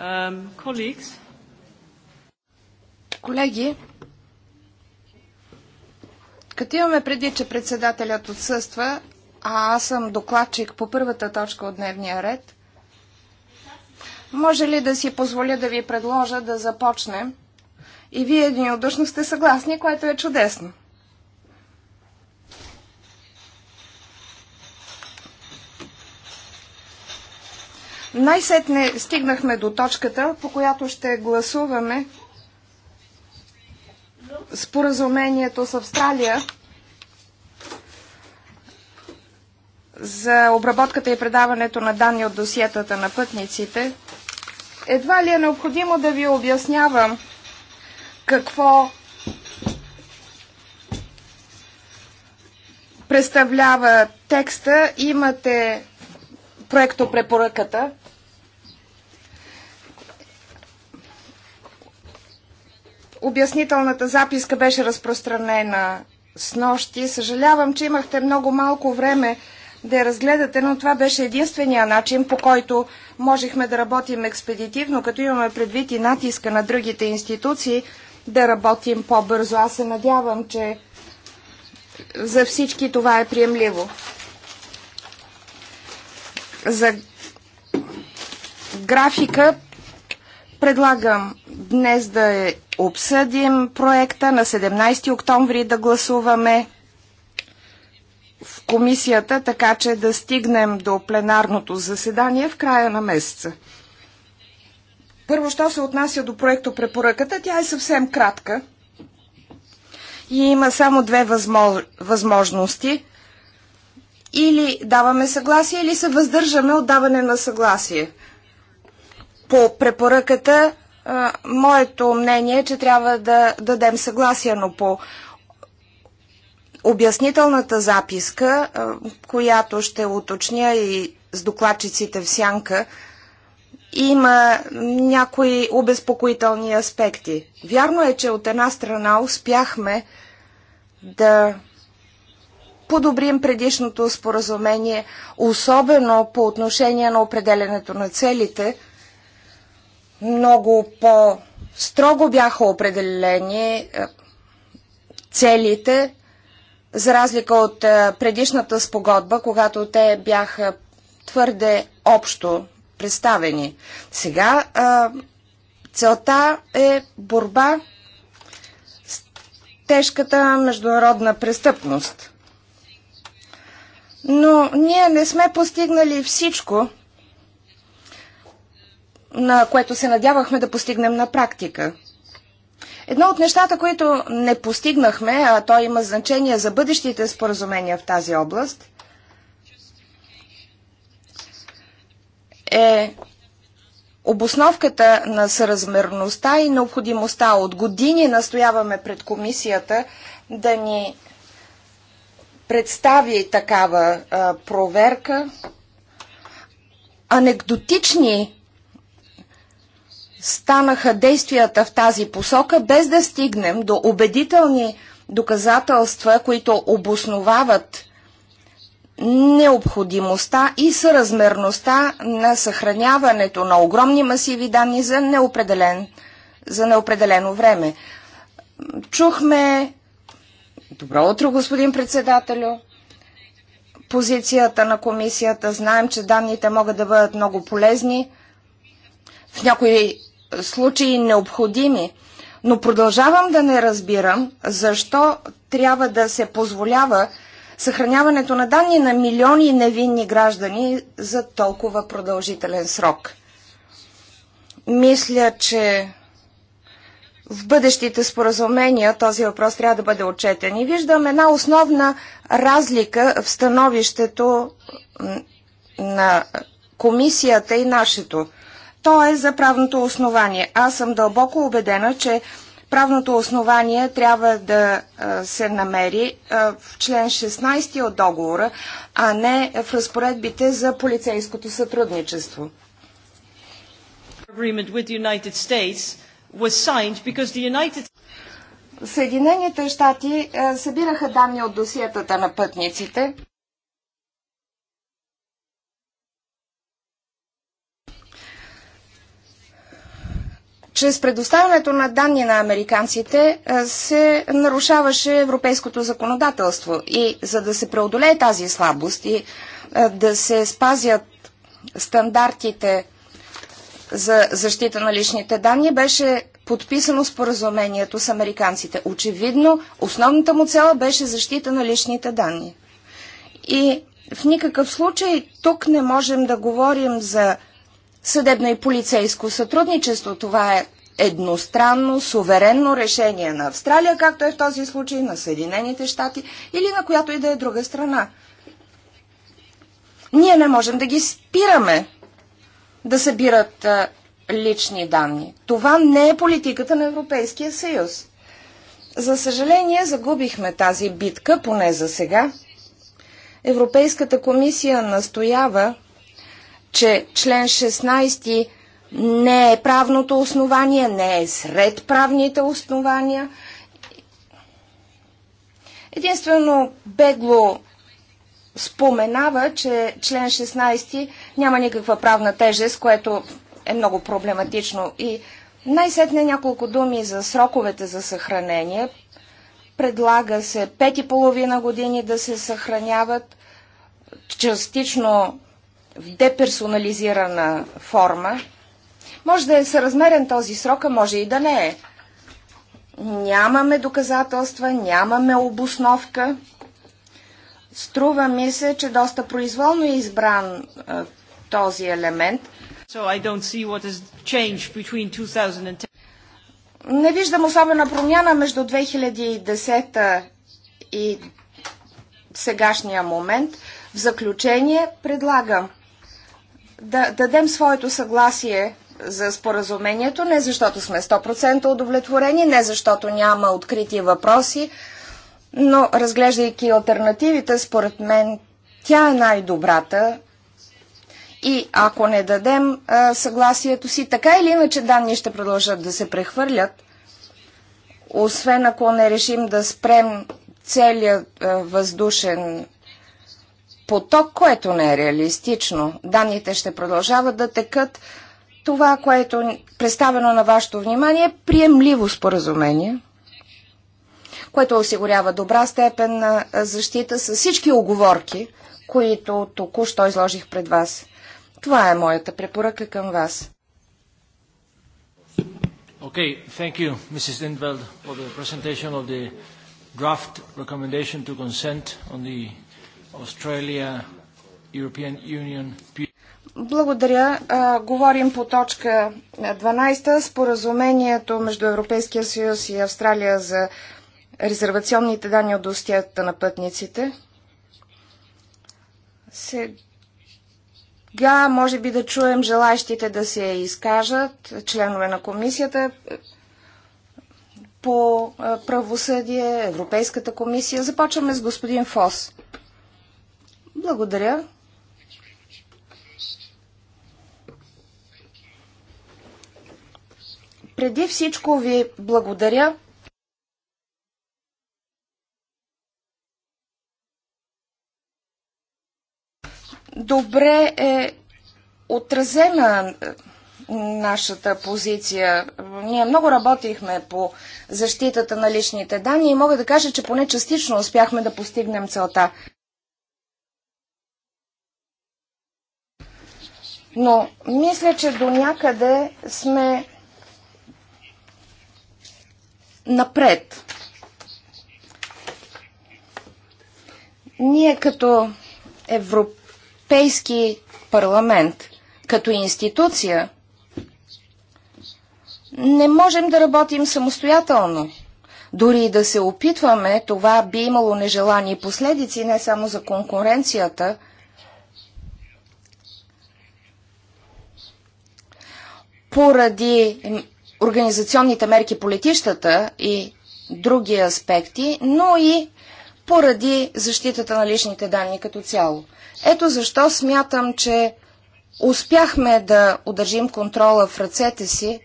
Um, Колеги, като имаме преди, че председателят отсъства, а аз съм докладчик по първата точка от дневния ред, може ли да си позволя да ви предложа да започнем? И вие единодушно сте съгласни, което е чудесно. Най-сетне стигнахме до точката, по която ще гласуваме споразумението с Австралия за обработката и предаването на данни от досиетата на пътниците. Едва ли е необходимо да ви обяснявам какво представлява текста. Имате проекто препоръката. Обяснителната записка беше разпространена с нощи. Съжалявам, че имахте много малко време да я разгледате, но това беше единствения начин, по който можехме да работим експедитивно, като имаме предвид и натиска на другите институции да работим по-бързо. Аз се надявам, че за всички това е приемливо. За графика предлагам днес да е обсъдим проекта, на 17 октомври да гласуваме в комисията, така че да стигнем до пленарното заседание в края на месеца. Първо, що се отнася до проекто препоръката, тя е съвсем кратка и има само две възможности – или даваме съгласие, или се въздържаме от даване на съгласие. По препоръката, а, моето мнение е, че трябва да дадем съгласие, но по обяснителната записка, а, която ще уточня и с докладчиците в сянка, има някои обезпокоителни аспекти. Вярно е, че от една страна успяхме да подобрим предишното споразумение, особено по отношение на определенето на целите. Много по-строго бяха определени е, целите, за разлика от е, предишната спогодба, когато те бяха твърде общо представени. Сега е, целта е борба с тежката международна престъпност но ние не сме постигнали всичко, на което се надявахме да постигнем на практика. Едно от нещата, които не постигнахме, а то има значение за бъдещите споразумения в тази област, е обосновката на съразмерността и необходимостта. От години настояваме пред комисията да ни представи такава а, проверка. Анекдотични станаха действията в тази посока, без да стигнем до убедителни доказателства, които обосновават необходимостта и съразмерността на съхраняването на огромни масиви данни за неопределен за неопределено време. Чухме Добро утро, господин председателю. Позицията на комисията. Знаем, че данните могат да бъдат много полезни, в някои случаи необходими, но продължавам да не разбирам защо трябва да се позволява съхраняването на данни на милиони невинни граждани за толкова продължителен срок. Мисля, че в бъдещите споразумения този въпрос трябва да бъде отчетен. И виждам една основна разлика в становището на комисията и нашето. То е за правното основание. Аз съм дълбоко убедена, че правното основание трябва да се намери в член 16 от договора, а не в разпоредбите за полицейското сътрудничество. Agreement with the United States Съединените щати е, събираха данни от досиетата на пътниците. Чрез предоставянето на данни на американците е, се нарушаваше европейското законодателство и за да се преодолее тази слабост и е, да се спазят стандартите за защита на личните данни беше подписано споразумението с американците. Очевидно, основната му цела беше защита на личните данни. И в никакъв случай тук не можем да говорим за съдебно и полицейско сътрудничество. Това е едностранно, суверенно решение на Австралия, както е в този случай на Съединените щати или на която и да е друга страна. Ние не можем да ги спираме да събират лични данни. Това не е политиката на Европейския съюз. За съжаление, загубихме тази битка, поне за сега. Европейската комисия настоява, че член 16 не е правното основание, не е сред правните основания. Единствено бегло споменава, че член 16 няма никаква правна тежест, което е много проблематично. И най-сетне няколко думи за сроковете за съхранение. Предлага се 5 и половина години да се съхраняват частично в деперсонализирана форма. Може да е съразмерен този срок, а може и да не е. Нямаме доказателства, нямаме обосновка. Струва ми се, че доста произволно е избран а, този елемент. So I don't see what has changed between 2010. Не виждам особена промяна между 2010 и сегашния момент. В заключение предлагам да дадем своето съгласие за споразумението, не защото сме 100% удовлетворени, не защото няма открити въпроси, но разглеждайки альтернативите, според мен тя е най-добрата и ако не дадем а, съгласието си, така или иначе данни ще продължат да се прехвърлят, освен ако не решим да спрем целият а, въздушен поток, което не е реалистично. Данните ще продължават да текат. Това, което е представено на вашето внимание, е приемливо споразумение което осигурява добра степен на защита с всички оговорки, които току-що изложих пред вас. Това е моята препоръка към вас. Okay, thank you, Mrs. Lindveld, for the presentation of the draft recommendation to consent on the Australia-European Union. Благодаря. А, говорим по точка 12. Споразумението между Европейския съюз и Австралия за резервационните данни от достията на пътниците. Сега може би да чуем желаящите да се изкажат, членове на комисията по правосъдие, Европейската комисия. Започваме с господин Фос. Благодаря. Преди всичко ви благодаря добре е отразена е, нашата позиция. Ние много работихме по защитата на личните данни и мога да кажа, че поне частично успяхме да постигнем целта. Но мисля, че до някъде сме напред. Ние като европейски Европейски парламент като институция не можем да работим самостоятелно. Дори и да се опитваме, това би имало нежелани последици не само за конкуренцията, поради организационните мерки по летищата и други аспекти, но и поради защитата на личните данни като цяло. Ето защо смятам, че успяхме да удържим контрола в ръцете си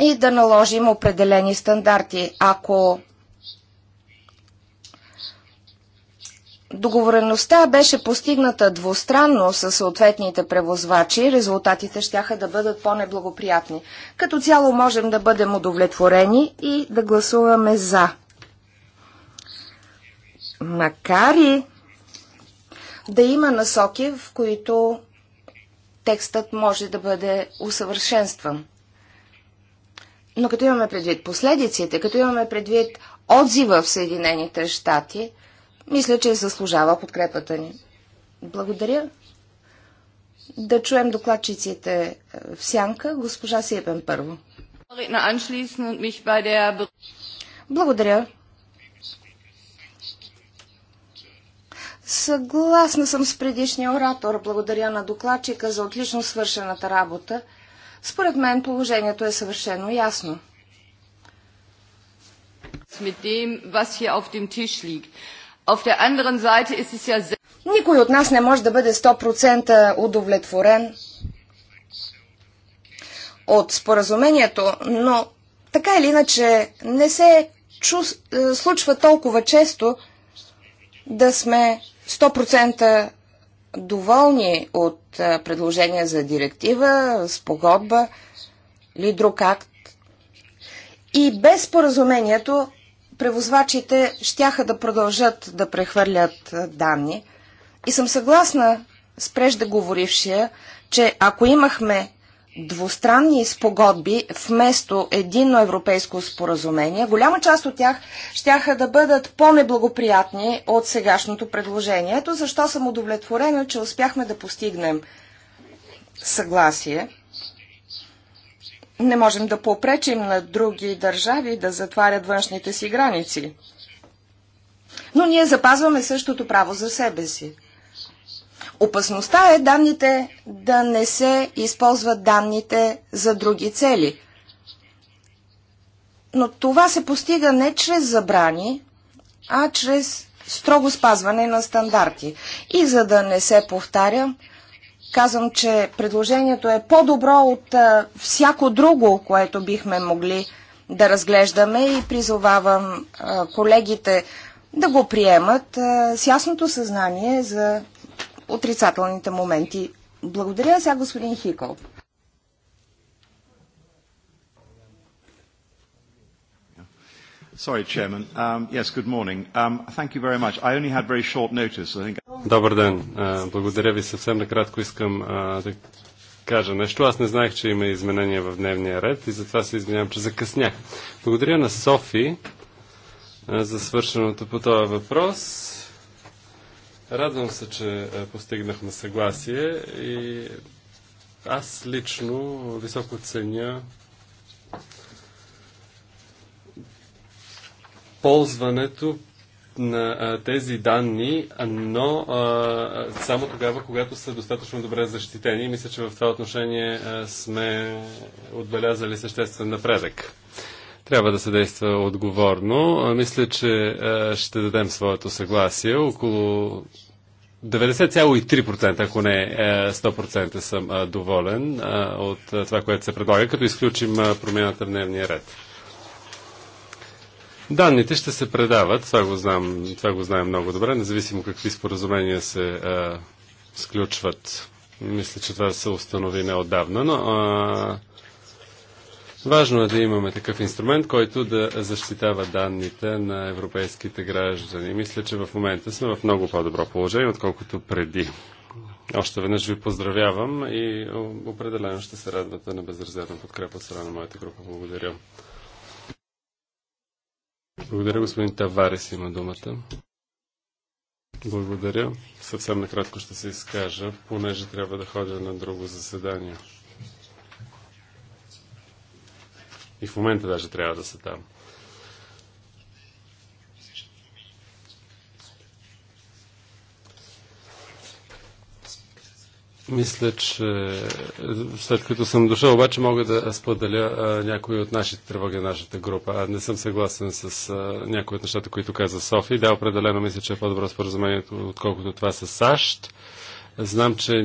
и да наложим определени стандарти. Ако договореността беше постигната двустранно с съответните превозвачи, резултатите ще да бъдат по-неблагоприятни. Като цяло можем да бъдем удовлетворени и да гласуваме за макар и да има насоки, в които текстът може да бъде усъвършенстван. Но като имаме предвид последиците, като имаме предвид отзива в Съединените щати, мисля, че заслужава подкрепата ни. Благодаря. Да чуем докладчиците е, в сянка. Госпожа Сиепен първо. Благодаря. Съгласна съм с предишния оратор. Благодаря на докладчика за отлично свършената работа. Според мен положението е съвършено ясно. Никой от нас не може да бъде 100% удовлетворен от споразумението, но така или иначе не се чу... Е, случва толкова често да сме 100% доволни от предложения за директива, спогодба или друг акт. И без споразумението превозвачите щяха да продължат да прехвърлят данни. И съм съгласна с преждеговорившия, че ако имахме двустранни спогодби вместо единно европейско споразумение, голяма част от тях щяха да бъдат по-неблагоприятни от сегашното предложение. Ето защо съм удовлетворена, че успяхме да постигнем съгласие. Не можем да попречим на други държави да затварят външните си граници. Но ние запазваме същото право за себе си. Опасността е данните да не се използват данните за други цели. Но това се постига не чрез забрани, а чрез строго спазване на стандарти. И за да не се повтаря, казвам, че предложението е по-добро от а, всяко друго, което бихме могли да разглеждаме и призовавам а, колегите да го приемат а, с ясното съзнание за отрицателните моменти. Благодаря сега господин Хикъл. Um, um, Добър ден. Благодаря ви. Съвсем накратко искам да кажа нещо. Аз не знаех, че има изменения в дневния ред и затова се извинявам, че закъснях. Благодаря на Софи за свършеното по този въпрос. Радвам се, че е, постигнахме съгласие и аз лично високо ценя ползването на а, е, тези данни, но а, е, само тогава, когато са достатъчно добре защитени. Мисля, че в това отношение а, сме отбелязали съществен напредък. Трябва да се действа отговорно. Мисля, че ще дадем своето съгласие. Около 90,3%, ако не 100% е, съм е, доволен е, от това, което се предлага, като изключим промената в дневния ред. Данните ще се предават, това го, знам, това го знаем много добре, независимо какви споразумения се а, сключват. Мисля, че това се установи неодавна, но а, Важно е да имаме такъв инструмент, който да защитава данните на европейските граждани. Мисля, че в момента сме в много по-добро положение, отколкото преди. Още веднъж ви поздравявам и определено ще се радвате на безрезервна подкрепа от страна на моята група. Благодаря. Благодаря, господин Таварес има думата. Благодаря. Съвсем накратко ще се изкажа, понеже трябва да ходя на друго заседание. И в момента даже трябва да са там. Мисля, че след като съм дошъл, обаче мога да споделя а, някои от нашите тревоги на нашата група. А, не съм съгласен с а, някои от нещата, които каза Софи. Да, определено мисля, че е по-добро споразумението, отколкото това с САЩ. Знам, че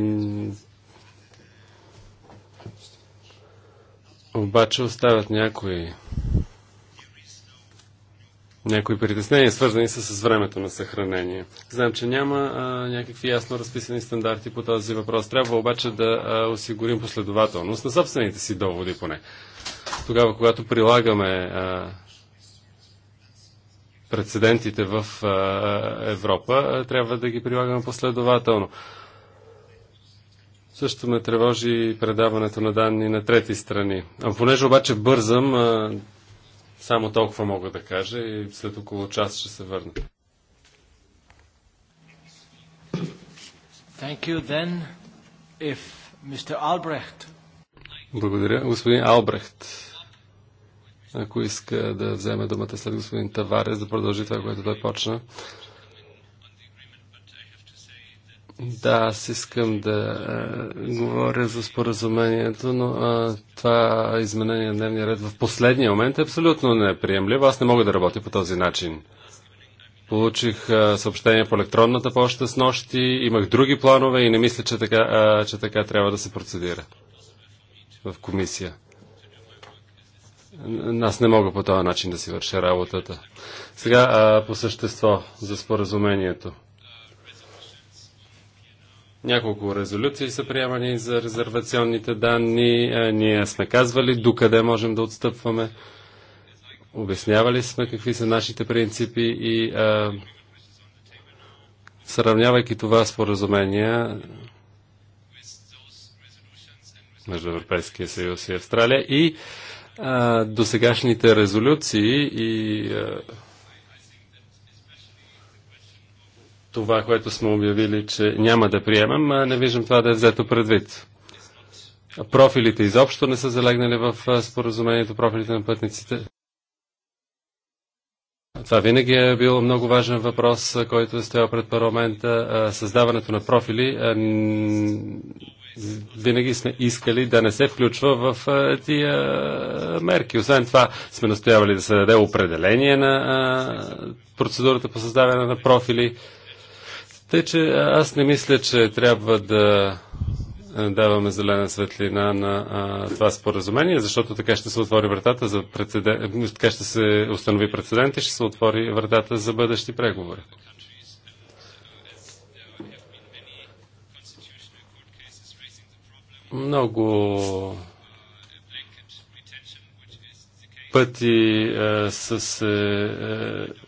Обаче остават някои някои притеснения, свързани са с времето на съхранение. Знам, че няма а, някакви ясно разписани стандарти по този въпрос. Трябва обаче да а, осигурим последователност на собствените си доводи поне. Тогава, когато прилагаме а, прецедентите в а, Европа, а, трябва да ги прилагаме последователно. Също ме тревожи предаването на данни на трети страни. А понеже обаче бързам, само толкова мога да кажа и след около час ще се върна. Thank you. Then, if Mr. Albrecht... Благодаря. Господин Албрехт, ако иска да вземе думата след господин Таварес, да продължи това, което той почна. Да, аз искам да а, е, говоря за споразумението, но а, това изменение на дневния ред в последния момент е абсолютно неприемливо. Аз не мога да работя по този начин. Получих а, е, съобщение по електронната почта с нощи, имах други планове и не мисля, че така, а, че така трябва да се процедира в комисия. Аз не мога по този начин да си върша работата. Сега а, по същество за споразумението. Няколко резолюции са приемани за резервационните данни. Е, ние сме казвали докъде можем да отстъпваме. Обяснявали сме какви са нашите принципи и а, е, сравнявайки това споразумение между Европейския съюз и Австралия и а, е, досегашните резолюции и а, това, което сме обявили, че няма да приемем, не виждам това да е взето предвид. Профилите изобщо не са залегнали в споразумението, профилите на пътниците. Това винаги е бил много важен въпрос, който е стоял пред парламента. Създаването на профили винаги сме искали да не се включва в тия мерки. Освен това сме настоявали да се даде определение на процедурата по създаване на профили. Тъй, че аз не мисля, че трябва да е, даваме зелена светлина на а, това споразумение, защото така ще се отвори вратата за прецедент, така ще се установи прецедент и ще се отвори вратата за бъдещи преговори. Много пъти а, е, са се е,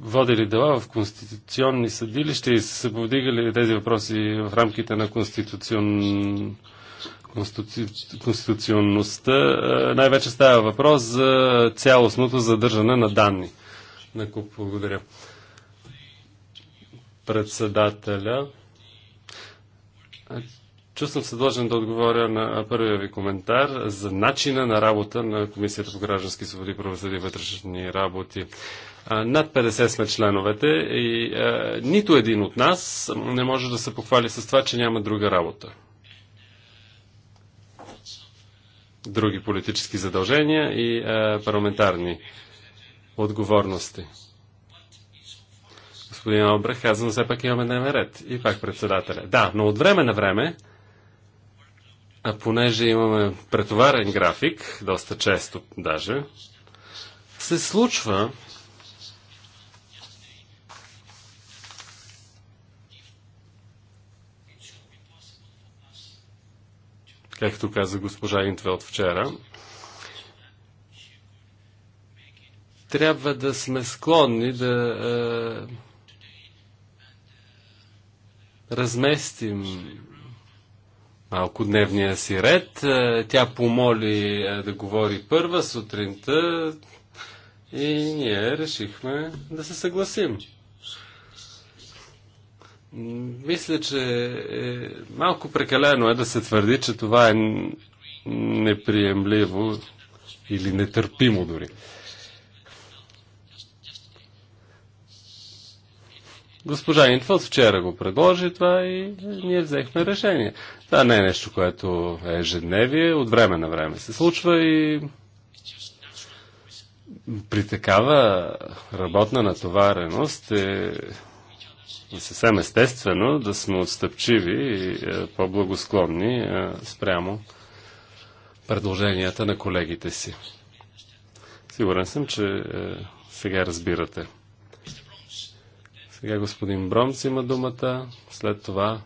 водили дела в конституционни съдилища и са се повдигали тези въпроси в рамките на конституцион... конститу... конституционността, е, най-вече става въпрос за цялостното задържане на данни. На куп, благодаря. Председателя. Чувствам се длъжен да отговоря на първия ви коментар за начина на работа на Комисията по граждански свободи, правосъди и вътрешни работи. Над 50 сме членовете и а, нито един от нас не може да се похвали с това, че няма друга работа. Други политически задължения и а, парламентарни отговорности. Господин Обрех, казвам, все пак имаме дневен ред. И пак председателя. Да, но от време на време а понеже имаме претоварен график, доста често даже, се случва както каза госпожа Интвелт вчера, трябва да сме склонни да е, разместим малко дневния си ред. Е, тя помоли е, да говори първа сутринта и ние решихме да се съгласим. Мисля, че е малко прекалено е да се твърди, че това е неприемливо или нетърпимо дори. Госпожа от вчера го предложи това и ние взехме решение. Това не е нещо, което е ежедневие, от време на време се случва и при такава работна натовареност е съвсем естествено да сме отстъпчиви и е, по-благосклонни е, спрямо предложенията на колегите си. Сигурен съм, че е, сега разбирате. Сега господин Бромс има думата, след това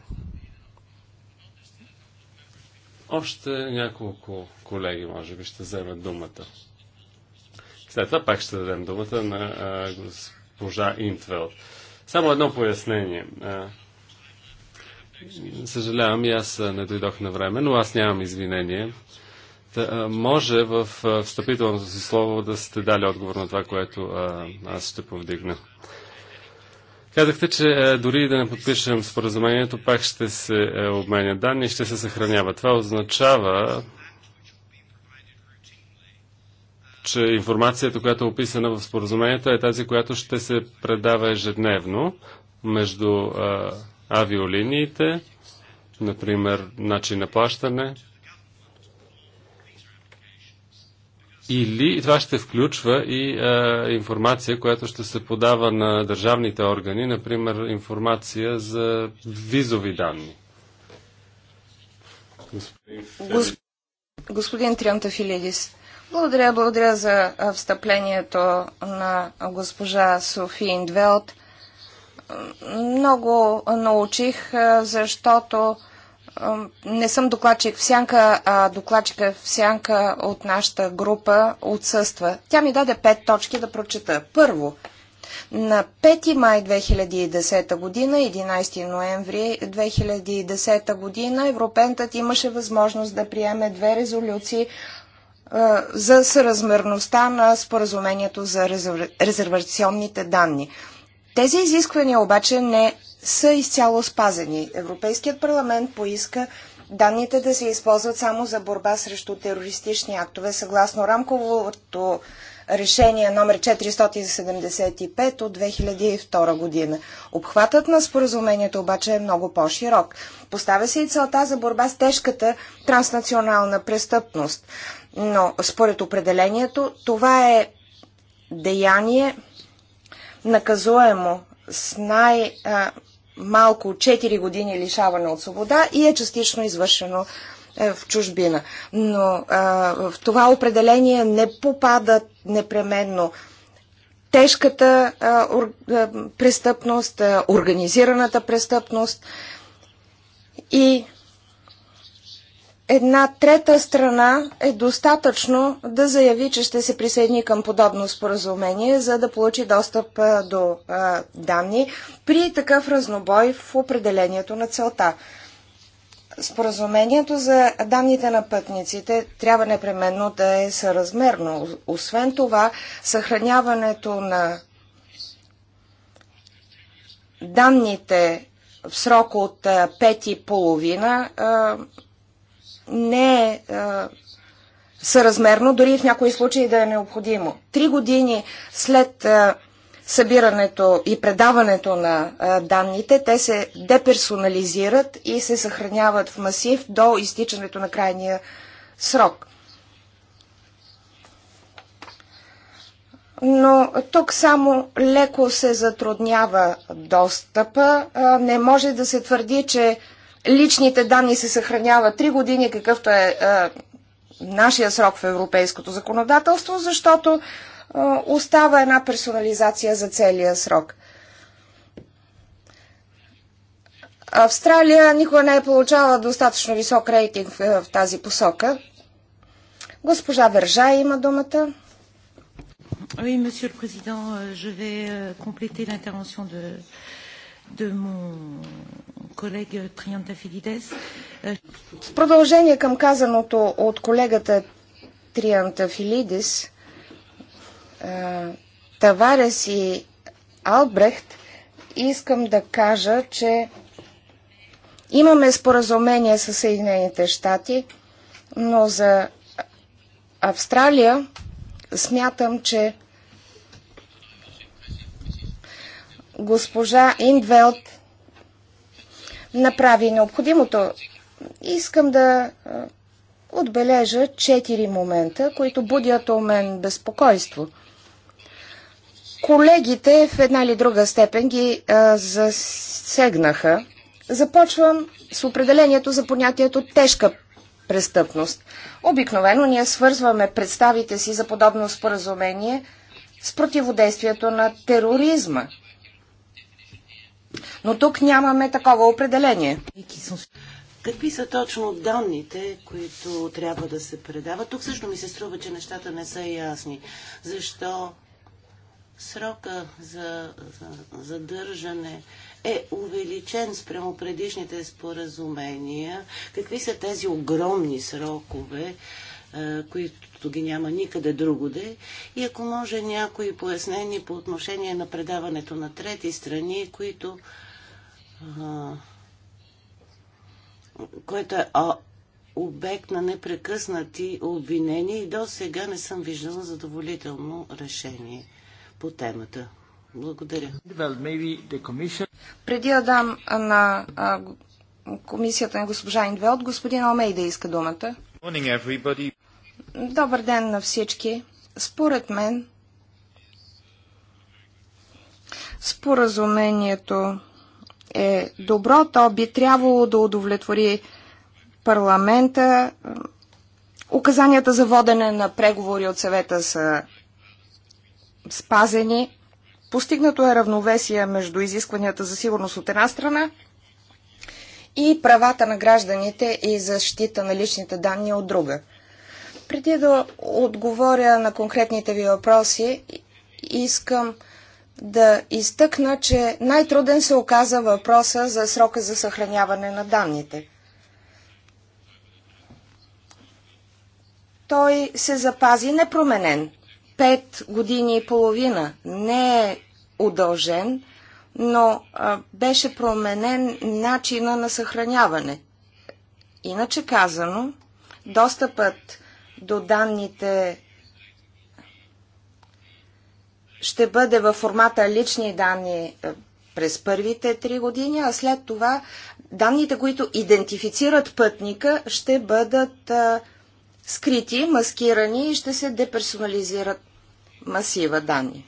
още няколко колеги, може би, ще вземат думата. След това пак ще дадем думата на а, госпожа Интвелд. Само едно пояснение. съжалявам, и аз не дойдох на време, но аз нямам извинение. Та, а, може в встъпителното си слово да сте дали отговор на това, което а, аз ще повдигна. Казахте, че е, дори да не подпишем споразумението, пак ще се е, обменя данни и ще се съхранява. Това означава, че информацията, която е описана в споразумението, е тази, която ще се предава ежедневно между е, авиолиниите, например, начин на плащане, Или това ще включва и а, информация, която ще се подава на държавните органи, например информация за визови данни. Господин, господин Трианта Филидис, благодаря, благодаря за встъплението на госпожа Софи Индвелт. Много научих, защото не съм докладчик в сянка, а докладчика в сянка от нашата група отсъства. Тя ми даде пет точки да прочета. Първо, на 5 май 2010 година, 11 ноември 2010 година, Европентът имаше възможност да приеме две резолюции за съразмерността на споразумението за резервационните данни. Тези изисквания обаче не са изцяло спазени. Европейският парламент поиска данните да се използват само за борба срещу терористични актове, съгласно рамковото решение номер 475 от 2002 година. Обхватът на споразумението обаче е много по-широк. Поставя се и целта за борба с тежката транснационална престъпност. Но според определението това е деяние наказуемо с най- малко 4 години лишаване от свобода и е частично извършено е, в чужбина. Но в това определение не попадат непременно тежката престъпност, организираната престъпност и една трета страна е достатъчно да заяви, че ще се присъедини към подобно споразумение, за да получи достъп до данни при такъв разнобой в определението на целта. Споразумението за данните на пътниците трябва непременно да е съразмерно. Освен това, съхраняването на данните в срок от 5,5 не е, е съразмерно, дори в някои случаи да е необходимо. Три години след е, събирането и предаването на е, данните, те се деперсонализират и се съхраняват в масив до изтичането на крайния срок. Но тук само леко се затруднява достъпа. Не може да се твърди, че Личните данни се съхраняват 3 години, какъвто е, е нашия срок в европейското законодателство, защото е, остава една персонализация за целия срок. Австралия никога не е получавала достатъчно висок рейтинг в, в тази посока. Госпожа Вержа има думата. Oui, Monsieur le Président, euh, je vais euh, compléter l'intervention de, de mon колега Триантафилидес. В продължение към казаното от колегата Триантафилидис, е, Таварес и Албрехт, искам да кажа, че имаме споразумение с Съединените щати, но за Австралия смятам, че госпожа Индвелт направи необходимото. Искам да отбележа четири момента, които будят у мен безпокойство. Колегите в една или друга степен ги а, засегнаха. Започвам с определението за понятието тежка престъпност. Обикновено ние свързваме представите си за подобно споразумение с противодействието на тероризма – но тук нямаме такова определение. Какви са точно данните, които трябва да се предават? Тук също ми се струва, че нещата не са ясни. Защо срока за, за задържане е увеличен спрямо предишните споразумения? Какви са тези огромни срокове, е, които ги няма никъде другоде? И ако може някои пояснени по отношение на предаването на трети страни, които което е обект на непрекъснати обвинения и до сега не съм виждала задоволително решение по темата. Благодаря. Преди да дам на комисията на госпожа Индвелт, господин Омей да иска думата. Добър ден на всички. Според мен, споразумението е добро, то би трябвало да удовлетвори парламента. Указанията за водене на преговори от съвета са спазени. Постигнато е равновесие между изискванията за сигурност от една страна и правата на гражданите и защита на личните данни от друга. Преди да отговоря на конкретните ви въпроси, искам да изтъкна, че най-труден се оказа въпроса за срока за съхраняване на данните. Той се запази непроменен. Пет години и половина не е удължен, но а, беше променен начина на съхраняване. Иначе казано, достъпът до данните ще бъде във формата лични данни е, през първите три години, а след това данните, които идентифицират пътника, ще бъдат а, е, скрити, маскирани и ще се деперсонализират масива данни.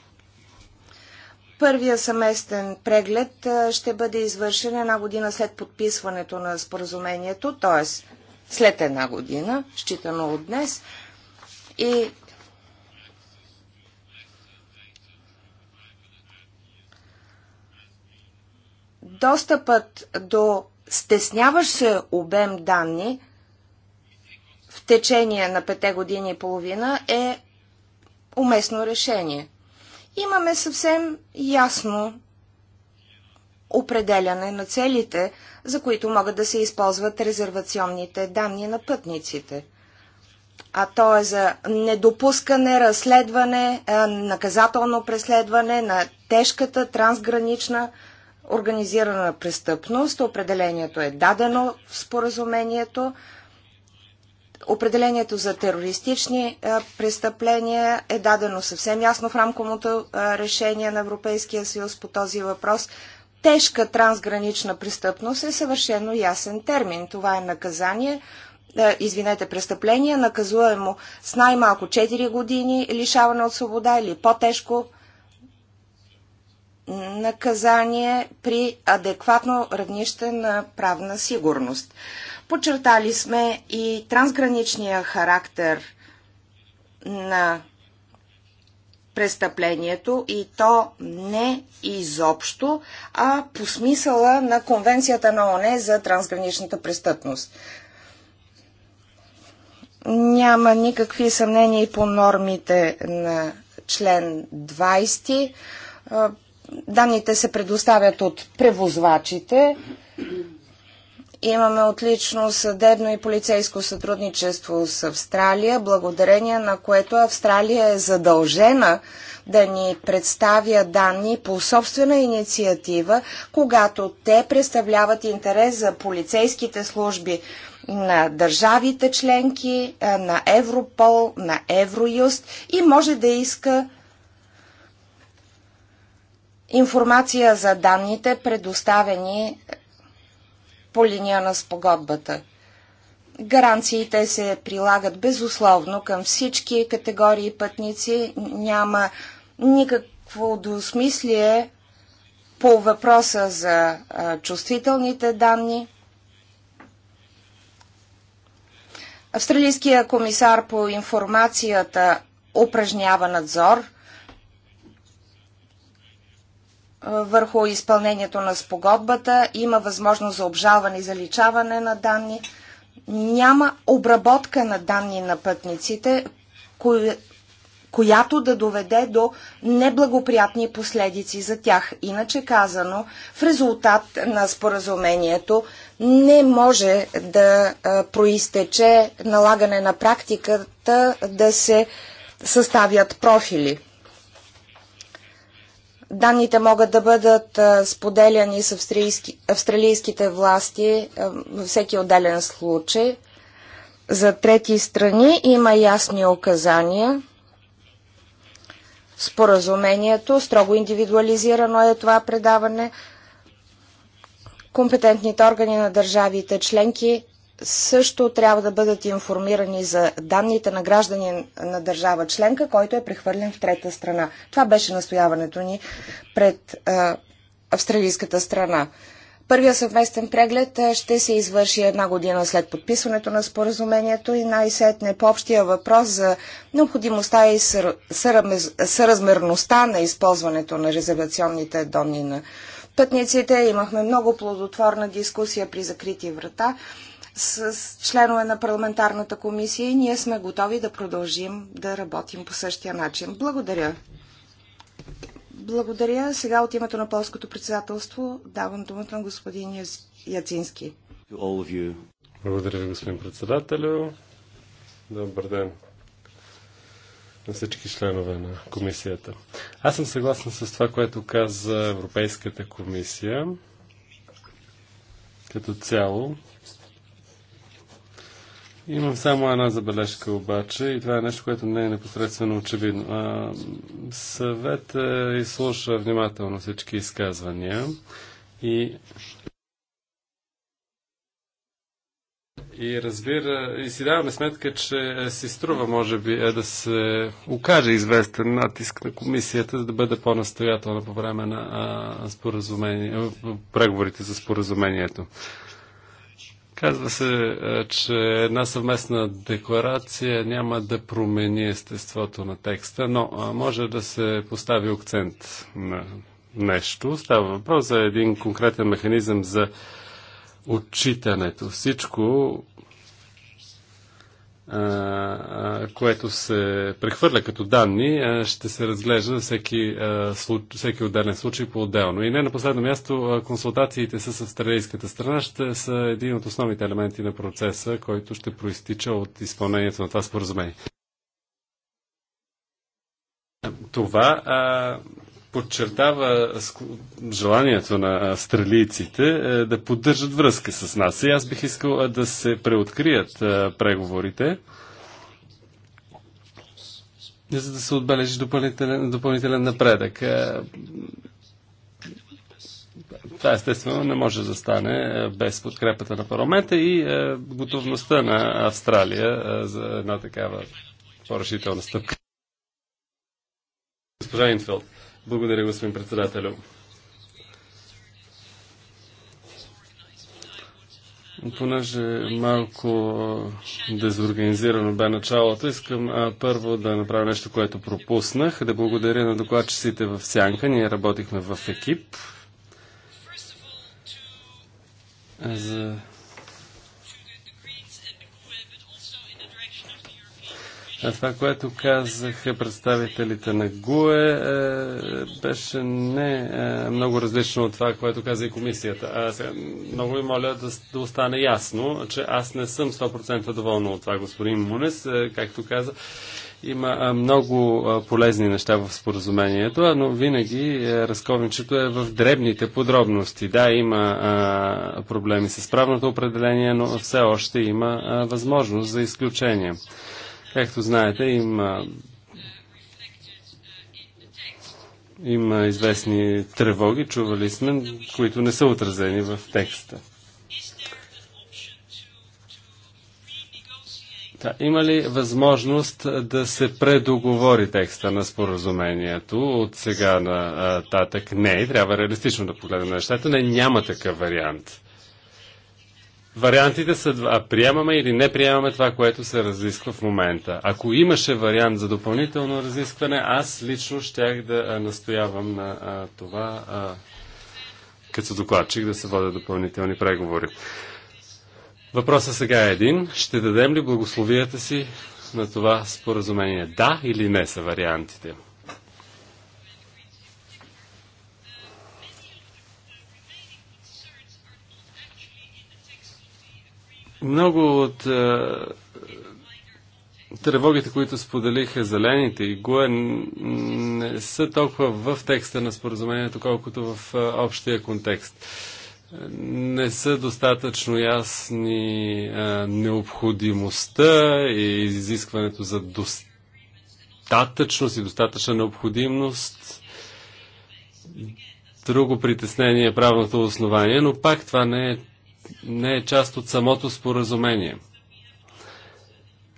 Първия съместен преглед е, ще бъде извършен една година след подписването на споразумението, т.е. след една година, считано от днес. И достъпът до стесняващ се обем данни в течение на пете години и половина е уместно решение. Имаме съвсем ясно определяне на целите, за които могат да се използват резервационните данни на пътниците. А то е за недопускане, разследване, е, наказателно преследване на тежката трансгранична организирана престъпност. Определението е дадено в споразумението. Определението за терористични престъпления е дадено съвсем ясно в рамковото решение на Европейския съюз по този въпрос. Тежка трансгранична престъпност е съвършено ясен термин. Това е наказание, извинете, престъпление, наказуемо с най-малко 4 години лишаване от свобода или по-тежко наказание при адекватно равнище на правна сигурност. Подчертали сме и трансграничния характер на престъплението и то не изобщо, а по смисъла на Конвенцията на ОНЕ за трансграничната престъпност. Няма никакви съмнения и по нормите на член 20 данните се предоставят от превозвачите. Имаме отлично съдебно и полицейско сътрудничество с Австралия, благодарение на което Австралия е задължена да ни представя данни по собствена инициатива, когато те представляват интерес за полицейските служби на държавите членки, на Европол, на Евроюст и може да иска информация за данните, предоставени по линия на спогодбата. Гаранциите се прилагат безусловно към всички категории пътници. Няма никакво досмислие по въпроса за чувствителните данни. Австралийския комисар по информацията упражнява надзор – върху изпълнението на спогодбата, има възможност за обжалване и заличаване на данни. Няма обработка на данни на пътниците, която да доведе до неблагоприятни последици за тях. Иначе казано, в резултат на споразумението не може да проистече налагане на практиката да се съставят профили. Данните могат да бъдат споделяни с австрийски, австралийските власти във всеки отделен случай. За трети страни има ясни указания. Споразумението, строго индивидуализирано е това предаване. Компетентните органи на държавите членки също трябва да бъдат информирани за данните на граждани на държава членка, който е прехвърлен в трета страна. Това беше настояването ни пред а, австралийската страна. Първия съвместен преглед ще се извърши една година след подписването на споразумението и най-сетне по общия въпрос за необходимостта и съразмерността на използването на резервационните донни на пътниците. Имахме много плодотворна дискусия при закрити врата с членове на парламентарната комисия и ние сме готови да продължим да работим по същия начин. Благодаря. Благодаря. Сега от името на полското председателство давам думата на господин Яцински. Благодаря ви, господин председателю. Добър ден на всички членове на комисията. Аз съм съгласен с това, което каза Европейската комисия като цяло Имам само една забележка обаче и това е нещо, което не е непосредствено очевидно. А, съвет е, изслуша внимателно всички изказвания и и разбира, и си даваме сметка, че си струва, може би, е да се окаже известен натиск на комисията, за да бъде по-настоятелна по време на а, споразумение, преговорите за споразумението. Казва се, е, че една съвместна декларация няма да промени естеството на текста, но може да се постави акцент на нещо. Става въпрос за един конкретен механизъм за отчитането. Всичко което се прехвърля като данни, ще се разглежда всеки, всеки отделен случай по-отделно. И не на последно място, консултациите с австралийската страна ще са един от основните елементи на процеса, който ще проистича от изпълнението на това споразумение. Това подчертава желанието на австралийците е, да поддържат връзка с нас. И аз бих искал да се преоткрият преговорите, за да се отбележи допълнителен, допълнителен напредък. Е, това естествено не може да стане е, без подкрепата на парламента и готовността на Австралия за една такава по-решителна стъпка. Госпожа Инфилд, благодаря, господин председателю. Понеже малко дезорганизирано бе началото, искам а, първо да направя нещо, което пропуснах. Да благодаря на докладчиците в Сянка. Ние работихме в екип. За А това, което казаха представителите на ГУЕ, е, беше не е, много различно от това, което каза и комисията. А сега, много ви моля да, да остане ясно, че аз не съм 100% доволна от това, господин Мунес. Е, както каза, има е, много е, полезни неща в споразумението, но винаги е, разковничето е в дребните подробности. Да, има проблеми с правното определение, но все още има възможност за изключение. Както знаете, има има известни тревоги, чували сме, които не са отразени в текста. Да, има ли възможност да се предоговори текста на споразумението от сега на а, татък? Не, трябва реалистично да погледнем нещата. Не, няма такъв вариант. Вариантите са два. Приемаме или не приемаме това, което се разисква в момента. Ако имаше вариант за допълнително разискване, аз лично щях да настоявам на а, това, а, като докладчик, да се водят допълнителни преговори. Въпросът сега е един. Ще дадем ли благословията си на това споразумение? Да или не са вариантите? Много от е, тревогите, които споделиха зелените и ГУЕ, не са толкова в текста на споразумението, колкото в е, общия контекст. Не са достатъчно ясни е, необходимостта и изискването за достатъчност и достатъчна необходимост. Друго притеснение е правното основание, но пак това не е не е част от самото споразумение.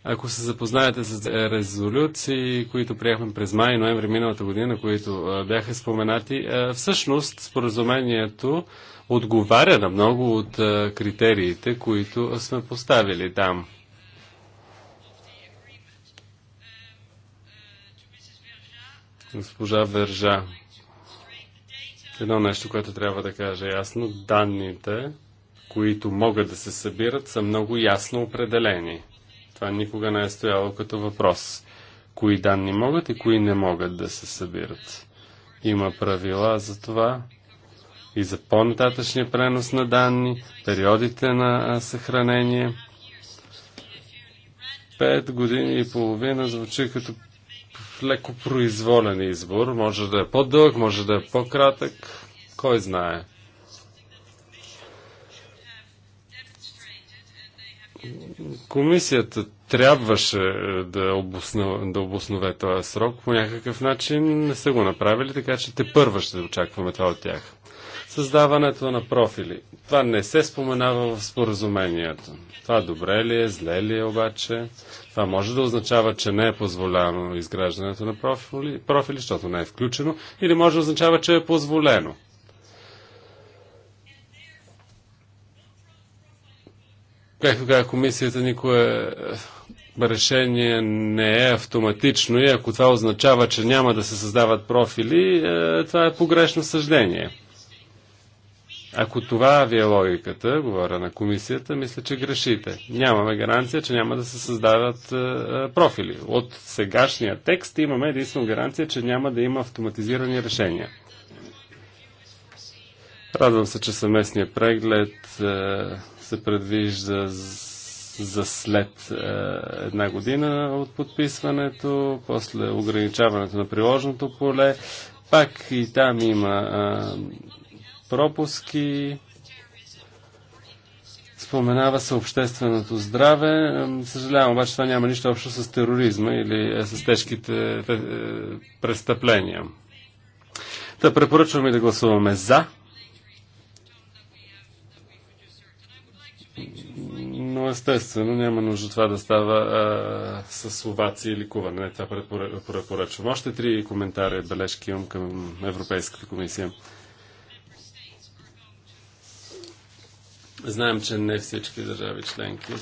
Ако се запознаете с резолюции, които приехме през май и ноември миналата година, които бяха споменати, всъщност споразумението отговаря на много от критериите, които сме поставили там. Госпожа Вержа. Едно нещо, което трябва да кажа ясно. Данните които могат да се събират, са много ясно определени. Това никога не е стояло като въпрос. Кои данни могат и кои не могат да се събират. Има правила за това и за по-нататъчния пренос на данни, периодите на съхранение. Пет години и половина звучи като леко произволен избор. Може да е по-дълъг, може да е по-кратък. Кой знае? Комисията трябваше е, да, обоснова, да обоснове този срок. По някакъв начин не са го направили, така че те първа ще очакваме това от тях. Създаването на профили. Това не се споменава в споразумението. Това добре ли е, зле ли е обаче? Това може да означава, че не е позволено изграждането на профили, профили защото не е включено, или може да означава, че е позволено. както каза комисията, никое е, е, решение не е автоматично и ако това означава, че няма да се създават профили, е, това е погрешно съждение. Ако това ви е логиката, говоря на комисията, мисля, че грешите. Нямаме гаранция, че няма да се създават профили. От сегашния текст имаме единствено гаранция, че няма да има автоматизирани решения. Радвам се, че съместния преглед се предвижда за след е, една година от подписването, после ограничаването на приложното поле. Пак и там има е, пропуски. Споменава се общественото здраве. Съжалявам, обаче това няма нищо общо с тероризма или е, с тежките престъпления. Та препоръчвам и да гласуваме за Но естествено няма нужда това да става а, с словаци или куване. Не, това препоръчвам. Още три коментари и бележки имам към Европейската комисия. Знаем, че не всички държави членки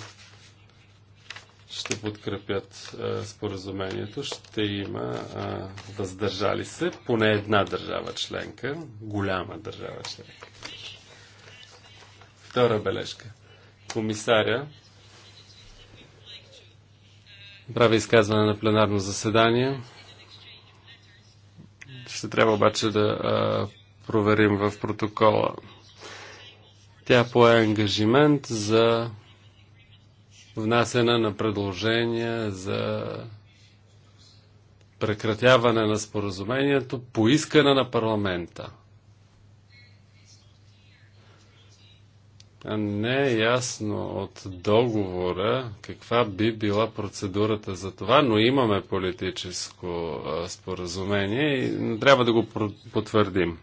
ще подкрепят а, споразумението. Ще има а, въздържали се поне една държава членка, голяма държава членка. Втора бележка комисаря прави изказване на пленарно заседание. Ще трябва обаче да а, проверим в протокола. Тя пое ангажимент за внасяне на предложения за прекратяване на споразумението по искане на парламента. не е ясно от договора каква би била процедурата за това, но имаме политическо споразумение и трябва да го потвърдим.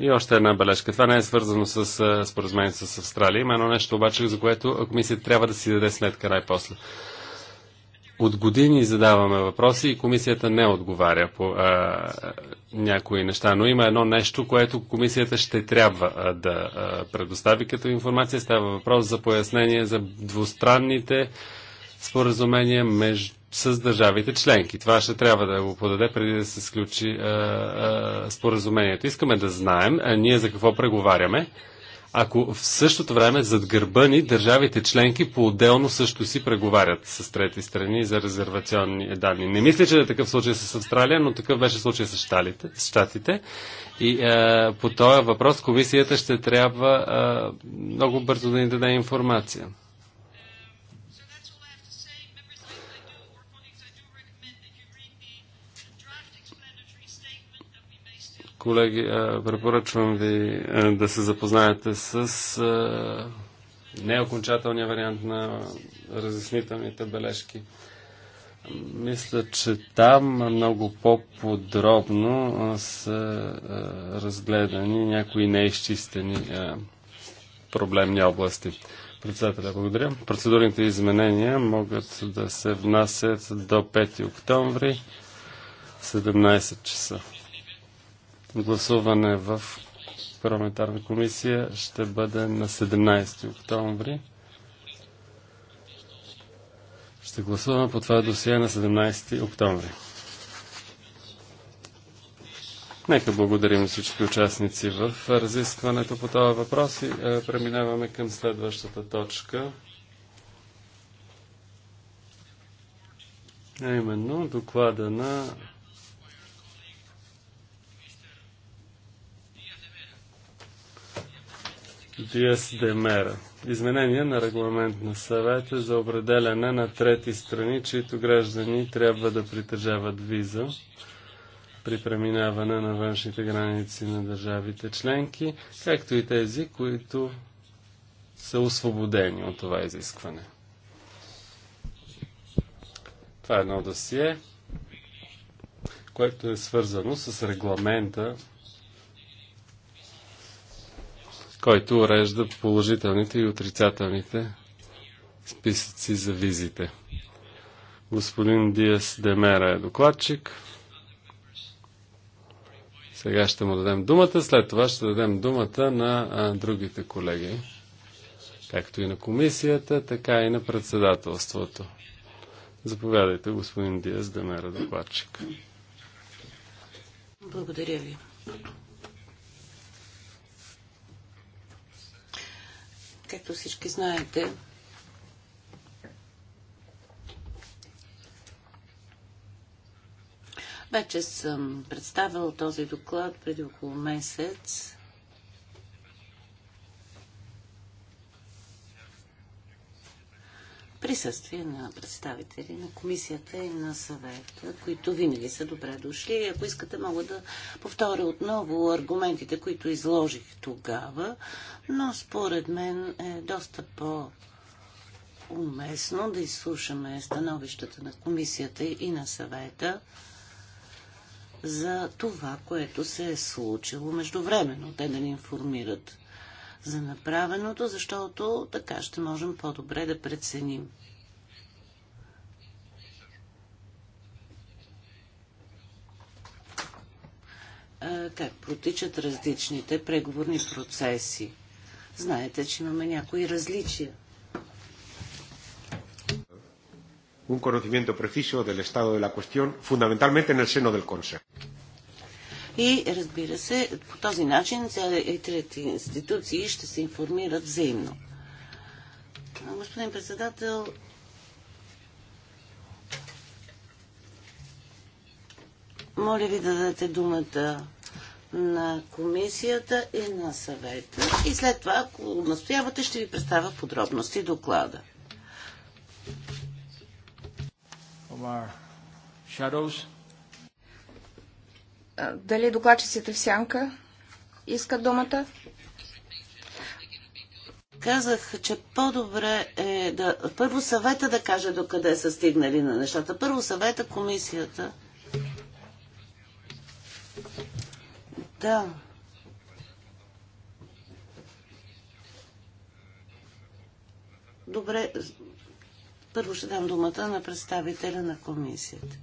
И още една бележка. Това не е свързано с споразумение с Австралия. Има едно нещо обаче, за което комисията трябва да си даде сметка най-после. От години задаваме въпроси и комисията не отговаря по а, някои неща, но има едно нещо, което комисията ще трябва а, да а, предостави като информация. Става въпрос за пояснение за двустранните споразумения между с държавите членки. Това ще трябва да го подаде преди да се сключи а, а, споразумението. Искаме да знаем а, ние за какво преговаряме ако в същото време зад гърба ни държавите членки по-отделно също си преговарят с трети страни за резервационни данни. Не мисля, че е такъв случай с Австралия, но такъв беше случай с, щатите. И е, по този въпрос комисията ще трябва е, много бързо да ни даде информация. Колеги, препоръчвам ви да се запознаете с неокончателния вариант на разяснителните бележки. Мисля, че там много по-подробно са разгледани някои неизчистени проблемни области. Председателя, благодаря. Процедурните изменения могат да се внасят до 5 октомври, 17 часа гласуване в парламентарна комисия ще бъде на 17 октомври. Ще гласуваме по това досие на 17 октомври. Нека благодарим всички участници в разискването по това въпрос и е, преминаваме към следващата точка. А именно доклада на GSDMR – Изменение на регламент на съвета за определяне на трети страни, чието граждани трябва да притежават виза при преминаване на външните граници на държавите членки, както и тези, които са освободени от това изискване. Това е едно досие, което е свързано с регламента който урежда положителните и отрицателните списъци за визите. Господин Диас Демера е докладчик. Сега ще му дадем думата, след това ще дадем думата на а, другите колеги, както и на комисията, така и на председателството. Заповядайте, господин Диас Демера, докладчик. Благодаря ви. Както всички знаете, вече съм представила този доклад преди около месец. присъствие на представители на комисията и на съвета, които винаги са добре дошли. Ако искате, мога да повторя отново аргументите, които изложих тогава, но според мен е доста по- уместно да изслушаме становищата на комисията и на съвета за това, което се е случило междувременно. Те да ни информират за направеното, защото така ще можем по-добре да преценим. Е, как протичат различните преговорни процеси. Знаете, че имаме някои различия. Un conocimiento preciso del estado de la cuestión, fundamentalmente en el seno del Consejo. И разбира се, по този начин и трети институции ще се информират взаимно. Господин председател, моля ви да дадете думата на комисията и на съвета. И след това, ако настоявате, ще ви представя подробности доклада. Дали докладчиците в сянка искат думата? Казах, че по-добре е да... Първо съвета да каже докъде са стигнали на нещата. Първо съвета комисията Да. Добре, първо ще дам думата на представителя на комисията.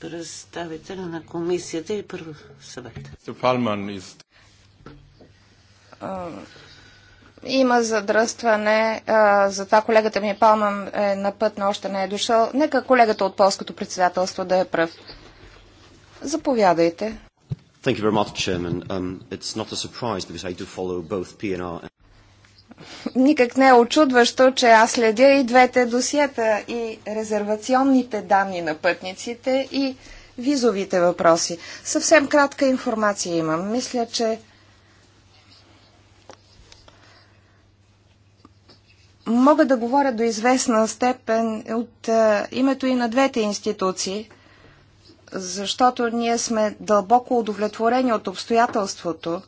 Представителя на комисията и първо съвет. Има задръстване. За това колегата ми е Палман е на път, но още не е дошъл. Нека колегата от полското председателство да е пръв. Заповядайте. Thank you very much, Chairman. Um, it's not a surprise because I do follow both PNR and... Никак не е очудващо, че аз следя и двете досиета, и резервационните данни на пътниците, и визовите въпроси. Съвсем кратка информация имам. Мисля, че Мога да говоря до известна степен от е, името и на двете институции, защото ние сме дълбоко удовлетворени от обстоятелството,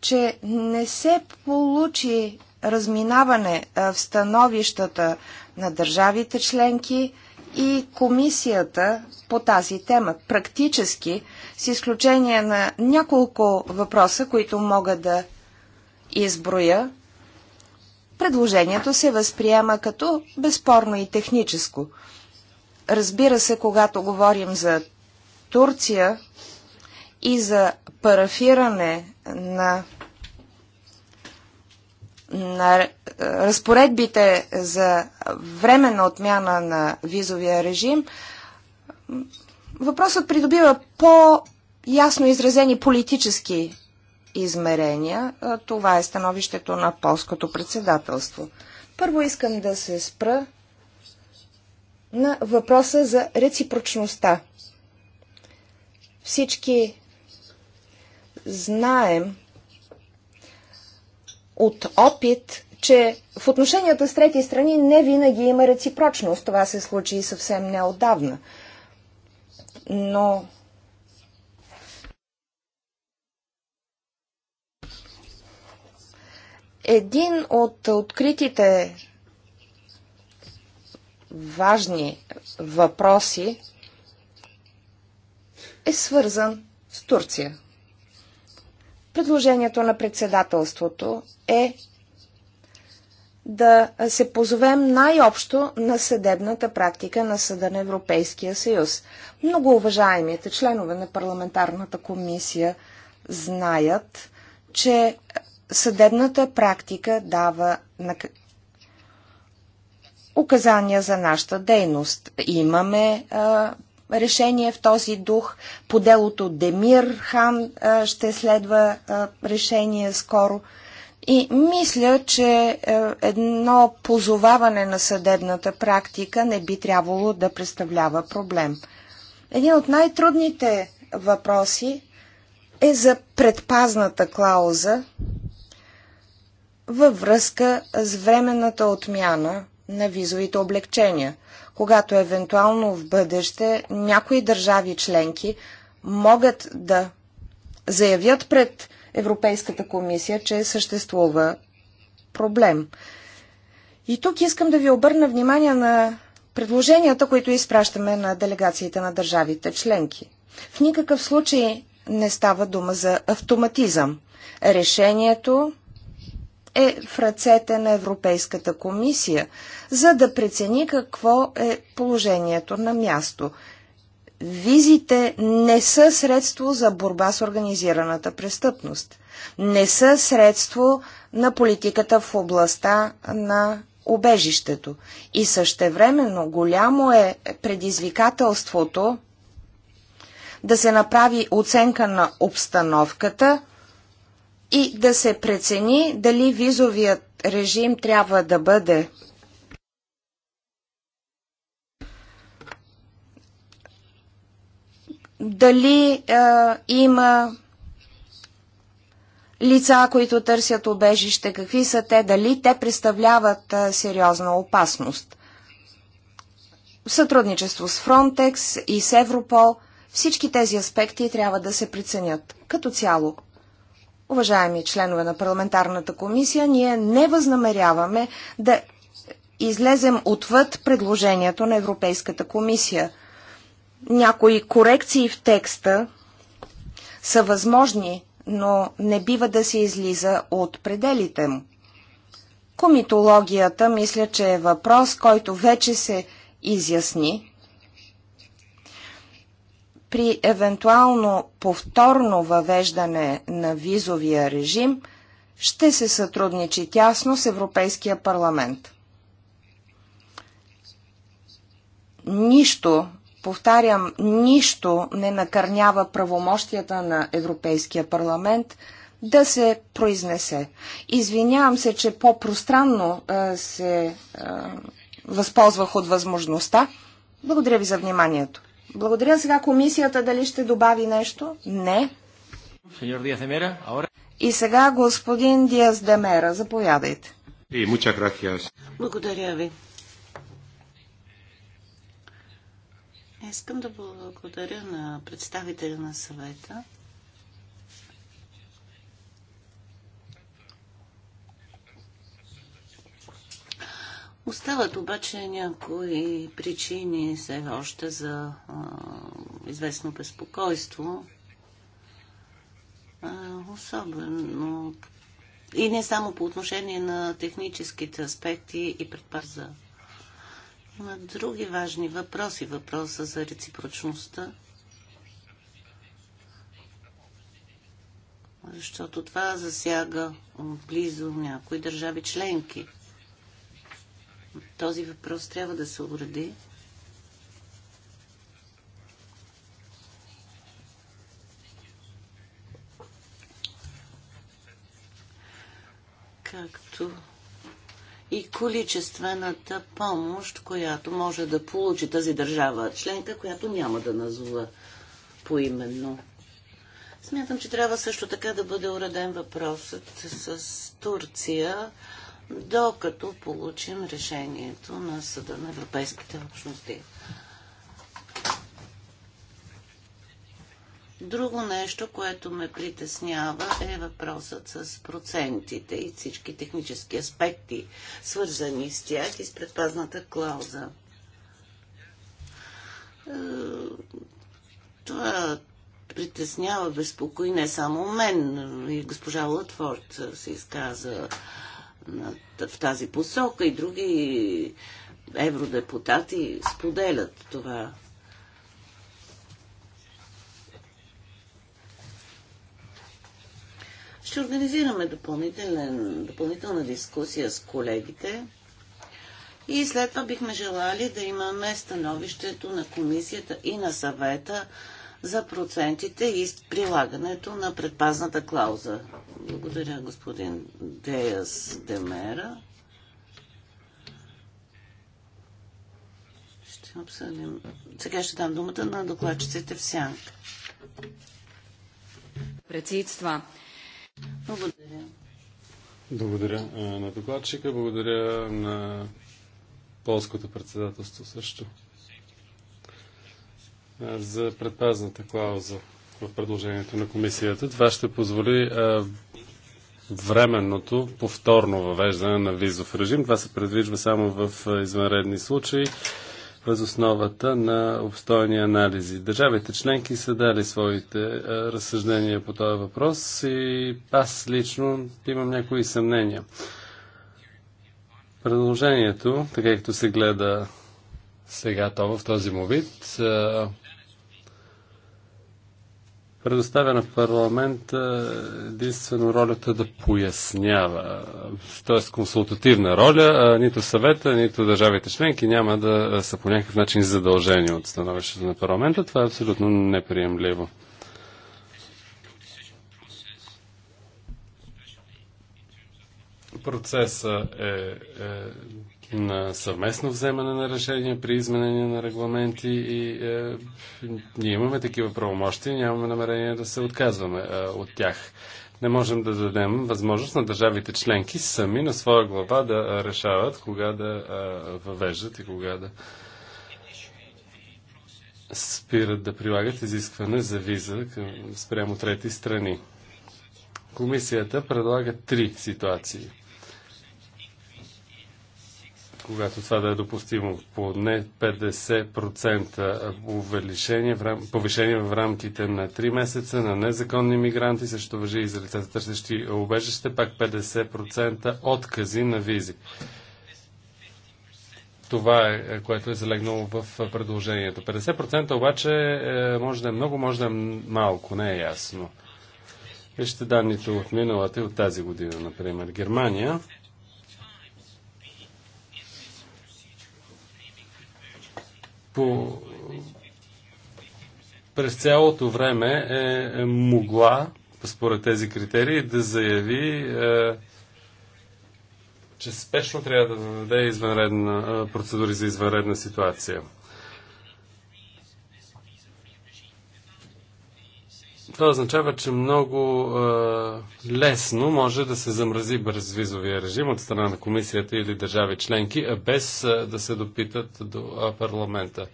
че не се получи разминаване е, в становищата на държавите членки и комисията по тази тема. Практически, с изключение на няколко въпроса, които мога да изброя, предложението се възприема като безспорно и техническо. Разбира се, когато говорим за Турция и за парафиране на, на е, разпоредбите за временна отмяна на визовия режим, въпросът придобива по-ясно изразени политически измерения. Това е становището на полското председателство. Първо искам да се спра на въпроса за реципрочността. Всички знаем от опит, че в отношенията с трети страни не винаги има реципрочност. Това се случи и съвсем неодавна. Но Един от откритите важни въпроси е свързан с Турция. Предложението на председателството е да се позовем най-общо на съдебната практика на Съда на Европейския съюз. Много уважаемите членове на парламентарната комисия знаят, че съдебната практика дава указания за нашата дейност. Имаме а, решение в този дух. По делото Демир Хан а, ще следва а, решение скоро. И мисля, че едно позоваване на съдебната практика не би трябвало да представлява проблем. Един от най-трудните въпроси е за предпазната клауза, във връзка с временната отмяна на визовите облегчения, когато евентуално в бъдеще някои държави членки могат да заявят пред Европейската комисия, че съществува проблем. И тук искам да ви обърна внимание на предложенията, които изпращаме на делегациите на държавите членки. В никакъв случай не става дума за автоматизъм. Решението е в ръцете на Европейската комисия, за да прецени какво е положението на място. Визите не са средство за борба с организираната престъпност. Не са средство на политиката в областта на убежището. И същевременно голямо е предизвикателството да се направи оценка на обстановката – и да се прецени дали визовият режим трябва да бъде дали е, има лица, които търсят обежище, какви са те, дали те представляват е, сериозна опасност. В сътрудничество с Frontex и с Европол всички тези аспекти трябва да се преценят. Като цяло, Уважаеми членове на парламентарната комисия, ние не възнамеряваме да излезем отвъд предложението на Европейската комисия. Някои корекции в текста са възможни, но не бива да се излиза от пределите му. Комитологията мисля, че е въпрос, който вече се изясни при евентуално повторно въвеждане на визовия режим ще се сътрудничи тясно с Европейския парламент. Нищо, повтарям, нищо не накърнява правомощията на Европейския парламент да се произнесе. Извинявам се, че по-пространно се а, възползвах от възможността. Благодаря ви за вниманието. Благодаря сега комисията дали ще добави нещо. Не. И сега господин Диас Демера, заповядайте. Благодаря ви. Искам да благодаря на представителя на съвета. Остават обаче някои причини все още за а, известно безпокойство. А, особено и не само по отношение на техническите аспекти и предпаза. Има други важни въпроси. Въпроса за реципрочността. Защото това засяга близо някои държави членки – този въпрос трябва да се уреди. Както и количествената помощ, която може да получи тази държава членка, която няма да назова поименно. Смятам, че трябва също така да бъде уреден въпросът с Турция докато получим решението на Съда на Европейските общности. Друго нещо, което ме притеснява е въпросът с процентите и всички технически аспекти, свързани с тях и с предпазната клауза. Е, това притеснява, безпокои не само мен, и госпожа Латфорд се изказа в тази посока и други евродепутати споделят това. Ще организираме допълнителна дискусия с колегите и след това бихме желали да имаме становището на комисията и на съвета за процентите и прилагането на предпазната клауза. Благодаря, господин Деяс Демера. Ще обсъдим. Сега ще дам думата на докладчиците в сянка. Председства. Благодаря. Благодаря на докладчика, благодаря на полското председателство също за предпазната клауза в предложението на комисията. Това ще позволи временното повторно въвеждане на визов режим. Това се предвижда само в извънредни случаи въз основата на обстойни анализи. Държавите членки са дали своите разсъждения по този въпрос и аз лично имам някои съмнения. Предложението, така както се гледа сега то в този му вид, предоставя на парламент единствено ролята да пояснява, т.е. консултативна роля, нито съвета, нито държавите членки няма да са по някакъв начин задължени от становището на парламента. Това е абсолютно неприемливо. Процесът е, е на съвместно вземане на решения при изменение на регламенти и е, ние имаме такива правомощи, нямаме намерение да се отказваме е, от тях. Не можем да дадем възможност на държавите членки сами на своя глава да е, решават кога да е, въвеждат и кога да спират да прилагат изискване за виза към, спрямо трети страни. Комисията предлага три ситуации – когато това да е допустимо. Поне 50% повишение в рамките на 3 месеца на незаконни мигранти, също въжи и за лицата търсещи обежище, пак 50% откази на визи. Това е, е което е залегнало в е, предложението. 50% обаче е, може да е много, може да е малко, не е ясно. Вижте данните от миналата и от тази година, например. Германия по, през цялото време е, е могла, според тези критерии, да заяви, е, че спешно трябва да даде извънредна, е, процедури за извънредна ситуация. Това означава, че много е, лесно може да се замрази безвизовия режим от страна на комисията или държави членки, без е, да се допитат до е, парламента.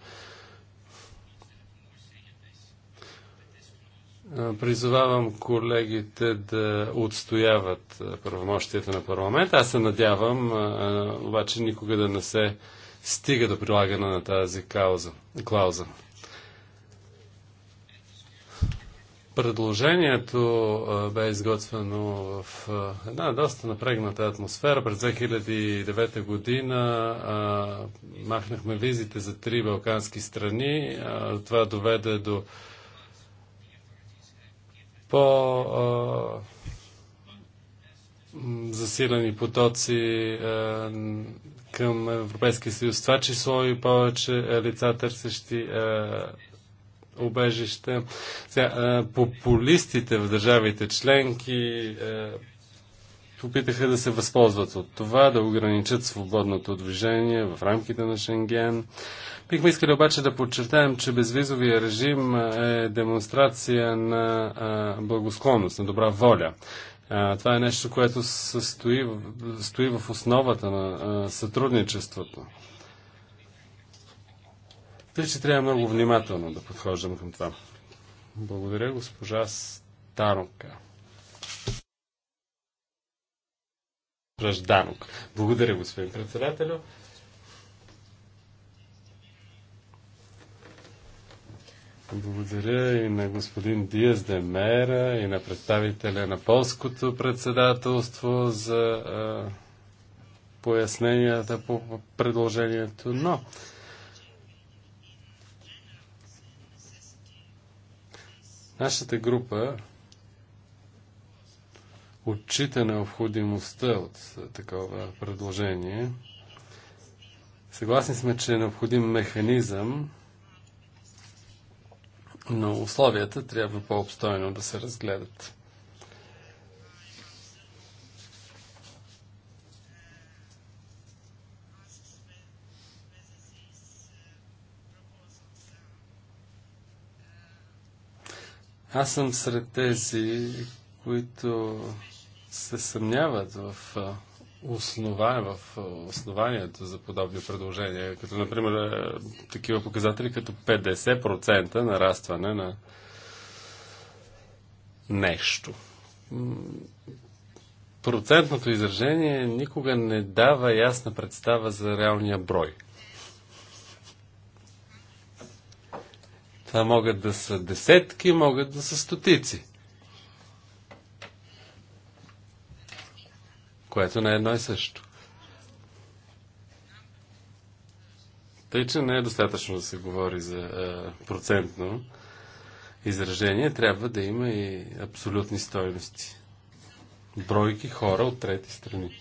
Призовавам колегите да отстояват правомощията на парламента. Аз се надявам, обаче никога да не се стига до прилагане на тази клауза. Предложението бе изготвено в една доста напрегната атмосфера. През 2009 година махнахме визите за три балкански страни. това доведе до по засилени потоци към Европейския съюз. Това число и повече лица, търсещи убежища. Сега, популистите в държавите членки опитаха да се възползват от това, да ограничат свободното движение в рамките на Шенген. Бихме искали обаче да подчертаем, че безвизовия режим е демонстрация на благосклонност, на добра воля. Това е нещо, което стои, стои в основата на сътрудничеството. Тъй, че трябва много внимателно да подхождам към това. Благодаря, госпожа Старонка. Ръжданок. Благодаря, господин председателю. Благодаря и на господин Диас Демера и на представителя на полското председателство за а, поясненията по предложението. Но Нашата група отчита необходимостта от такова предложение. Съгласни сме, че е необходим механизъм, но условията трябва по-обстойно да се разгледат. Аз съм сред тези, които се съмняват в основа, в основанието за подобни предложения, като например такива показатели като 50% нарастване на нещо. Процентното изражение никога не дава ясна представа за реалния брой Това могат да са десетки, могат да са стотици. Което не е едно и също. Тъй, че не е достатъчно да се говори за а, процентно изражение, трябва да има и абсолютни стоености. Бройки хора от трети страни.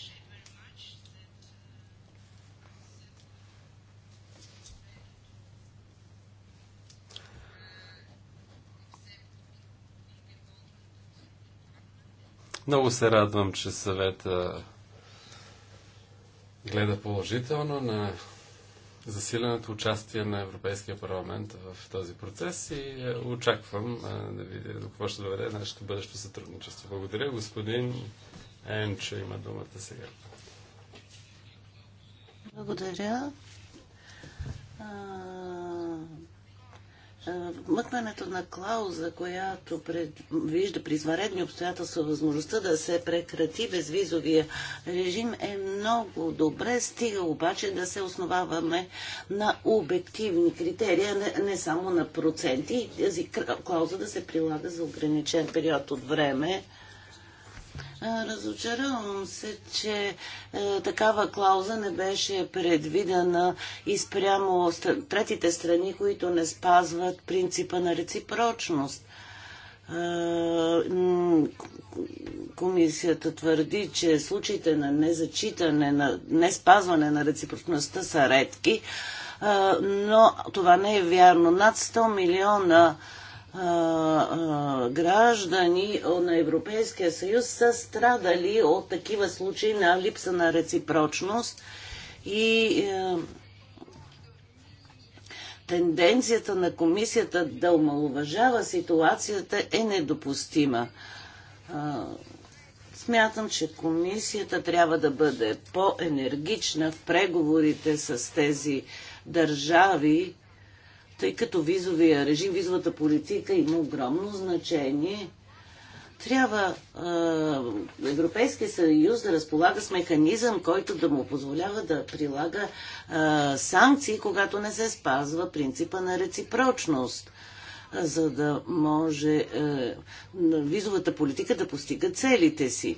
Много се радвам, че съвета гледа положително на засиленото участие на Европейския парламент в този процес и е, очаквам е, да видя до какво ще доведе нашето бъдещо сътрудничество. Благодаря. Господин Енчо има думата сега. Благодаря. Вмъкването на клауза, която предвижда при изваредни обстоятелства възможността да се прекрати безвизовия режим е много добре, стига обаче да се основаваме на обективни критерия, не, не само на проценти. Тази клауза да се прилага за ограничен период от време Разочаровам се, че е, такава клауза не беше предвидена и спрямо третите страни, които не спазват принципа на реципрочност. Комисията твърди, че случаите на незачитане, на неспазване на реципрочността са редки, но това не е вярно. Над 100 милиона граждани на Европейския съюз са страдали от такива случаи на липса на реципрочност и е, тенденцията на комисията да омалуважава ситуацията е недопустима. смятам, че комисията трябва да бъде по-енергична в преговорите с тези държави, тъй като визовия режим, визовата политика има огромно значение. Трябва е, Европейския съюз да разполага с механизъм, който да му позволява да прилага е, санкции, когато не се спазва принципа на реципрочност, за да може е, визовата политика да постига целите си.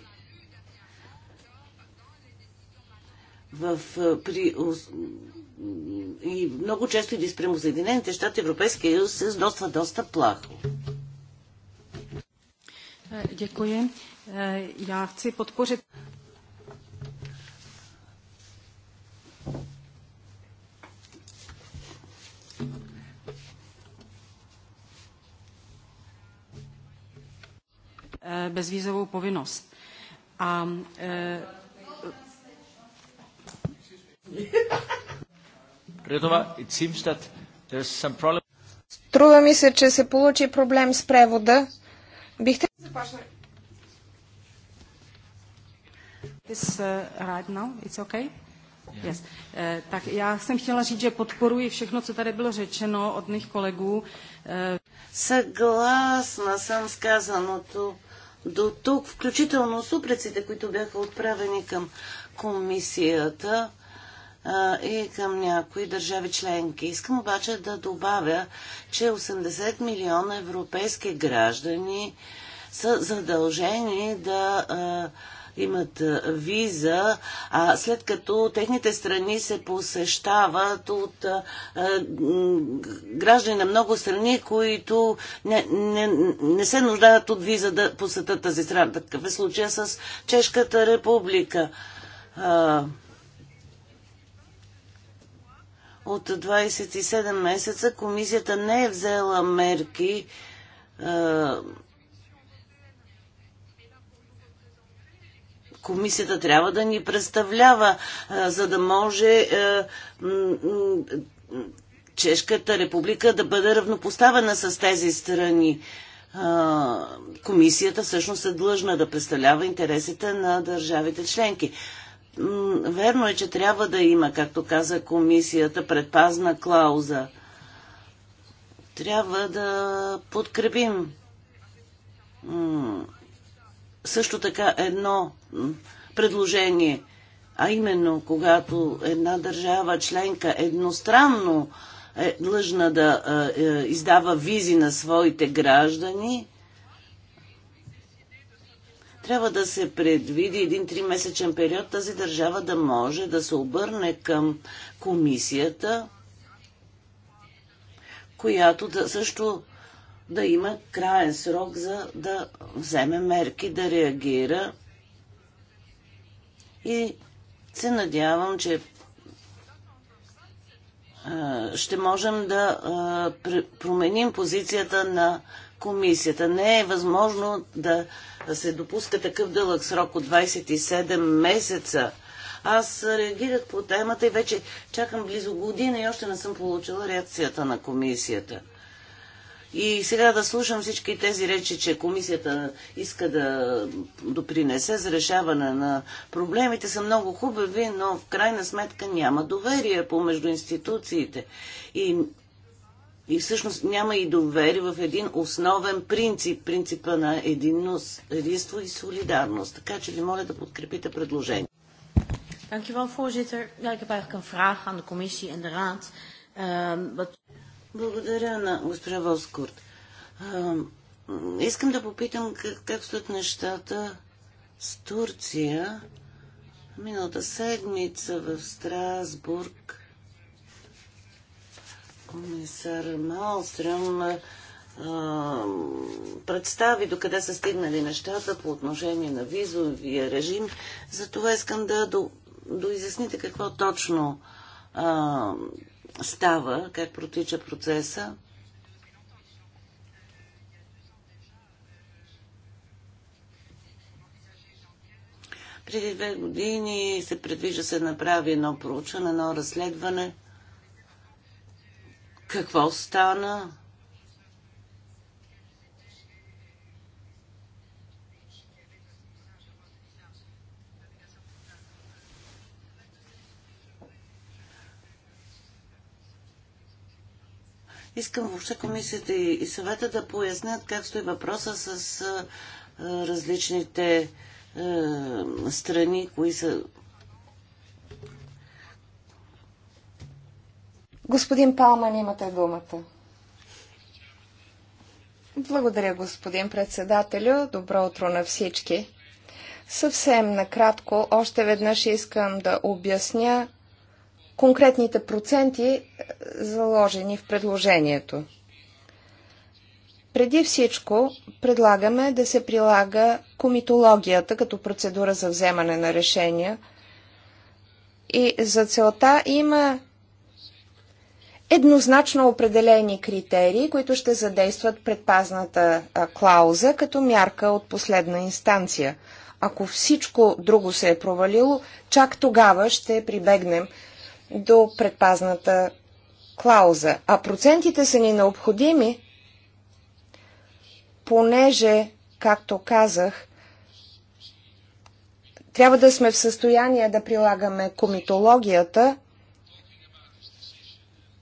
В, при и много често и спрямо Съединените щати Европейския съюз се доста, доста плахо. Děkuji. Já chci podpořit. bezvízovou povinnost. A, Струва ми се, че се получи проблем с превода. Бихте ли започнали? This uh, right now, it's okay? Yes. Eh, tak já jsem chtěla říct, že podporuji všechno, co tady bylo řečeno od mých kolegů. Eh... Съгласна съм с казаното до тук, включително супреците, които бяха отправени към комисията и към някои държави членки. Искам обаче да добавя, че 80 милиона европейски граждани са задължени да имат виза, а след като техните страни се посещават от а, граждани на много страни, които не, не, не се нуждаят от виза да посетят тази страна. Такъв е случая с Чешката република. А, от 27 месеца комисията не е взела мерки е, комисията трябва да ни представлява, е, за да може е, Чешката република да бъде равнопоставена с тези страни. Комисията всъщност е длъжна да представлява интересите на държавите членки. Верно е, че трябва да има, както каза комисията, предпазна клауза. Трябва да подкрепим също така едно предложение, а именно когато една държава членка едностранно е длъжна да е, издава визи на своите граждани, трябва да се предвиди един тримесечен период тази държава да може да се обърне към комисията, която да също да има краен срок за да вземе мерки, да реагира. И се надявам, че ще можем да променим позицията на комисията. Не е възможно да да се допуска такъв дълъг срок от 27 месеца. Аз реагирах по темата и вече чакам близо година и още не съм получила реакцията на комисията. И сега да слушам всички тези речи, че комисията иска да допринесе за решаване на проблемите, са много хубави, но в крайна сметка няма доверие помежду институциите. И и всъщност няма и доверие в един основен принцип, принципа на единност, единство и солидарност. Така че ви моля да подкрепите предложение. Dankjewel, voorzitter. Ja, ik heb eigenlijk een vraag aan de commissie en de raad. Ehm, Благодаря на госпожа Волскорт. искам да попитам как, как стоят нещата с Турция. Миналата седмица в Страсбург Комисар Малстрем представи до къде са стигнали нещата по отношение на визовия режим. Затова искам да до, доизясните какво точно а, става, как протича процеса. Преди две години се предвижда се направи едно проучване, едно разследване – какво стана? Искам въобще комисията и съвета да пояснят как стои въпроса с различните страни, кои са Господин Палман, имате думата. Благодаря, господин председателю. Добро утро на всички. Съвсем накратко, още веднъж искам да обясня конкретните проценти, е, заложени в предложението. Преди всичко предлагаме да се прилага комитологията като процедура за вземане на решения и за целта има еднозначно определени критерии, които ще задействат предпазната клауза като мярка от последна инстанция. Ако всичко друго се е провалило, чак тогава ще прибегнем до предпазната клауза. А процентите са ни необходими, понеже, както казах, трябва да сме в състояние да прилагаме комитологията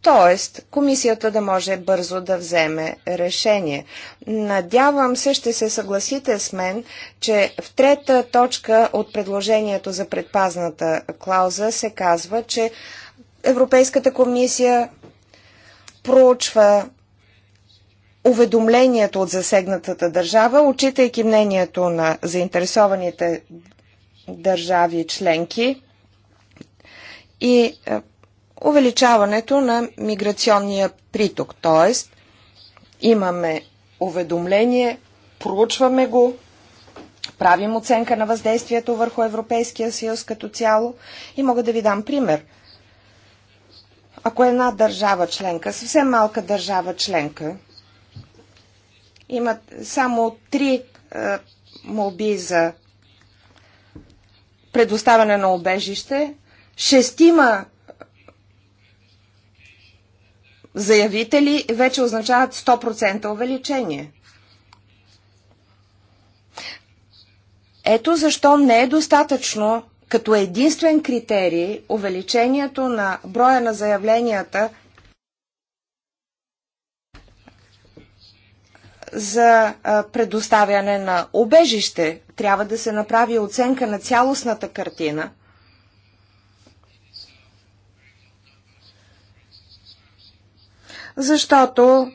Тоест, комисията да може бързо да вземе решение. Надявам се, ще се съгласите с мен, че в трета точка от предложението за предпазната клауза се казва, че Европейската комисия проучва уведомлението от засегнатата държава, отчитайки мнението на заинтересованите държави членки и е, увеличаването на миграционния приток. Т.е. имаме уведомление, проучваме го, правим оценка на въздействието върху Европейския съюз като цяло и мога да ви дам пример. Ако една държава членка, съвсем малка държава членка, имат само три е, моби за предоставяне на обежище, шестима заявители вече означават 100% увеличение. Ето защо не е достатъчно като единствен критерий увеличението на броя на заявленията за предоставяне на обежище. Трябва да се направи оценка на цялостната картина – защото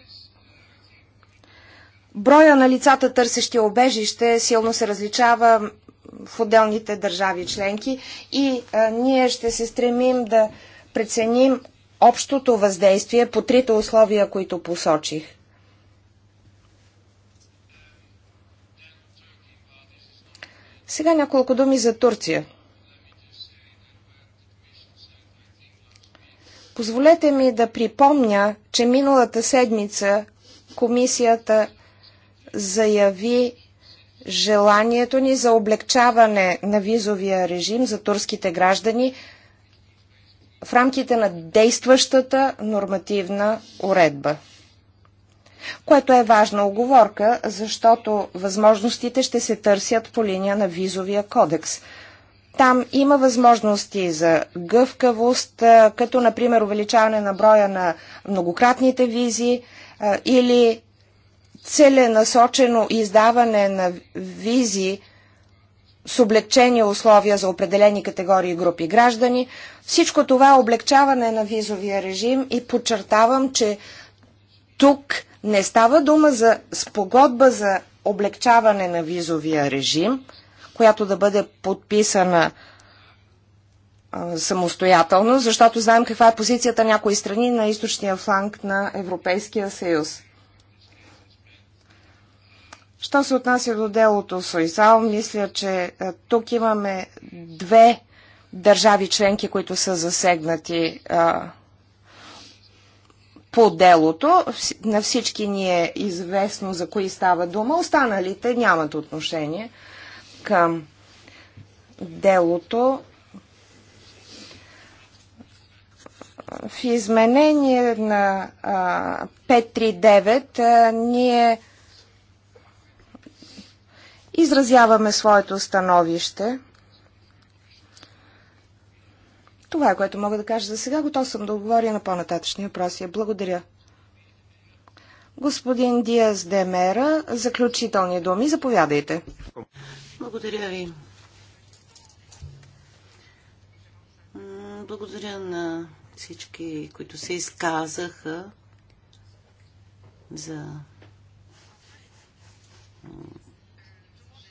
броя на лицата, търсещи обежище, силно се различава в отделните държави членки и а, ние ще се стремим да преценим общото въздействие по трите условия, които посочих. Сега няколко думи за Турция. Позволете ми да припомня, че миналата седмица комисията заяви желанието ни за облегчаване на визовия режим за турските граждани в рамките на действащата нормативна уредба. Което е важна оговорка, защото възможностите ще се търсят по линия на визовия кодекс – там има възможности за гъвкавост, като например увеличаване на броя на многократните визи или целенасочено издаване на визи с облегчени условия за определени категории групи граждани. Всичко това е облегчаване на визовия режим и подчертавам, че тук не става дума за спогодба за облегчаване на визовия режим – която да бъде подписана самостоятелно, защото знаем каква е позицията някои страни на източния фланг на Европейския съюз. Що се отнася до делото Сойзал, мисля, че тук имаме две държави членки, които са засегнати а, по делото. На всички ни е известно за кои става дума. Останалите нямат отношение към делото в изменение на 539 ние изразяваме своето становище. Това е което мога да кажа за сега. Готов съм да отговоря на по-нататъчни въпроси. Благодаря. Господин Диас Демера, заключителни думи, заповядайте. Благодаря ви. Благодаря на всички, които се изказаха за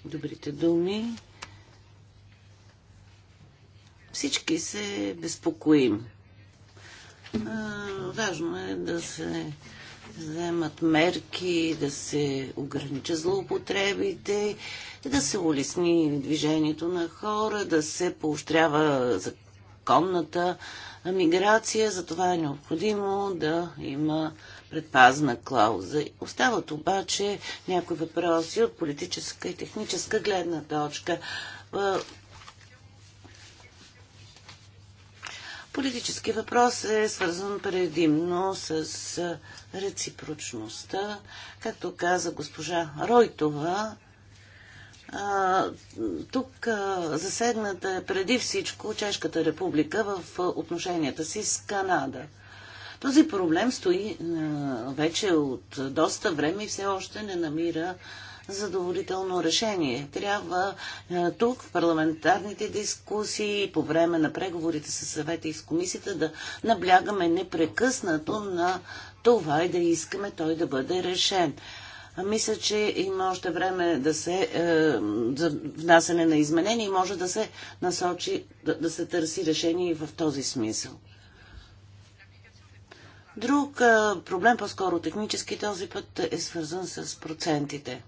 добрите думи. Всички се безпокоим. Важно е да се вземат мерки, да се ограничат злоупотребите да се улесни движението на хора, да се поощрява законната миграция. Затова е необходимо да има предпазна клауза. Остават обаче някои въпроси от политическа и техническа гледна точка. Политически въпрос е свързан предимно с реципрочността. Както каза госпожа Ройтова, а, тук засегната е преди всичко Чешката република в отношенията си с Канада. Този проблем стои вече от доста време и все още не намира задоволително решение. Трябва тук в парламентарните дискусии по време на преговорите с съвета и с комисията да наблягаме непрекъснато на това и да искаме той да бъде решен мисля, че има още време да се, е, за внасяне на изменения и може да се насочи, да, да се търси решение и в този смисъл. Друг е, проблем, по-скоро технически, този път е свързан с процентите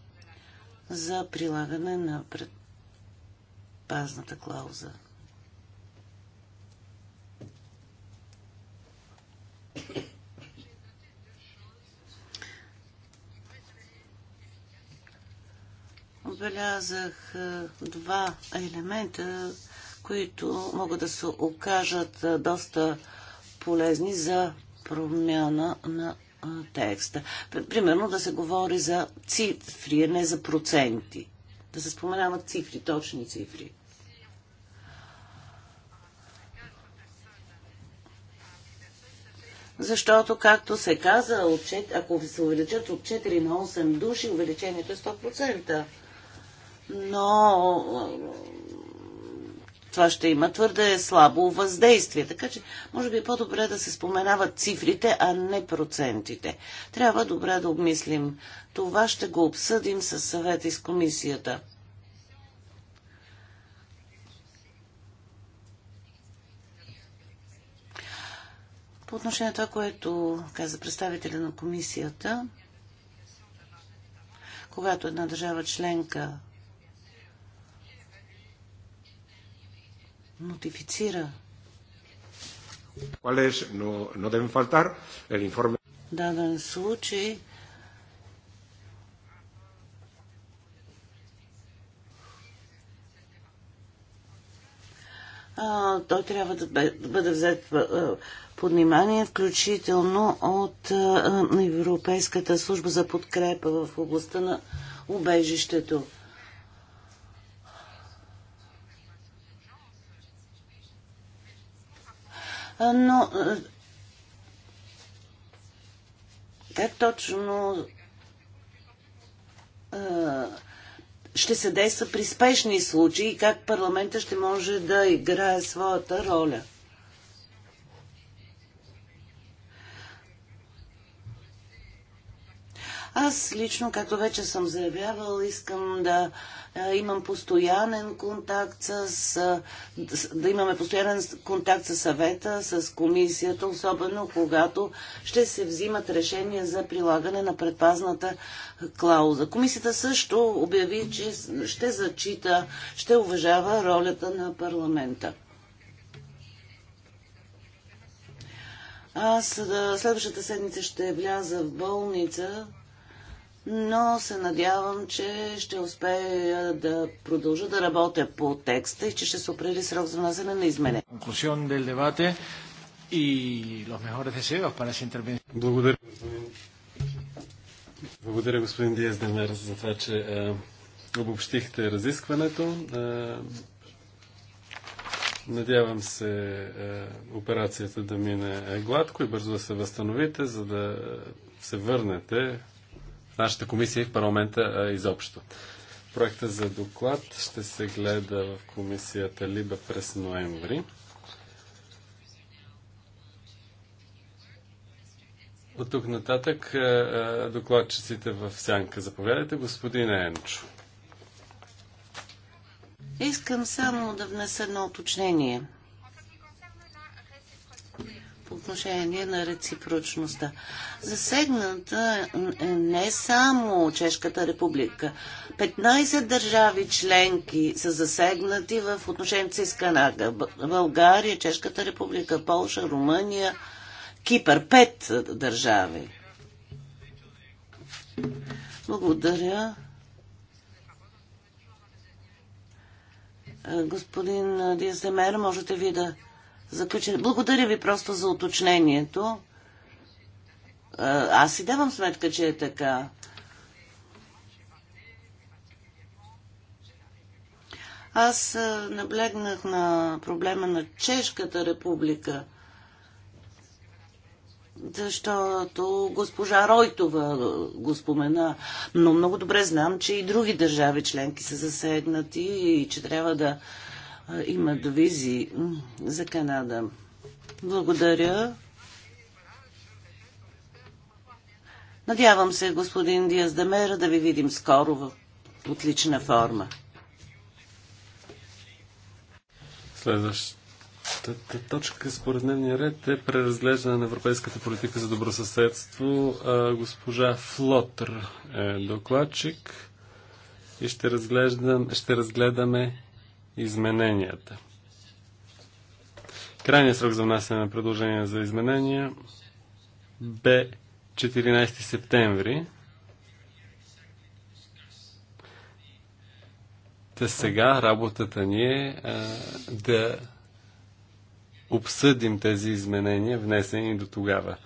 за прилагане на предпазната клауза. отбелязах е, два елемента, които могат да се окажат е, доста полезни за промяна на е, текста. Примерно да се говори за цифри, а не за проценти. Да се споменават цифри, точни цифри. Защото, както се каза, ако се увеличат от 4 на 8 души, увеличението е 100% но това ще има твърде слабо въздействие. Така че, може би е по-добре да се споменават цифрите, а не процентите. Трябва добре да обмислим. Това ще го обсъдим с съвет и с комисията. По отношение на това, което каза представителя на комисията, когато една държава членка нотифицира. ¿Cuáles no, no deben faltar? El informe. Даден случай. той трябва да, бъде взет под внимание, включително от Европейската служба за подкрепа в областта на убежището. но как точно ще се действа при спешни случаи и как парламента ще може да играе своята роля? Аз лично, както вече съм заявявал, искам да е, имам постоянен контакт е, с... да имаме постоянен контакт с съвета, с комисията, особено когато ще се взимат решения за прилагане на предпазната клауза. Комисията също обяви, че ще зачита, ще уважава ролята на парламента. Аз е, следващата седмица ще вляза в болница но се надявам, че ще успея да продължа да работя по текста и че ще се определи срок за внасяне на изменения. Благодаря, господин. Благодаря, господин Диез Демер, за това, че е, обобщихте разискването. Е, надявам се е, операцията да мине гладко и бързо да се възстановите, за да се върнете нашата комисия и в парламента а, изобщо. Проекта за доклад ще се гледа в комисията Либа през ноември. От тук нататък докладчиците в сянка. Заповядайте, господин Енчо. Искам само да внеса едно уточнение по отношение на реципрочността. Засегната е не само Чешката република. 15 държави членки са засегнати в отношението си с Канада. България, Чешката република, Полша, Румъния, Кипър. Пет държави. Благодаря. Господин Диаземер, можете ви да заключение. Благодаря ви просто за уточнението. Е, аз си давам сметка, че е така. Аз е, наблегнах на проблема на Чешката република, защото госпожа Ройтова е, го спомена, но много добре знам, че и други държави членки са засегнати и че трябва да имат визи за Канада. Благодаря. Надявам се, господин Диас Демера, да ви видим скоро в отлична форма. Следващата точка според дневния ред е преразглеждане на европейската политика за добросъседство. Госпожа Флотър е докладчик и ще, разглеждам, ще разгледаме измененията. Крайният срок за внасяне на предложения за изменения бе 14 септември. Та сега работата ни е а, е, да обсъдим тези изменения, внесени до тогава.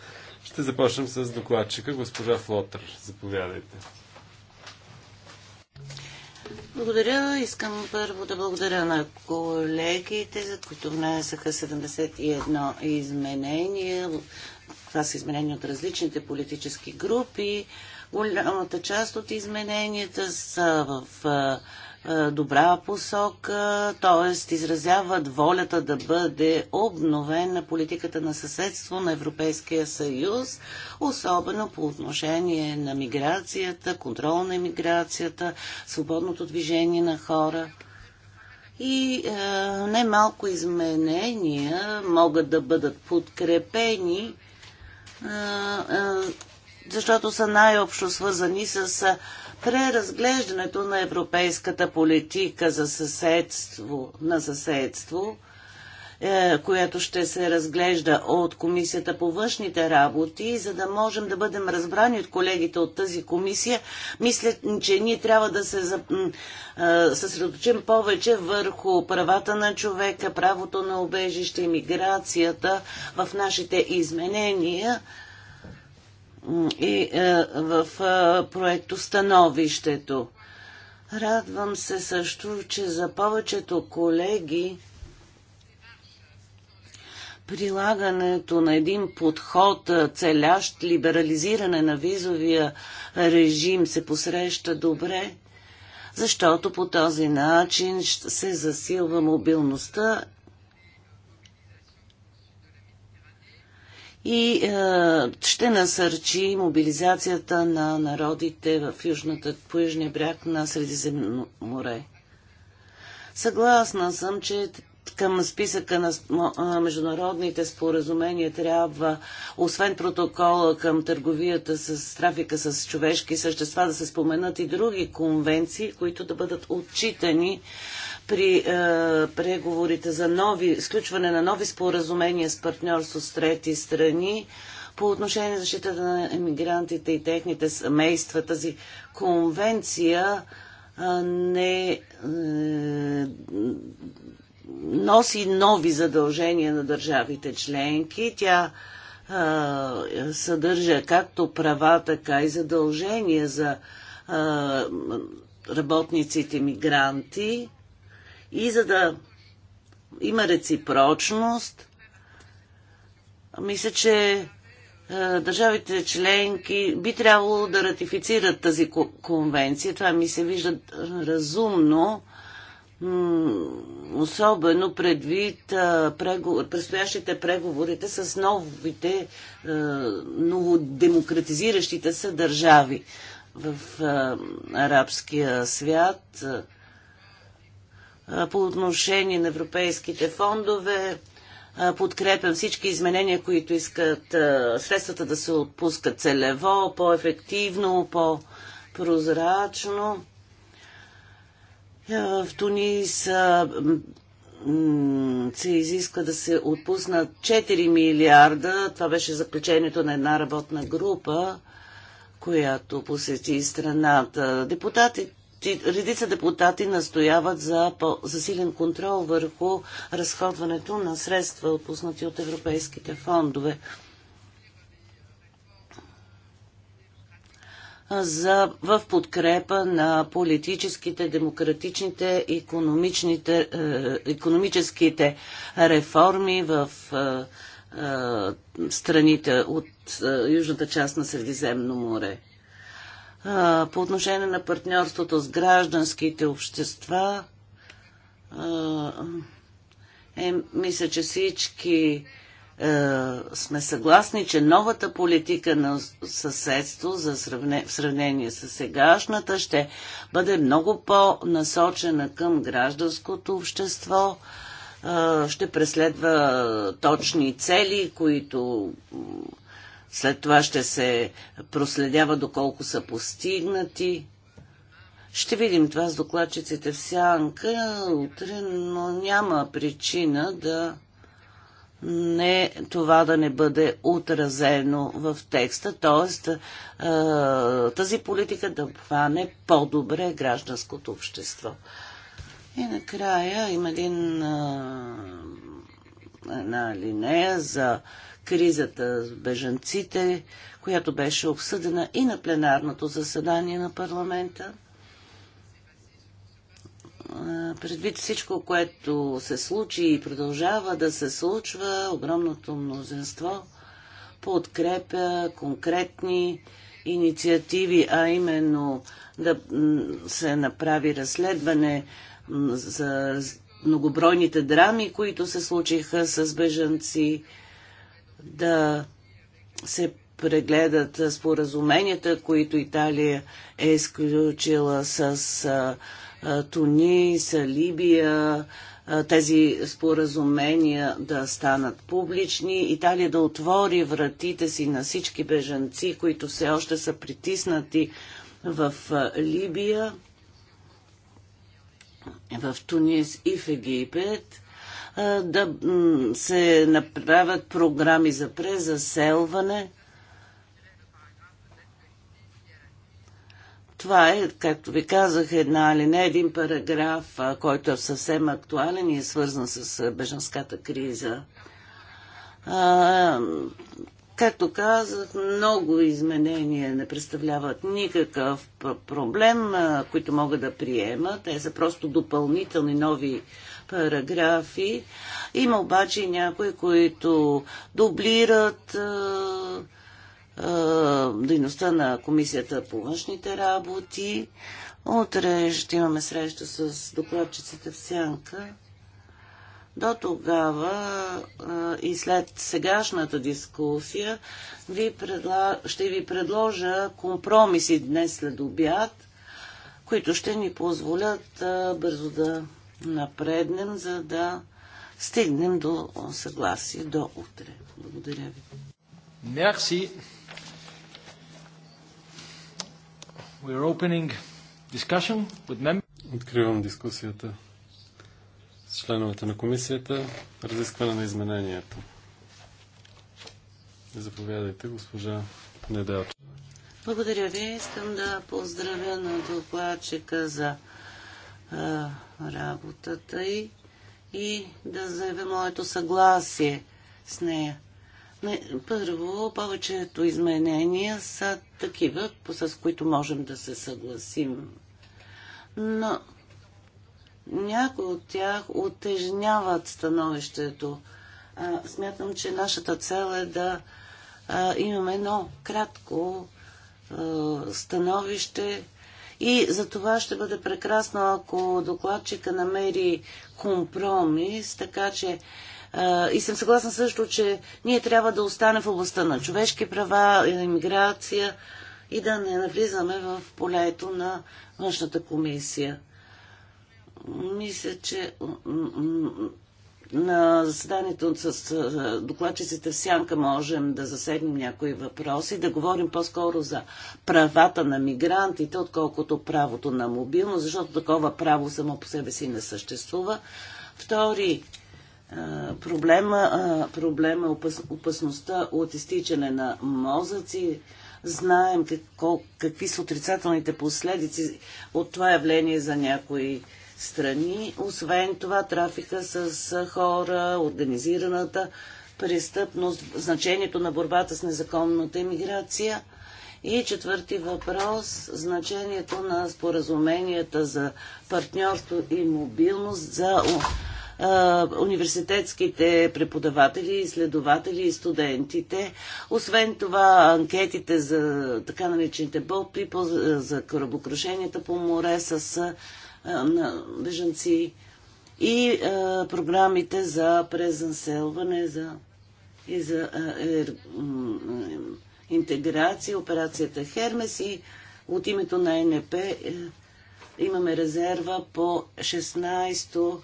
Ще започнем с докладчика, госпожа Флотър. Заповядайте. Благодаря. Искам първо да благодаря на колегите, за които внесаха 71 изменения. Това са изменения от различните политически групи. Голямата част от измененията са в е, добра посока, т.е. изразяват волята да бъде обновена политиката на съседство на Европейския съюз, особено по отношение на миграцията, контрол на миграцията, свободното движение на хора. И е, немалко изменения могат да бъдат подкрепени, е, е, защото са най-общо свързани с е, преразглеждането на европейската политика за съседство, на съседство, е, която ще се разглежда от Комисията по външните работи, за да можем да бъдем разбрани от колегите от тази комисия. Мисля, че ние трябва да се е, съсредоточим повече върху правата на човека, правото на убежище, миграцията в нашите изменения, и е, в е, проекто становището. Радвам се също, че за повечето колеги прилагането на един подход, е, целящ либерализиране на визовия режим, се посреща добре, защото по този начин се засилва мобилността и е, ще насърчи мобилизацията на народите в южната, по южния бряг на Средиземно море. Съгласна съм, че към списъка на е, международните споразумения трябва, освен протокола към търговията с трафика с човешки същества, да се споменат и други конвенции, които да бъдат отчитани при е, преговорите за нови, сключване на нови споразумения с партньорство с трети страни по отношение на защитата на емигрантите и техните семейства. Тази конвенция е, не е, носи нови задължения на държавите членки. Тя е, съдържа както права, така и задължения за е, работниците мигранти и за да има реципрочност, мисля, че е, държавите членки би трябвало да ратифицират тази конвенция. Това ми се вижда е, разумно, особено предвид е, предстоящите преговорите с новите, новодемократизиращите се държави в арабския свят по отношение на европейските фондове. Подкрепям всички изменения, които искат средствата да се отпускат целево, по-ефективно, по-прозрачно. В Тунис се изисква да се отпуснат 4 милиарда. Това беше заключението на една работна група, която посети страната. депутатите редица депутати настояват за засилен контрол върху разходването на средства, отпуснати от европейските фондове. За, в подкрепа на политическите, демократичните, економичните, е, економическите реформи в е, е, страните от е, южната част на Средиземно море по отношение на партньорството с гражданските общества, е, мисля, че всички сме съгласни, че новата политика на съседство за сравне, в сравнение с сегашната ще бъде много по-насочена към гражданското общество, ще преследва точни цели, които след това ще се проследява доколко са постигнати. Ще видим това с докладчиците в сянка утре, но няма причина да не, това да не бъде отразено в текста, т.е. тази политика да хване по-добре гражданското общество. И накрая има един, една линия за кризата с бежанците, която беше обсъдена и на пленарното заседание на парламента. Предвид всичко, което се случи и продължава да се случва, огромното мнозинство подкрепя конкретни инициативи, а именно да се направи разследване за многобройните драми, които се случиха с бежанци, да се прегледат споразуменията, които Италия е изключила с Тунис, Либия, тези споразумения да станат публични, Италия да отвори вратите си на всички бежанци, които все още са притиснати в Либия, в Тунис и в Египет – да се направят програми за презаселване. Това е, както ви казах, една или не един параграф, който е съвсем актуален и е свързан с беженската криза. А, както казах, много изменения не представляват никакъв проблем, които могат да приема. Те са просто допълнителни нови параграфи. Има обаче и някои, които дублират е, е, дейността на Комисията по външните работи. Утре ще имаме среща с докладчиците в Сянка. До тогава и след сегашната дискусия ви предла... ще ви предложа компромиси днес след обяд, които ще ни позволят бързо да напреднем, за да стигнем до съгласие до утре. Благодаря ви. Мерси. Откривам дискусията с членовете на комисията. Разискване на изменението. Заповядайте, госпожа Неделчева. Благодаря ви. Искам да поздравя на докладчика за а, работата и, и да заявя моето съгласие с нея. Не, първо, повечето изменения са такива, с които можем да се съгласим. Но някои от тях отежняват становището. А, смятам, че нашата цел е да а, имаме едно кратко а, становище, и за това ще бъде прекрасно, ако докладчика намери компромис, така че и съм съгласна също, че ние трябва да останем в областта на човешки права, иммиграция и да не навлизаме в полето на външната комисия. Мисля, че на заседанието с докладчиците в Сянка можем да засегнем някои въпроси, да говорим по-скоро за правата на мигрантите, отколкото правото на мобилност, защото такова право само по себе си не съществува. Втори проблема, проблема е опас, опасността от изтичане на мозъци. Знаем как, какви са отрицателните последици от това явление за някои страни. Освен това, трафика с хора, организираната престъпност, значението на борбата с незаконната иммиграция. И четвърти въпрос – значението на споразуменията за партньорство и мобилност за университетските преподаватели, изследователи и студентите. Освен това, анкетите за така наречените boat people, за корабокрушенията по море с на бежанци и програмите за презанселване за, и за м, интеграция, операцията Хермес и от името на НП е, имаме резерва по 16-то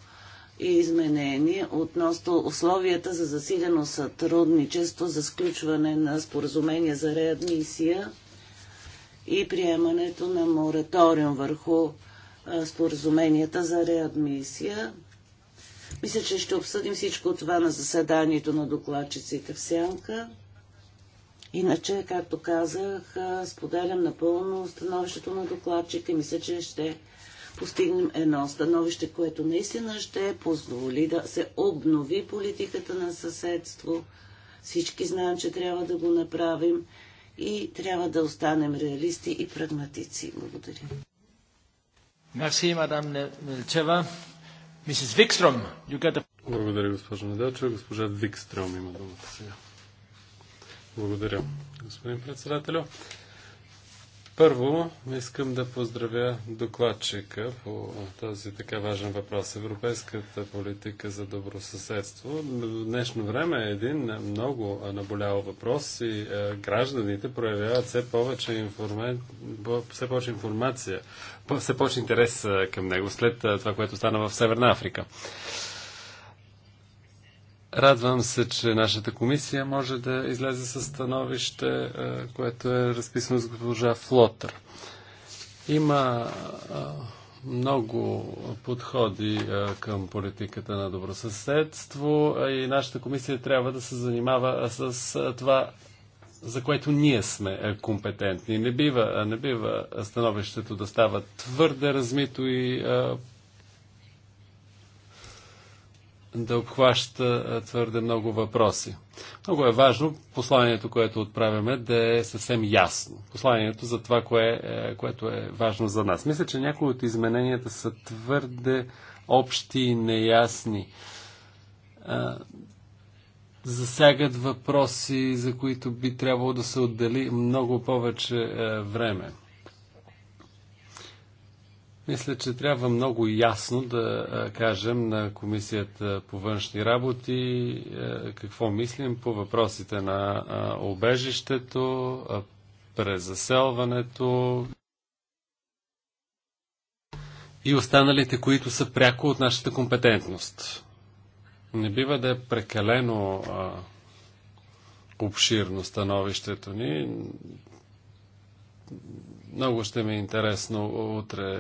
изменение относно условията за засилено сътрудничество за сключване на споразумения за реадмисия и приемането на мораториум върху споразуменията за реадмисия. Мисля, че ще обсъдим всичко това на заседанието на докладчиците в Сянка. Иначе, както казах, споделям напълно становището на докладчика и мисля, че ще постигнем едно становище, което наистина ще позволи да се обнови политиката на съседство. Всички знаем, че трябва да го направим и трябва да останем реалисти и прагматици. Благодаря. Мерси, мадам Милчева. Мисис Викстром, you Благодаря, госпожа Недача. Госпожа Викстрем има думата сега. Благодаря, господин председателю. Първо, искам да поздравя докладчика по този така важен въпрос. Европейската политика за добросъседство. В днешно време е един много наболял въпрос и е, гражданите проявяват все повече, информа... все повече информация, все повече интерес е, към него след е, това, което стана в Северна Африка. Радвам се, че нашата комисия може да излезе с становище, което е разписано с госпожа Флотър. Има много подходи към политиката на добросъседство и нашата комисия трябва да се занимава с това, за което ние сме компетентни. Не бива, не бива становището да става твърде размито и да обхваща твърде много въпроси. Много е важно посланието, което отправяме, да е съвсем ясно. Посланието за това, кое, е, което е важно за нас. Мисля, че някои от измененията са твърде общи и неясни. засягат въпроси, за които би трябвало да се отдели много повече е, време. Мисля, че трябва много ясно да кажем на Комисията по външни работи какво мислим по въпросите на обежището, презаселването и останалите, които са пряко от нашата компетентност. Не бива да е прекалено обширно становището ни много ще ми е интересно утре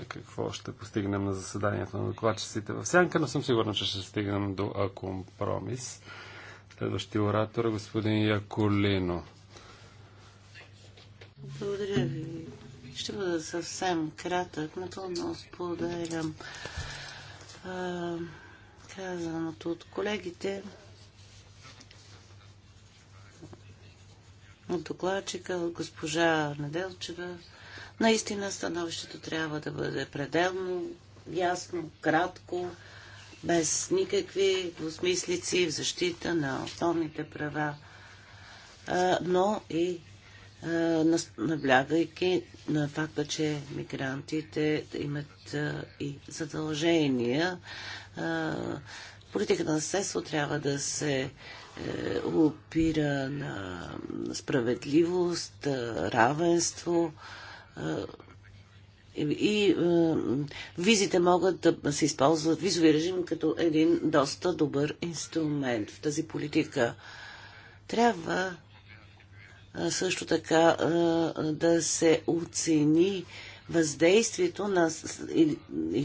е, какво ще постигнем на заседанието на докладчиците в Сянка, но съм сигурен, че ще стигнем до компромис. Следващия оратор е господин Яколино. Благодаря ви. Ще бъда съвсем кратък. Напълно споделям е, казаното от колегите. от докладчика, от госпожа Неделчева. Наистина становището трябва да бъде пределно, ясно, кратко, без никакви двусмислици в защита на основните права, но и наблягайки на факта, че мигрантите имат и задължения Политиката на наследство трябва да се е, опира на справедливост, е, равенство е, и визите могат да се използват, визови режим като един доста добър инструмент в тази политика. Трябва също така да се оцени въздействието на, или,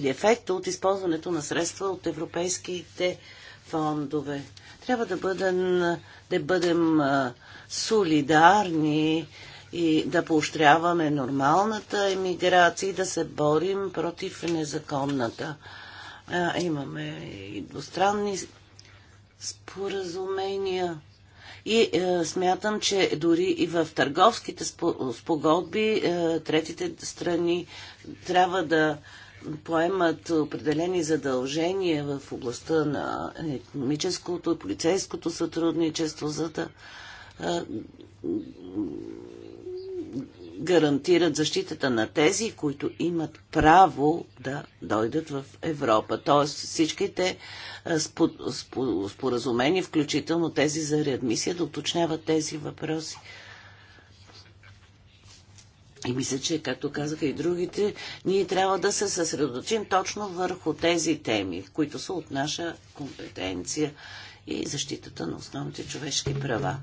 ефекта от използването на средства от европейските фондове. Трябва да бъдем, да бъдем солидарни и да поощряваме нормалната емиграция и да се борим против незаконната. А, имаме и двустранни споразумения. И е, смятам, че дори и в търговските спогодби е, третите страни трябва да поемат определени задължения в областта на економическото, полицейското сътрудничество, за да е, гарантират защитата на тези, които имат право да дойдат в Европа. Тоест всичките споразумения, включително тези за реадмисия, да уточняват тези въпроси. И мисля, че, както казаха и другите, ние трябва да се съсредоточим точно върху тези теми, които са от наша компетенция и защитата на основните човешки права.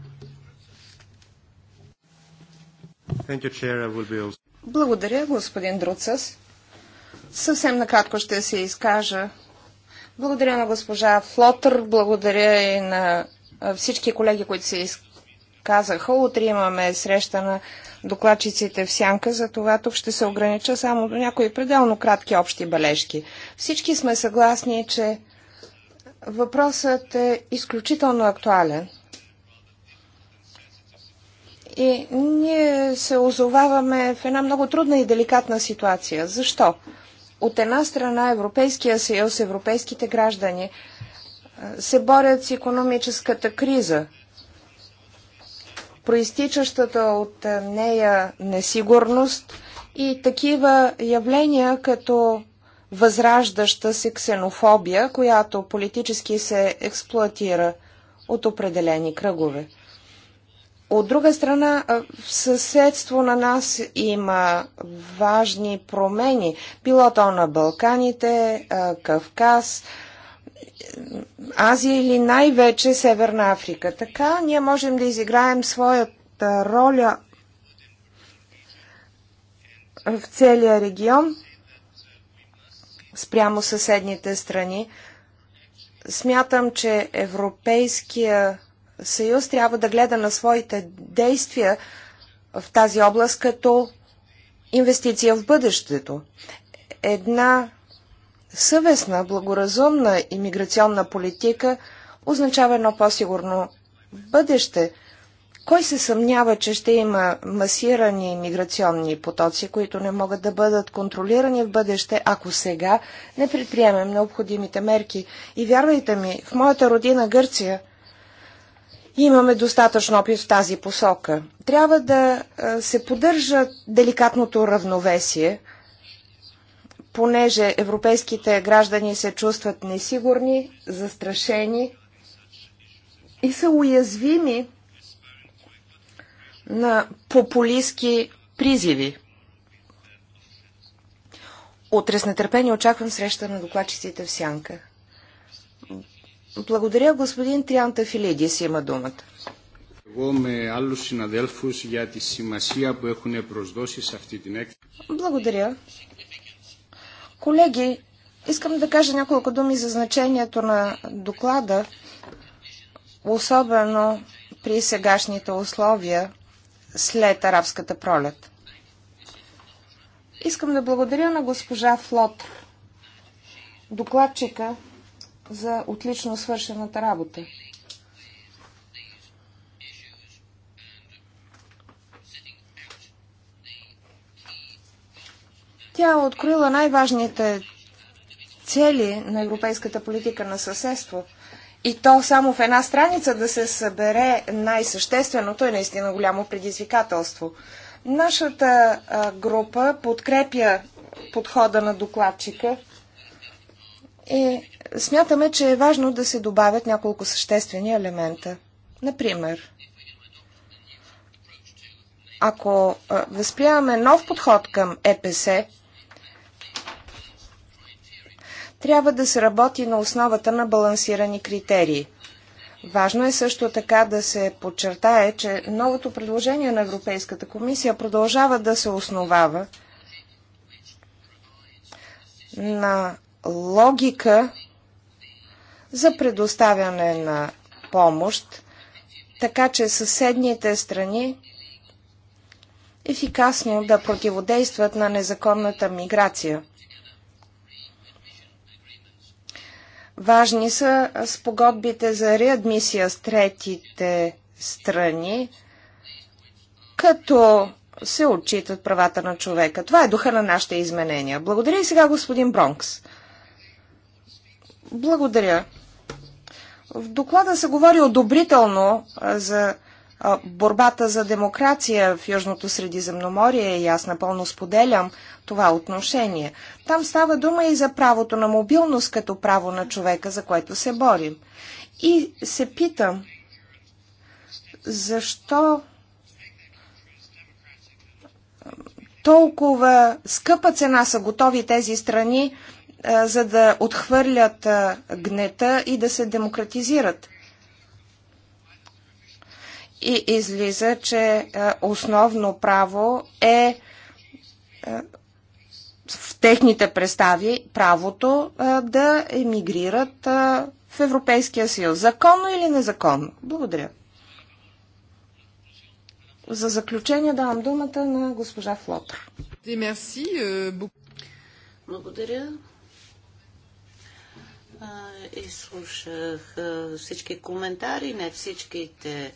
Благодаря, господин Друцас. Съвсем накратко ще се изкажа. Благодаря на госпожа Флотър, благодаря и на всички колеги, които се изказаха. Утре имаме среща на докладчиците в сянка, за това тук ще се огранича само до някои пределно кратки общи бележки. Всички сме съгласни, че въпросът е изключително актуален – и ние се озоваваме в една много трудна и деликатна ситуация. Защо? От една страна Европейския съюз, европейските граждани се борят с економическата криза, проистичащата от нея несигурност и такива явления като възраждаща се ксенофобия, която политически се експлуатира от определени кръгове. От друга страна, в съседство на нас има важни промени, било то на Балканите, Кавказ, Азия или най-вече Северна Африка. Така ние можем да изиграем своята роля в целия регион спрямо съседните страни. Смятам, че Европейския съюз трябва да гледа на своите действия в тази област като инвестиция в бъдещето. Една съвестна, благоразумна иммиграционна политика означава едно по-сигурно бъдеще. Кой се съмнява, че ще има масирани миграционни потоци, които не могат да бъдат контролирани в бъдеще, ако сега не предприемем необходимите мерки? И вярвайте ми, в моята родина Гърция Имаме достатъчно опит в тази посока. Трябва да се поддържа деликатното равновесие, понеже европейските граждани се чувстват несигурни, застрашени и са уязвими на популистски призиви. Утре с нетърпение очаквам среща на докладчиците в Сянка. Благодаря, господин Трианта Филидис има думата. Благодаря. Колеги, искам да кажа няколко думи за значението на доклада, особено при сегашните условия след арабската пролет. Искам да благодаря на госпожа Флот, докладчика за отлично свършената работа. Тя е открила най-важните цели на европейската политика на съседство. И то само в една страница да се събере най-същественото е наистина голямо предизвикателство. Нашата група подкрепя подхода на докладчика и смятаме, че е важно да се добавят няколко съществени елемента. Например, ако възприемаме нов подход към ЕПС, трябва да се работи на основата на балансирани критерии. Важно е също така да се подчертае, че новото предложение на Европейската комисия продължава да се основава на логика, за предоставяне на помощ, така че съседните страни ефикасно да противодействат на незаконната миграция. Важни са спогодбите за реадмисия с третите страни, като се отчитат правата на човека. Това е духа на нашите изменения. Благодаря и сега господин Бронкс. Благодаря. В доклада се говори одобрително за борбата за демокрация в Южното Средиземноморие и аз напълно споделям това отношение. Там става дума и за правото на мобилност като право на човека, за което се борим. И се питам, защо толкова скъпа цена са готови тези страни за да отхвърлят гнета и да се демократизират. И излиза, че основно право е в техните представи правото да емигрират в Европейския съюз. Законно или незаконно? Благодаря. За заключение давам думата на госпожа Флотър. Euh, Благодаря изслушах всички коментари, не всичките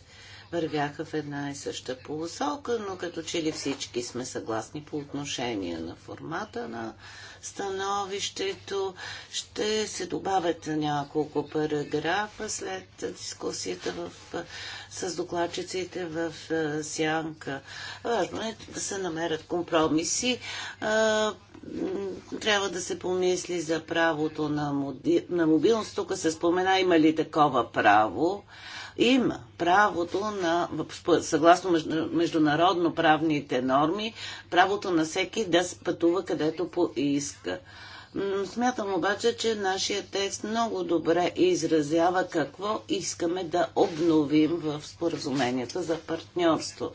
вървяха в една и съща полусока, но като че ли всички сме съгласни по отношение на формата на становището. Ще се добавят няколко параграфа след дискусията в, с докладчиците в Сянка. Важно е да се намерят компромиси трябва да се помисли за правото на, моди... на мобилност. Тук се спомена има ли такова право. Има правото на, съгласно международно правните норми, правото на всеки да пътува където поиска. Смятам обаче, че нашия текст много добре изразява какво искаме да обновим в споразуменията за партньорство.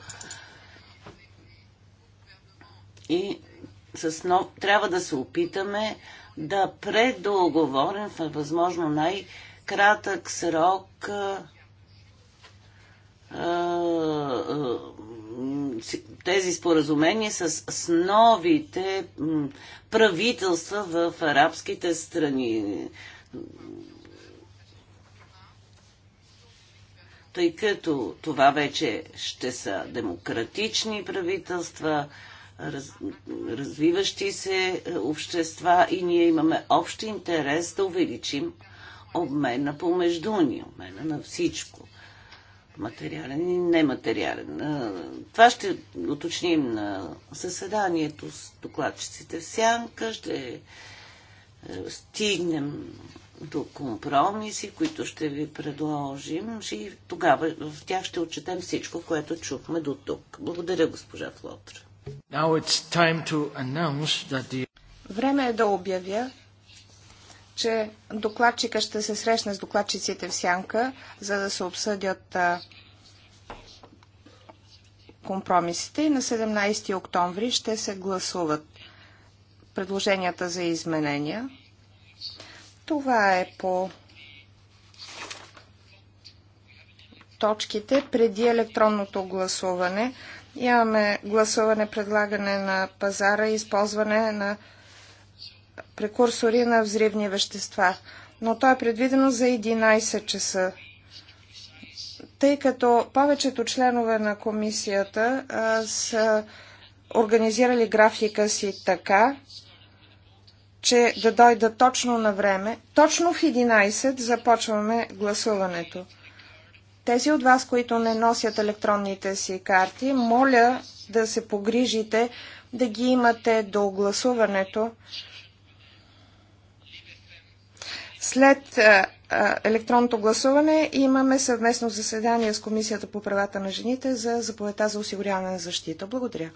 И с нов... трябва да се опитаме да предоговорим в възможно най-кратък срок а, а, тези споразумения с, с новите правителства в арабските страни. Тъй като това вече ще са демократични правителства, раз, развиващи се е, общества и ние имаме общ интерес да увеличим обмена помежду ни, обмена на всичко. Материален и нематериален. Е, това ще уточним на съседанието с докладчиците в сянка. Ще е, стигнем до компромиси, които ще ви предложим и тогава в тях ще отчетем всичко, което чухме до тук. Благодаря, госпожа Флотра. The... Време е да обявя, че докладчика ще се срещне с докладчиците в сянка, за да се обсъдят а, компромисите на 17 октомври ще се гласуват предложенията за изменения. Това е по точките преди електронното гласуване. Имаме гласуване, предлагане на пазара и използване на прекурсори на взривни вещества. Но то е предвидено за 11 часа. Тъй като повечето членове на комисията а, са организирали графика си така, че да дойда точно на време, точно в 11 започваме гласуването. Тези от вас, които не носят електронните си карти, моля да се погрижите да ги имате до гласуването. След електронното гласуване имаме съвместно заседание с Комисията по правата на жените за заповедта за осигуряване на защита. Благодаря.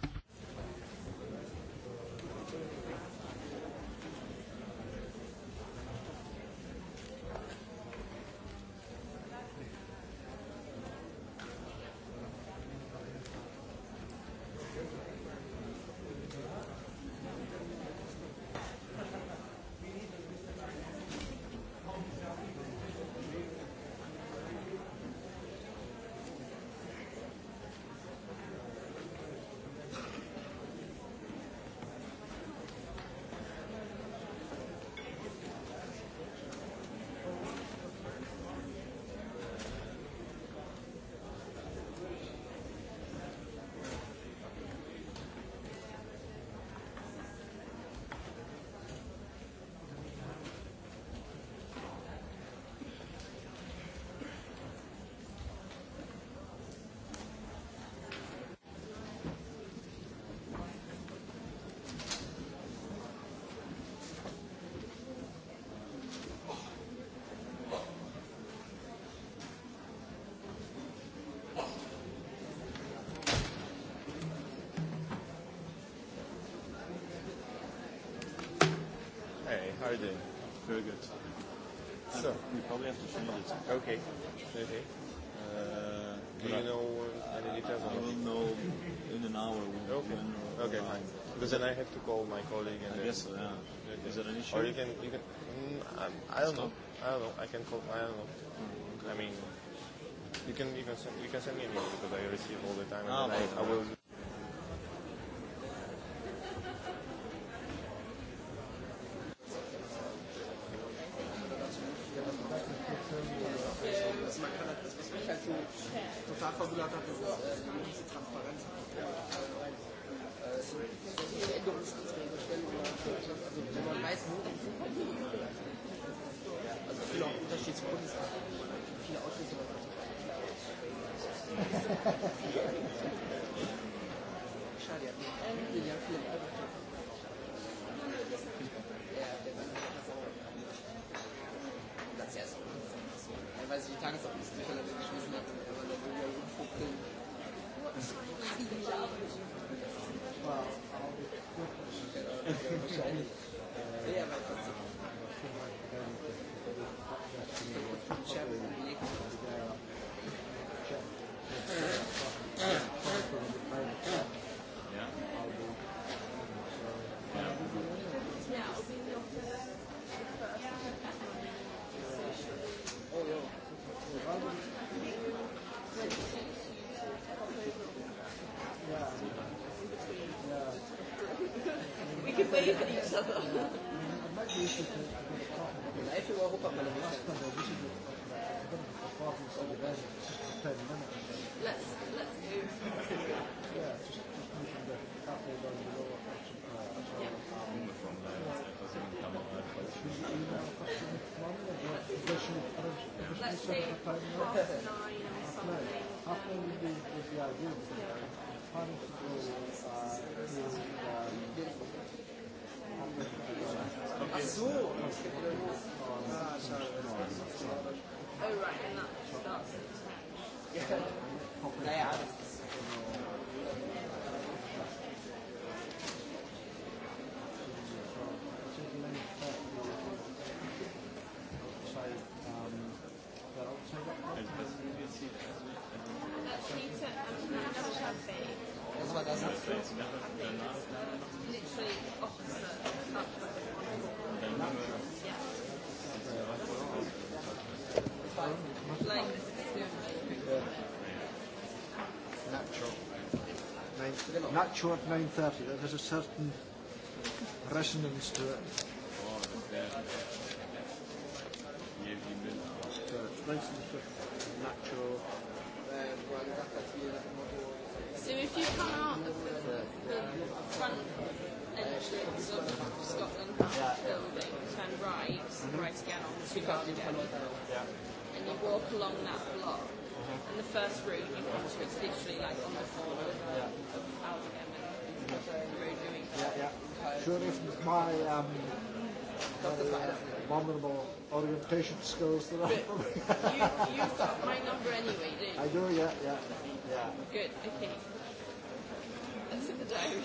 then I have to call my colleague. And I guess so, yeah. Is there an issue? Or you can, you can. Mm, I, I don't know. I don't know. I can call. I don't know. Mm, I mean, you can you can send, you can send me an email because I receive all the time, and oh, then I, I will. Man kann total Transparenz man weiß, Schade, ja. Ja, vielen short 9.30. That has a certain resonance to it. So if you come out of the, the front entrance of Scotland House building, turn right, right again on to Garden and you walk along that block, and the first route you come to is literally like on the corner of Aldergate yeah, yeah. Sure, if my um, my abominable orientation skills that I you, you've got my number anyway, do you? I do, yeah, yeah, yeah. Good, okay. That's in the diary.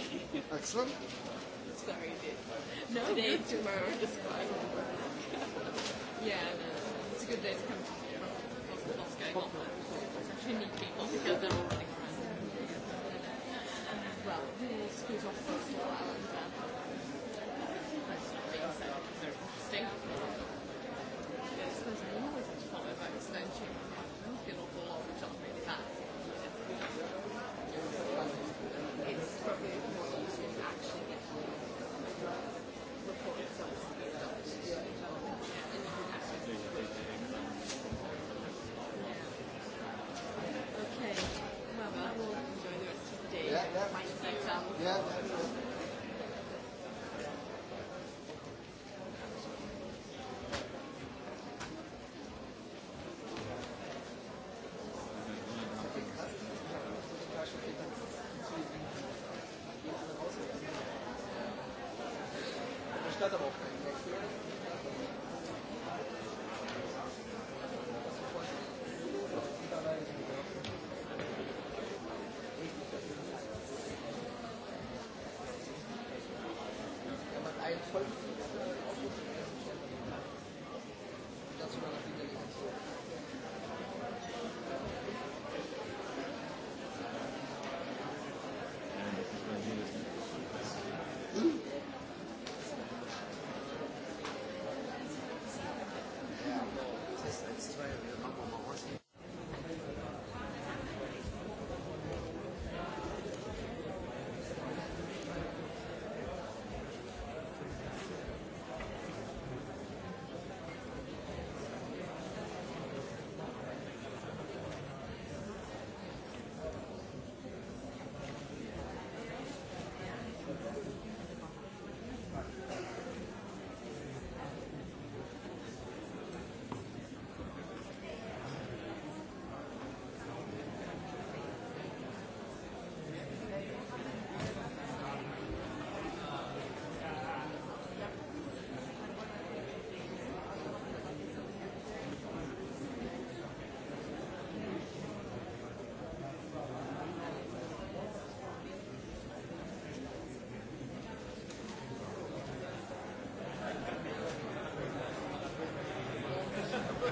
Excellent. Sorry, dude. No, Today, good. tomorrow, just fine. yeah, no, it's a good day to come to Moscow. What's It's actually neat people because they're all like well, who will scoot off for a while and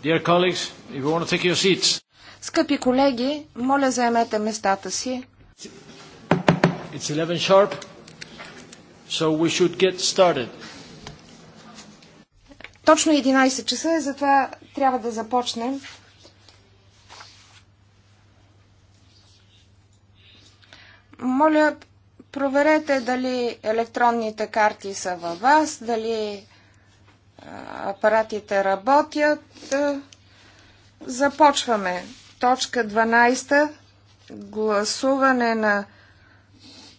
Dear colleagues, if you want to take your seats. Скъпи колеги, моля заемете местата си. It's 11 sharp, so we should get started. Точно 11 часа е, затова трябва да започнем. Моля, проверете дали електронните карти са във вас, дали апаратите работят. Е, започваме. Точка 12. Гласуване на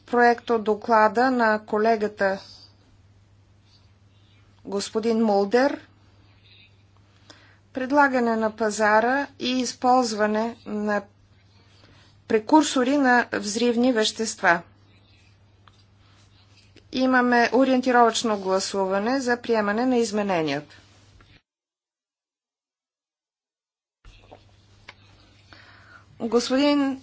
проекто доклада на колегата господин Мулдер. Предлагане на пазара и използване на прекурсори на взривни вещества. Имаме ориентировачно гласуване за приемане на измененията. Господин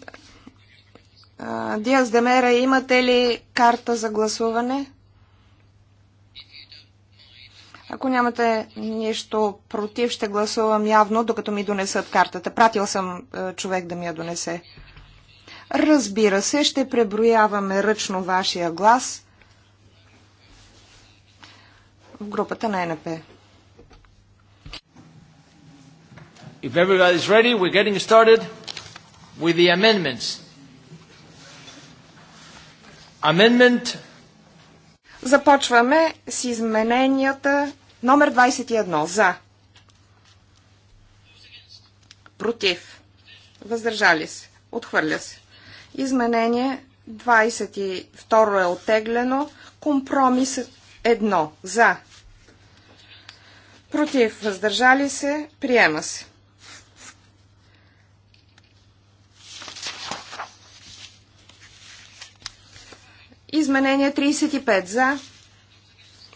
Диас Демера, имате ли карта за гласуване? Ако нямате нищо против, ще гласувам явно, докато ми донесат картата. Пратил съм човек да ми я донесе. Разбира се, ще преброяваме ръчно вашия глас в групата на НП. If everybody's ready, we're getting started with the amendments. Amendment. Започваме с измененията номер 21 за. Против. Въздържали се. Отхвърля се. Изменение 22 е отеглено. Компромис 1 за. Против. Въздържали се. Приема се. Изменение 35 за,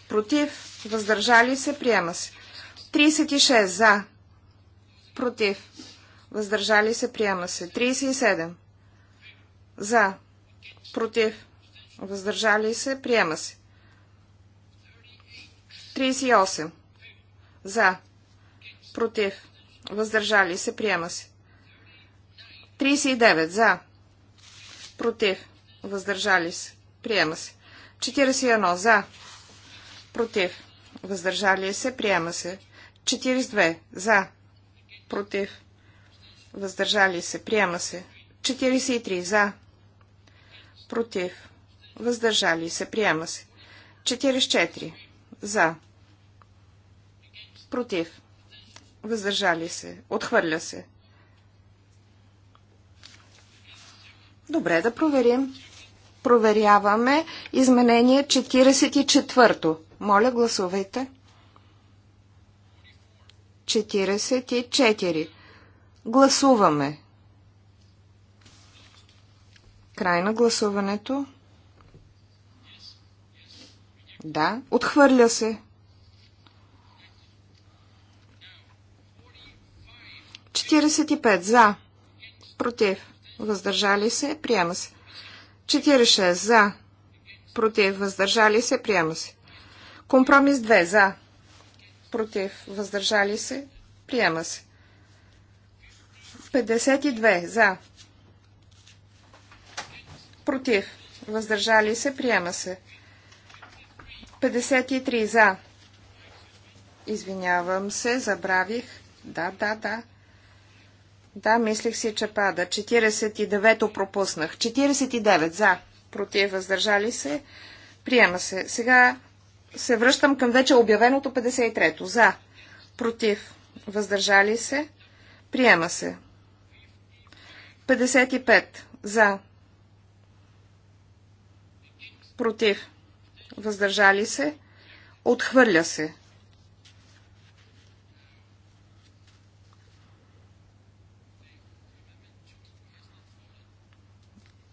против, въздържали се, приема се. 36 за, против, въздържали се, приема се. 37 за, против, въздържали се, приема се. 38 за, против, въздържали се, приема се. 39 за, против, въздържали се, Приема се. 41. За. Против. Въздържали се. Приема се. 42. За. Против. Въздържали се. Приема се. 43. За. Против. Въздържали се. Приема се. 44. За. Против. Въздържали се. Отхвърля се. Добре, да проверим проверяваме изменение 44-то. Моля, гласувайте. 44. Гласуваме. Край на гласуването. Да, отхвърля се. 45 за. Против. Въздържали се. Приема се. 46 за. Против. Въздържали се. Приема се. Компромис 2 за. Против. Въздържали се. Приема се. 52 за. Против. Въздържали се. Приема се. 53 за. Извинявам се, забравих. Да, да, да. Да, мислих си, че пада. 49-то пропуснах. 49 за, против, въздържали се. Приема се. Сега се връщам към вече обявеното 53-то. За, против, въздържали се. Приема се. 55 за, против, въздържали се. Отхвърля се.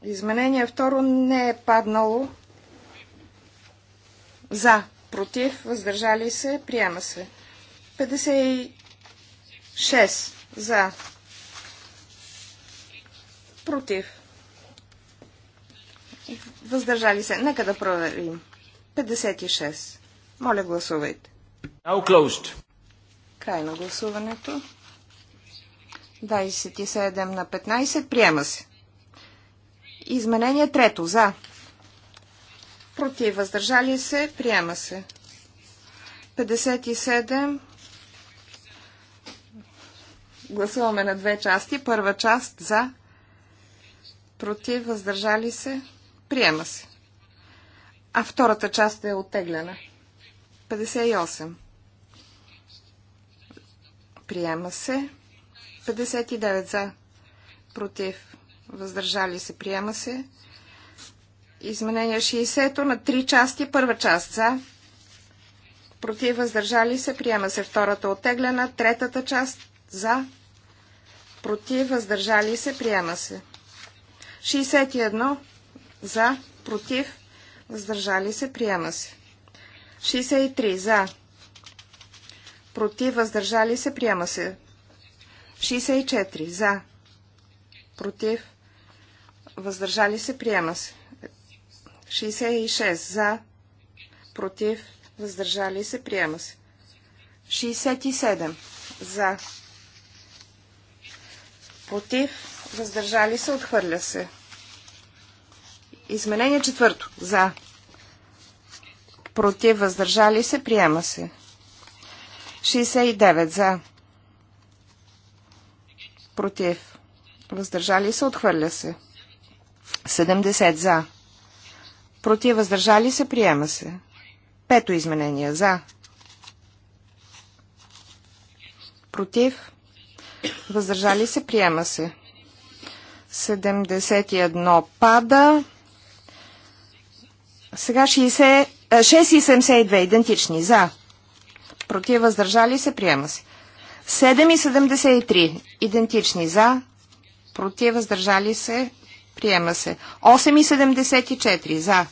Изменение второ не е паднало. За, против, въздържали се, приема се. 56 за, против, въздържали се. Нека да проверим. 56. Моля, гласувайте. Now closed. Край на гласуването. 27 на 15. Приема се. Изменение трето. За. Против. Въздържали се. Приема се. 57. Гласуваме на две части. Първа част за. Против. Въздържали се. Приема се. А втората част е оттеглена. 58. Приема се. 59 за. Против въздържали се, приема се. Изменение 60-то на три части. Първа част за, против, въздържали се, приема се. Втората отеглена. третата част за, против, въздържали се, приема се. 61 за, против, въздържали се, приема се. 63 за, против, въздържали се, приема се. 64 за, против, въздържали се, приема се. 66 за, против, въздържали се, приема се. 67 за, против, въздържали се, отхвърля се. Изменение четвърто. За. Против, въздържали се, приема се. 69 за. Против. Въздържали се, отхвърля се. 70 за. Против въздържали се, приема се. Пето изменение за. Против въздържали се, приема се. 71 пада. Сега 672 идентични за. Против въздържали се, приема се. 7,73 идентични за. Против въздържали се, Приема се. 8,74 за.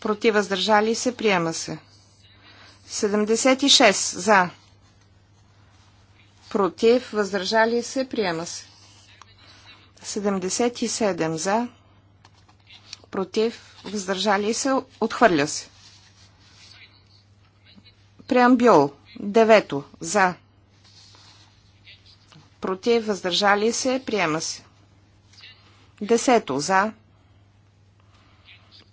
Против въздържали се. Приема се. 76 за. Против въздържали се. Приема се. 77 за. Против въздържали се. Отхвърля се. Преамбюл. 9 за. Против въздържали се. Приема се. Десето за.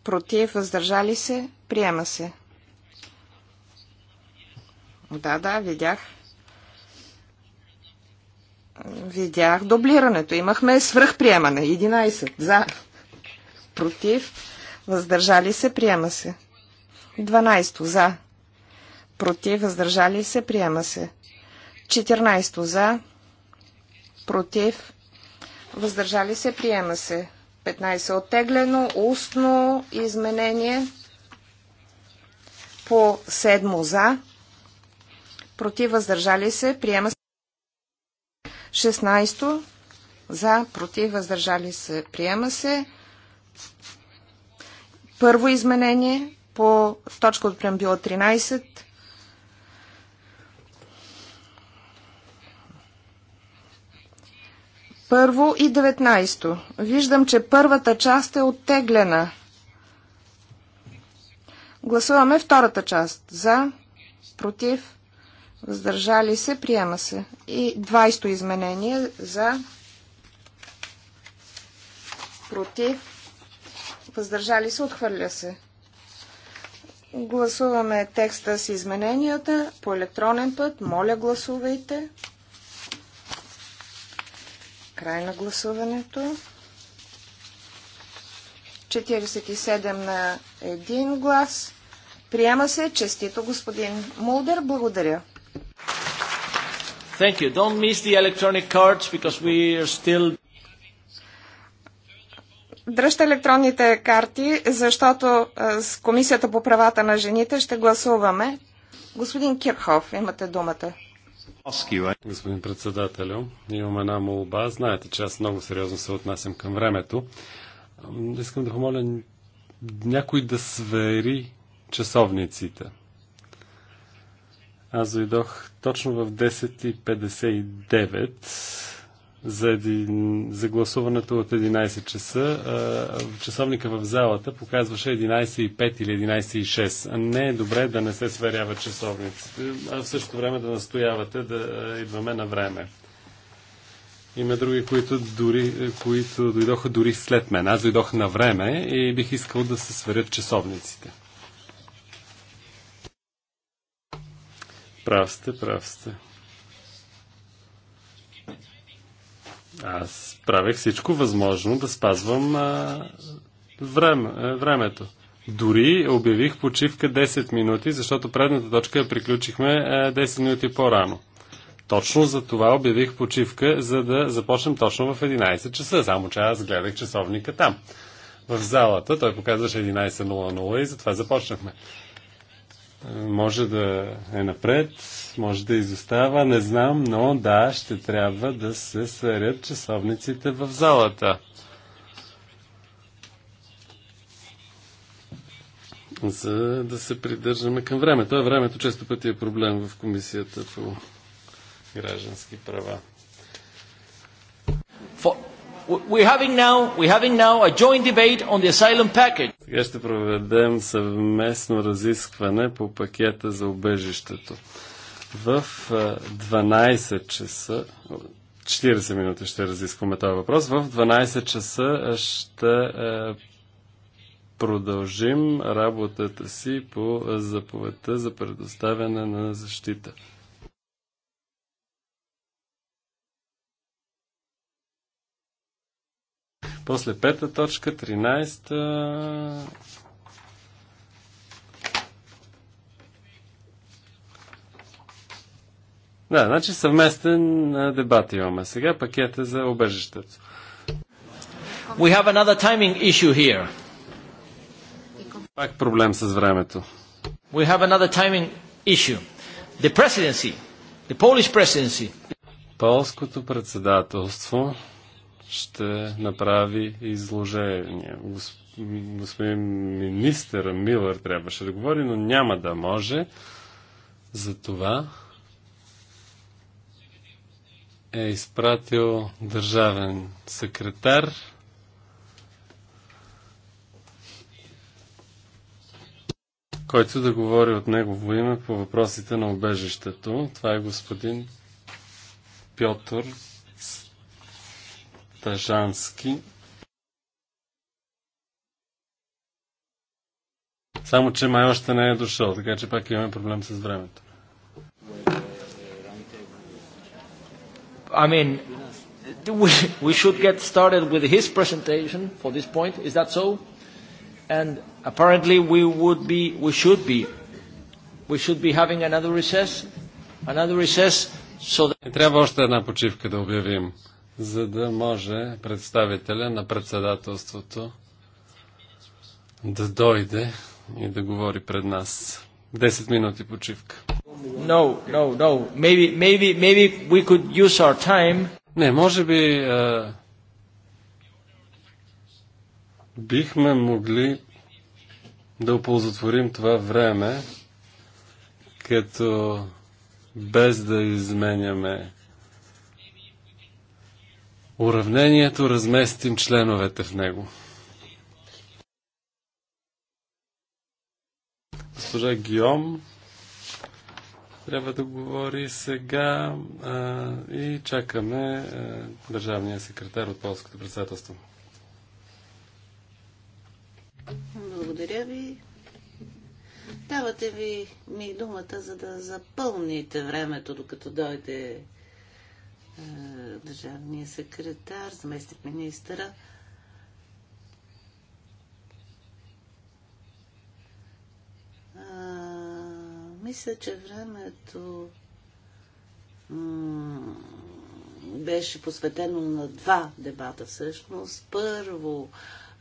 Против, въздържали се, приема се. Да, да, видях. Видях дублирането. Имахме свръхприемане. 11 за. Против, въздържали се, приема се. 12 за. Против, въздържали се, приема се. 14 за. Против, въздържали се, приема се. 15 оттеглено, устно изменение по 7 за, против, въздържали се, приема се. 16 за, против, въздържали се, приема се. Първо изменение по точка от преамбила 13 Първо и 19. Виждам, че първата част е оттеглена. Гласуваме втората част. За, против, въздържали се, приема се. И 20 изменение за, против, въздържали се, отхвърля се. Гласуваме текста с измененията по електронен път. Моля, Гласувайте. Край на гласуването. 47 на 1 глас. Приема се. Честито, господин Мулдер. Благодаря. Thank you. Don't miss the electronic cards because we are still... Дръжте електронните карти, защото с Комисията по правата на жените ще гласуваме. Господин Кирхов, имате думата. Господин председателю, имам една молба. Знаете, че аз много сериозно се отнасям към времето. Искам да помоля някой да свери часовниците. Аз дойдох точно в 10.59 за, един, за гласуването от 11 часа. А, часовника в залата показваше 11.05 или 11.06. Не е добре да не се сверява часовниците, а в същото време да настоявате да идваме на време. Има други, които, дори, които дойдоха дори след мен. Аз дойдох на време и бих искал да се сверят часовниците. Прав сте, прав сте. Аз правех всичко възможно да спазвам а, време, времето. Дори обявих почивка 10 минути, защото предната точка я приключихме 10 минути по-рано. Точно за това обявих почивка, за да започнем точно в 11 часа, само че аз гледах часовника там. В залата той показваше 11.00 и затова започнахме може да е напред, може да изостава, не знам, но да, ще трябва да се сверят часовниците в залата. За да се придържаме към времето. е времето често пъти е проблем в комисията по граждански права. For, we're having now, we're having now a joint debate on the asylum package. Сега ще проведем съвместно разискване по пакета за убежището. В 12 часа 40 минути ще разискваме този въпрос. В 12 часа ще продължим работата си по заповедта за предоставяне на защита. После пета точка, 13 Да, значи съвместен дебат имаме. Сега пакета за обежището. We have another timing issue here. Пак проблем с времето. We have another timing issue. The presidency, the Polish presidency. Полското председателство ще направи изложение. Господин министър Милър трябваше да говори, но няма да може. Затова е изпратил държавен секретар който да говори от негово име по въпросите на убежището. Това е господин Пьотър Тажански. Само, че май още не е дошъл, така че пак имаме проблем с времето. I mean, we should get started with his presentation for this point. Is that so? And apparently we would be, we should be, we should be having another recess, another recess, so that... Трябва още една почивка да обявим за да може представителя на председателството да дойде и да говори пред нас. 10 минути почивка. No, no, no. Maybe, maybe, maybe we could use our time. Не, може би а, бихме могли да оползотворим това време, като без да изменяме уравнението, разместим членовете в него. Госпожа Гиом трябва да говори сега а, и чакаме а, държавния секретар от Полското председателство. Благодаря ви. Давате ви ми думата, за да запълните времето, докато дойде е, държавния секретар, заместник министъра. Мисля, че времето беше посветено на два дебата всъщност. Първо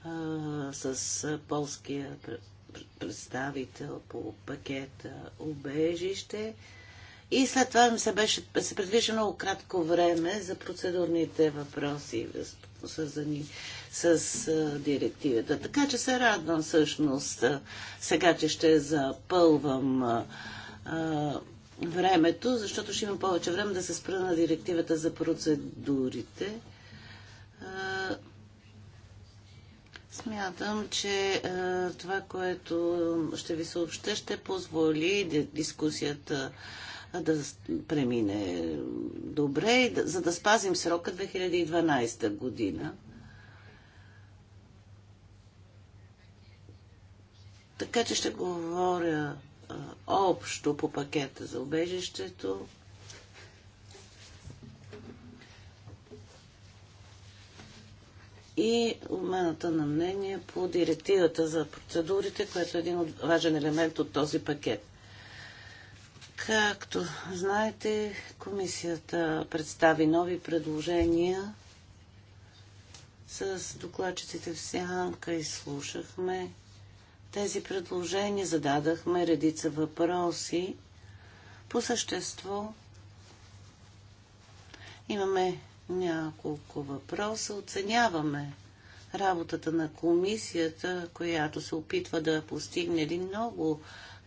а, с полския представител по пакета обежище и след това се, беше, се предвижда много кратко време за процедурните въпроси, свързани с директивата. Така че се радвам всъщност сега, че ще запълвам а, времето, защото ще имам повече време да се спра на директивата за процедурите. А, Смятам, че това, което ще ви съобща, ще позволи дискусията да премине добре, за да спазим срока 2012 година. Така че ще говоря общо по пакета за убежището. И обмената на мнение по директивата за процедурите, което е един важен елемент от този пакет. Както знаете, комисията представи нови предложения с докладчиците в сянка и слушахме тези предложения, зададахме редица въпроси. По същество имаме няколко въпроса. Оценяваме работата на комисията, която се опитва да постигне един много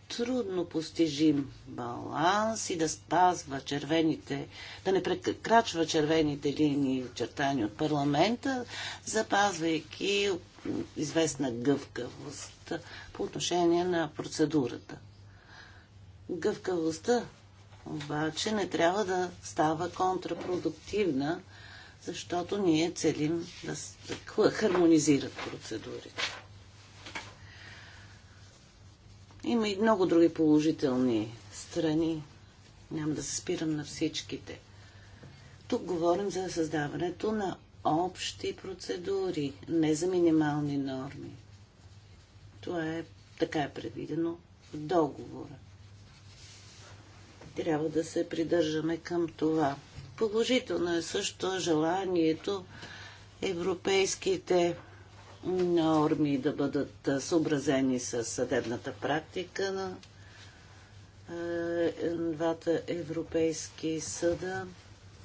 трудно постижим баланс и да спазва червените, да не прекрачва червените линии, чертани от парламента, запазвайки известна гъвкавост по отношение на процедурата. Гъвкавостта обаче не трябва да става контрапродуктивна, защото ние целим да хармонизират процедурите. Има и много други положителни страни. Няма да се спирам на всичките. Тук говорим за създаването на общи процедури, не за минимални норми. Това е така е предвидено в договора. Трябва да се придържаме към това. Положително е също желанието европейските норми да бъдат съобразени с съдебната практика на е, двата европейски съда,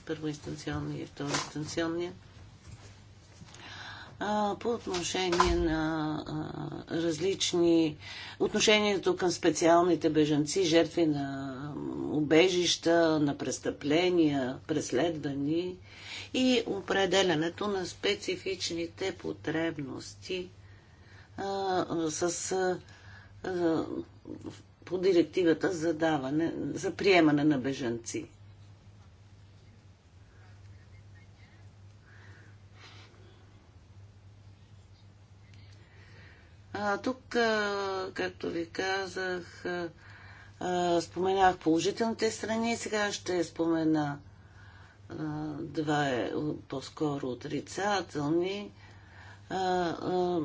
първоинстанционния и второинстанционния по отношение на а, различни отношението към специалните бежанци, жертви на убежища, на престъпления, преследвани и определянето на специфичните потребности а, с а, по директивата за, даване, за приемане на бежанци. А, тук, а, както ви казах, а, споменах положителните страни, сега ще спомена а, два е, по-скоро отрицателни. А, а,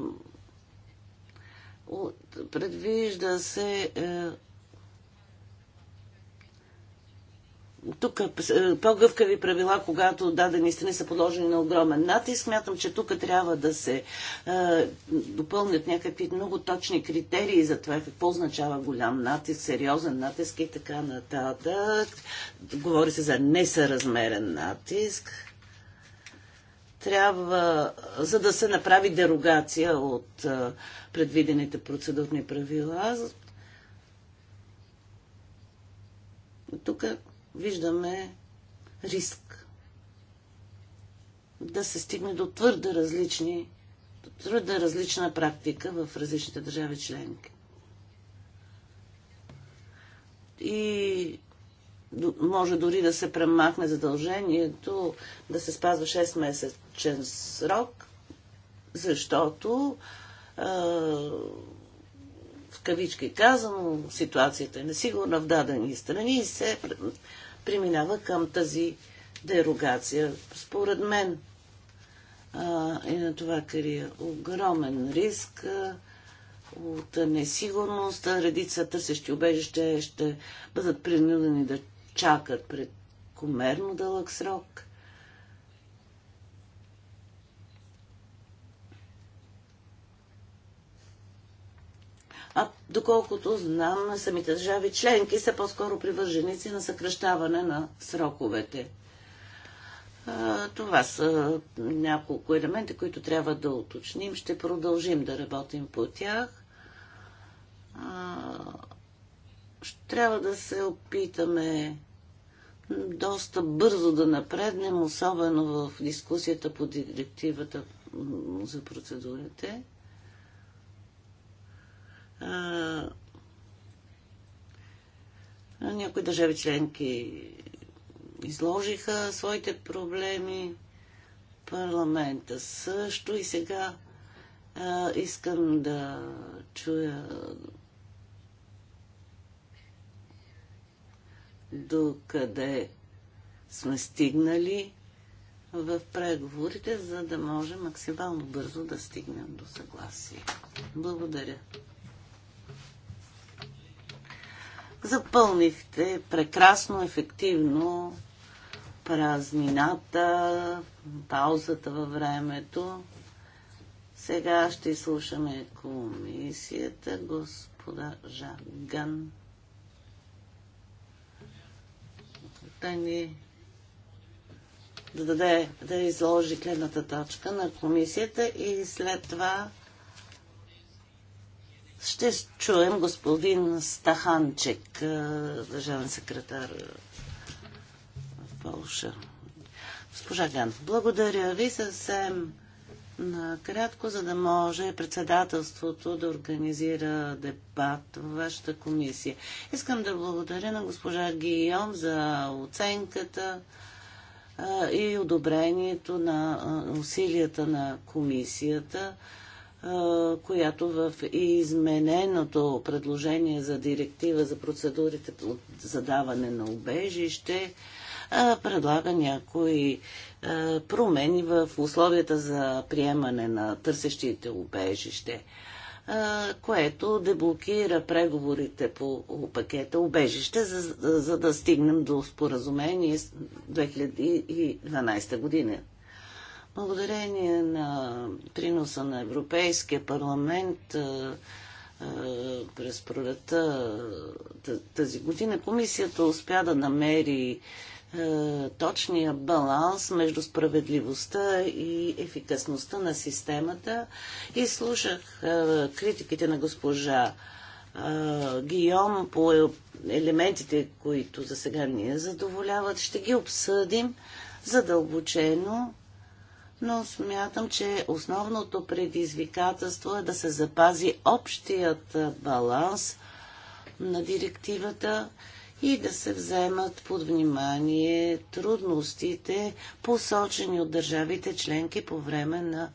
предвижда се а, е, тук е, по-гъвкави правила, когато дадени страни са подложени на огромен натиск. Смятам, че тук трябва да се е, допълнят някакви много точни критерии за това какво означава голям натиск, сериозен натиск и така нататък. Говори се за несъразмерен натиск. Трябва, за да се направи дерогация от е, предвидените процедурни правила, тук виждаме риск да се стигне до твърде различни, до твърде различна практика в различните държави членки. И може дори да се премахне задължението да се спазва 6-месечен срок, защото кавички казано, ситуацията е несигурна в дадени страни и се преминава към тази дерогация. Според мен а, и на това крия огромен риск а, от несигурност. Редица търсещи убежище ще бъдат принудени да чакат пред комерно дълъг срок. а доколкото знам, самите държави членки са по-скоро привърженици на съкръщаване на сроковете. Това са няколко елемента, които трябва да уточним. Ще продължим да работим по тях. Ще трябва да се опитаме доста бързо да напреднем, особено в дискусията по директивата за процедурите а, някои държави членки изложиха своите проблеми, парламента също и сега а, искам да чуя до къде сме стигнали в преговорите, за да може максимално бързо да стигнем до съгласие. Благодаря. Запълнихте прекрасно, ефективно празнината, паузата във времето. Сега ще изслушаме комисията, господа Жаган. Та ни да даде, да изложи гледната точка на комисията и след това ще чуем господин Стаханчек, държавен секретар в Полша. Госпожа Ган, благодаря ви съвсем накратко, за да може председателството да организира дебат в вашата комисия. Искам да благодаря на госпожа Гийом за оценката и одобрението на усилията на комисията която в измененото предложение за директива за процедурите за даване на убежище предлага някои промени в условията за приемане на търсещите убежище, което деблокира преговорите по пакета убежище, за, за да стигнем до споразумение 2012 година. Благодарение на приноса на Европейския парламент през пролета тази година комисията успя да намери точния баланс между справедливостта и ефикасността на системата. И слушах критиките на госпожа Гийом по елементите, които за сега ни задоволяват. Ще ги обсъдим задълбочено но смятам, че основното предизвикателство е да се запази общият баланс на директивата и да се вземат под внимание трудностите, посочени от държавите членки по време на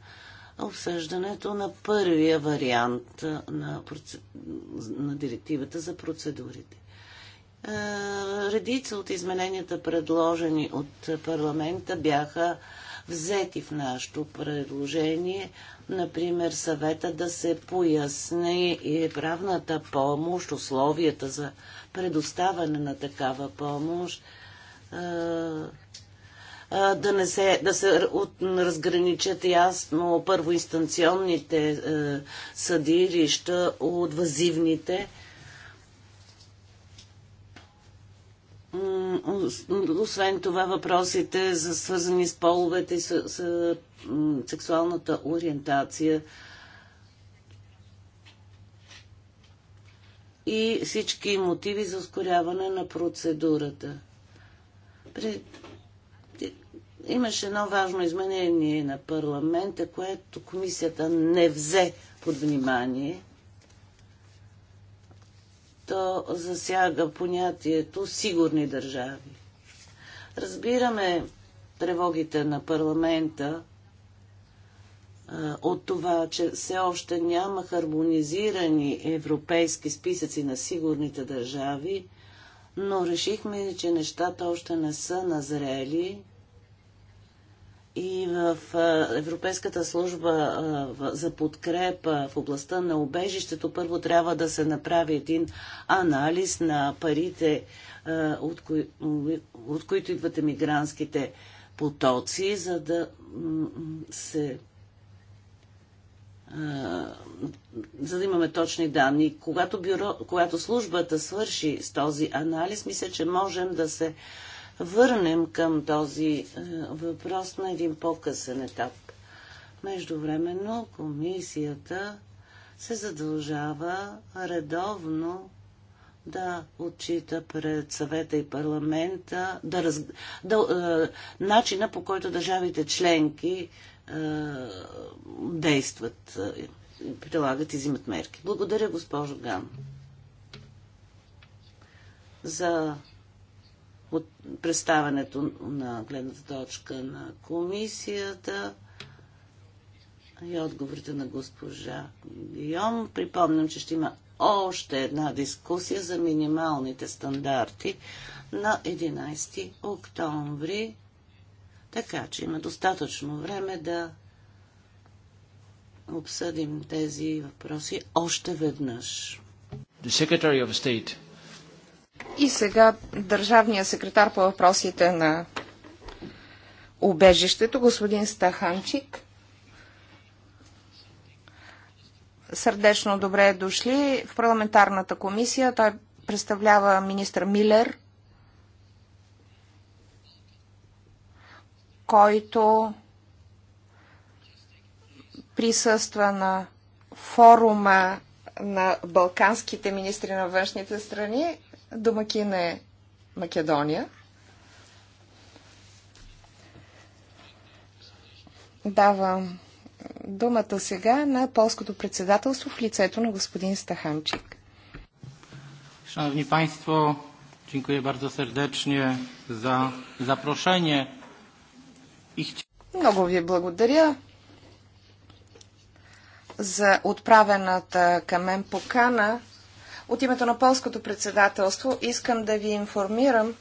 обсъждането на първия вариант на, проц... на директивата за процедурите. Редица от измененията, предложени от парламента, бяха взети в нашето предложение. Например, съвета да се поясни и правната помощ, условията за предоставане на такава помощ, да, не се, да се разграничат ясно първоинстанционните съдилища от вазивните Освен това, въпросите за свързани с половете и с, с сексуалната ориентация и всички мотиви за ускоряване на процедурата. При... Имаше едно важно изменение на парламента, което комисията не взе под внимание. То засяга понятието сигурни държави. Разбираме тревогите на парламента а, от това, че все още няма хармонизирани европейски списъци на сигурните държави, но решихме, че нещата още не са назрели и в Европейската служба за подкрепа в областта на убежището първо трябва да се направи един анализ на парите, от, кои, от които идват емигрантските потоци, за да се за да имаме точни данни. Когато, бюро, когато службата свърши с този анализ, мисля, че можем да се върнем към този е, въпрос на един по-късен етап. Междувременно комисията се задължава редовно да отчита пред съвета и парламента да раз... да, е, начина по който държавите членки е, действат, е, прилагат и взимат мерки. Благодаря, госпожо Ган, за от представането на гледната точка на комисията и отговорите на госпожа Гион. Припомням, че ще има още една дискусия за минималните стандарти на 11 октомври. Така че има достатъчно време да обсъдим тези въпроси още веднъж. The Secretary of State и сега държавния секретар по въпросите на убежището, господин Стаханчик. Сърдечно добре дошли в парламентарната комисия. Той представлява министър Милер, който присъства на форума на балканските министри на външните страни Домакин е Македония. Давам думата сега на полското председателство в лицето на господин Стаханчик. Шановни панство, дякую bardzo сърдечно за запрошение. Много ви благодаря за отправената към мен покана от името на полското председателство искам да ви информирам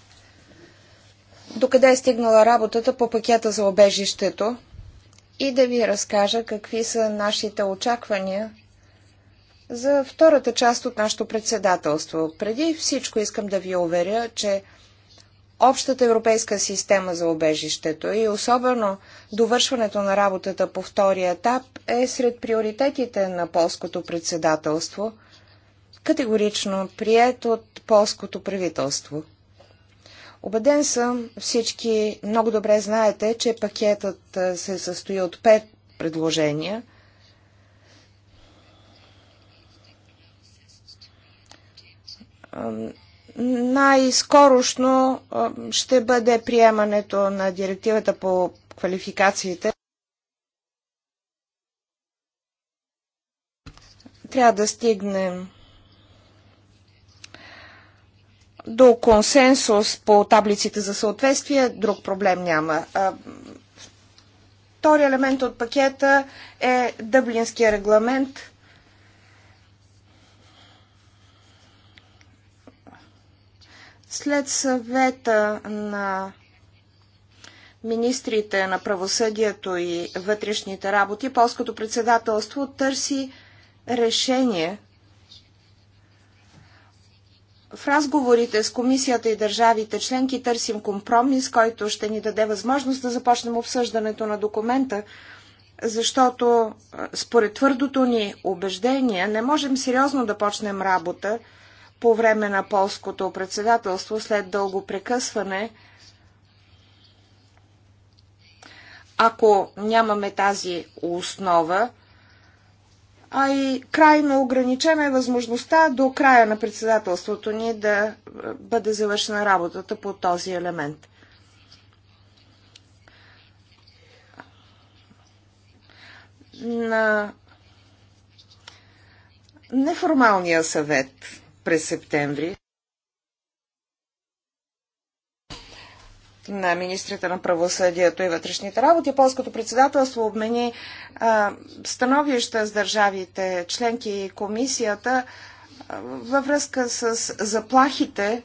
докъде е стигнала работата по пакета за обежището и да ви разкажа какви са нашите очаквания за втората част от нашето председателство. Преди всичко искам да ви уверя, че общата европейска система за обежището и особено довършването на работата по втория етап е сред приоритетите на полското председателство – категорично прият от полското правителство. Обеден съм, всички много добре знаете, че пакетът се състои от пет предложения. Най-скорошно ще бъде приемането на директивата по квалификациите. Трябва да стигнем до консенсус по таблиците за съответствие, друг проблем няма. Втори елемент от пакета е Дъблинския регламент. След съвета на министрите на правосъдието и вътрешните работи, полското председателство търси решение в разговорите с комисията и държавите членки търсим компромис, който ще ни даде възможност да започнем обсъждането на документа, защото според твърдото ни убеждение не можем сериозно да почнем работа по време на полското председателство след дълго прекъсване, ако нямаме тази основа, а и крайно ограничена е възможността до края на председателството ни да е, бъде завършена работата по този елемент. На неформалния съвет през септември на министрите на правосъдието и вътрешните работи, полското председателство обмени а, становища с държавите, членки и комисията а, във връзка с заплахите,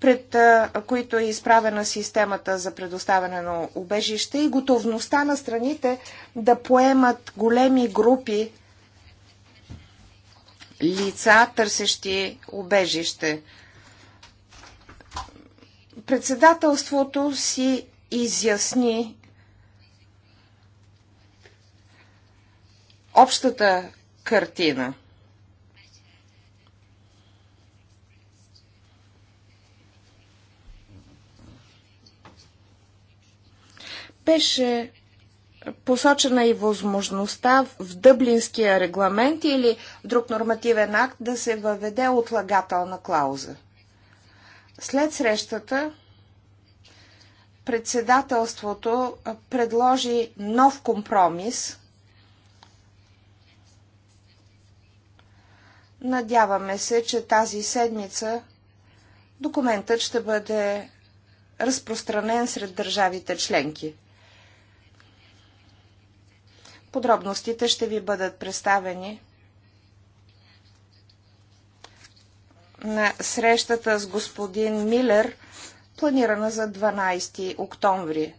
пред а, които е изправена системата за предоставяне на убежище и готовността на страните да поемат големи групи лица, търсещи убежище. Председателството си изясни общата картина. Беше посочена и възможността в Дъблинския регламент или в друг нормативен акт да се въведе отлагателна клауза. След срещата председателството предложи нов компромис. Надяваме се, че тази седмица документът ще бъде разпространен сред държавите членки. Подробностите ще ви бъдат представени на срещата с господин Милер, планирана за 12 октомври.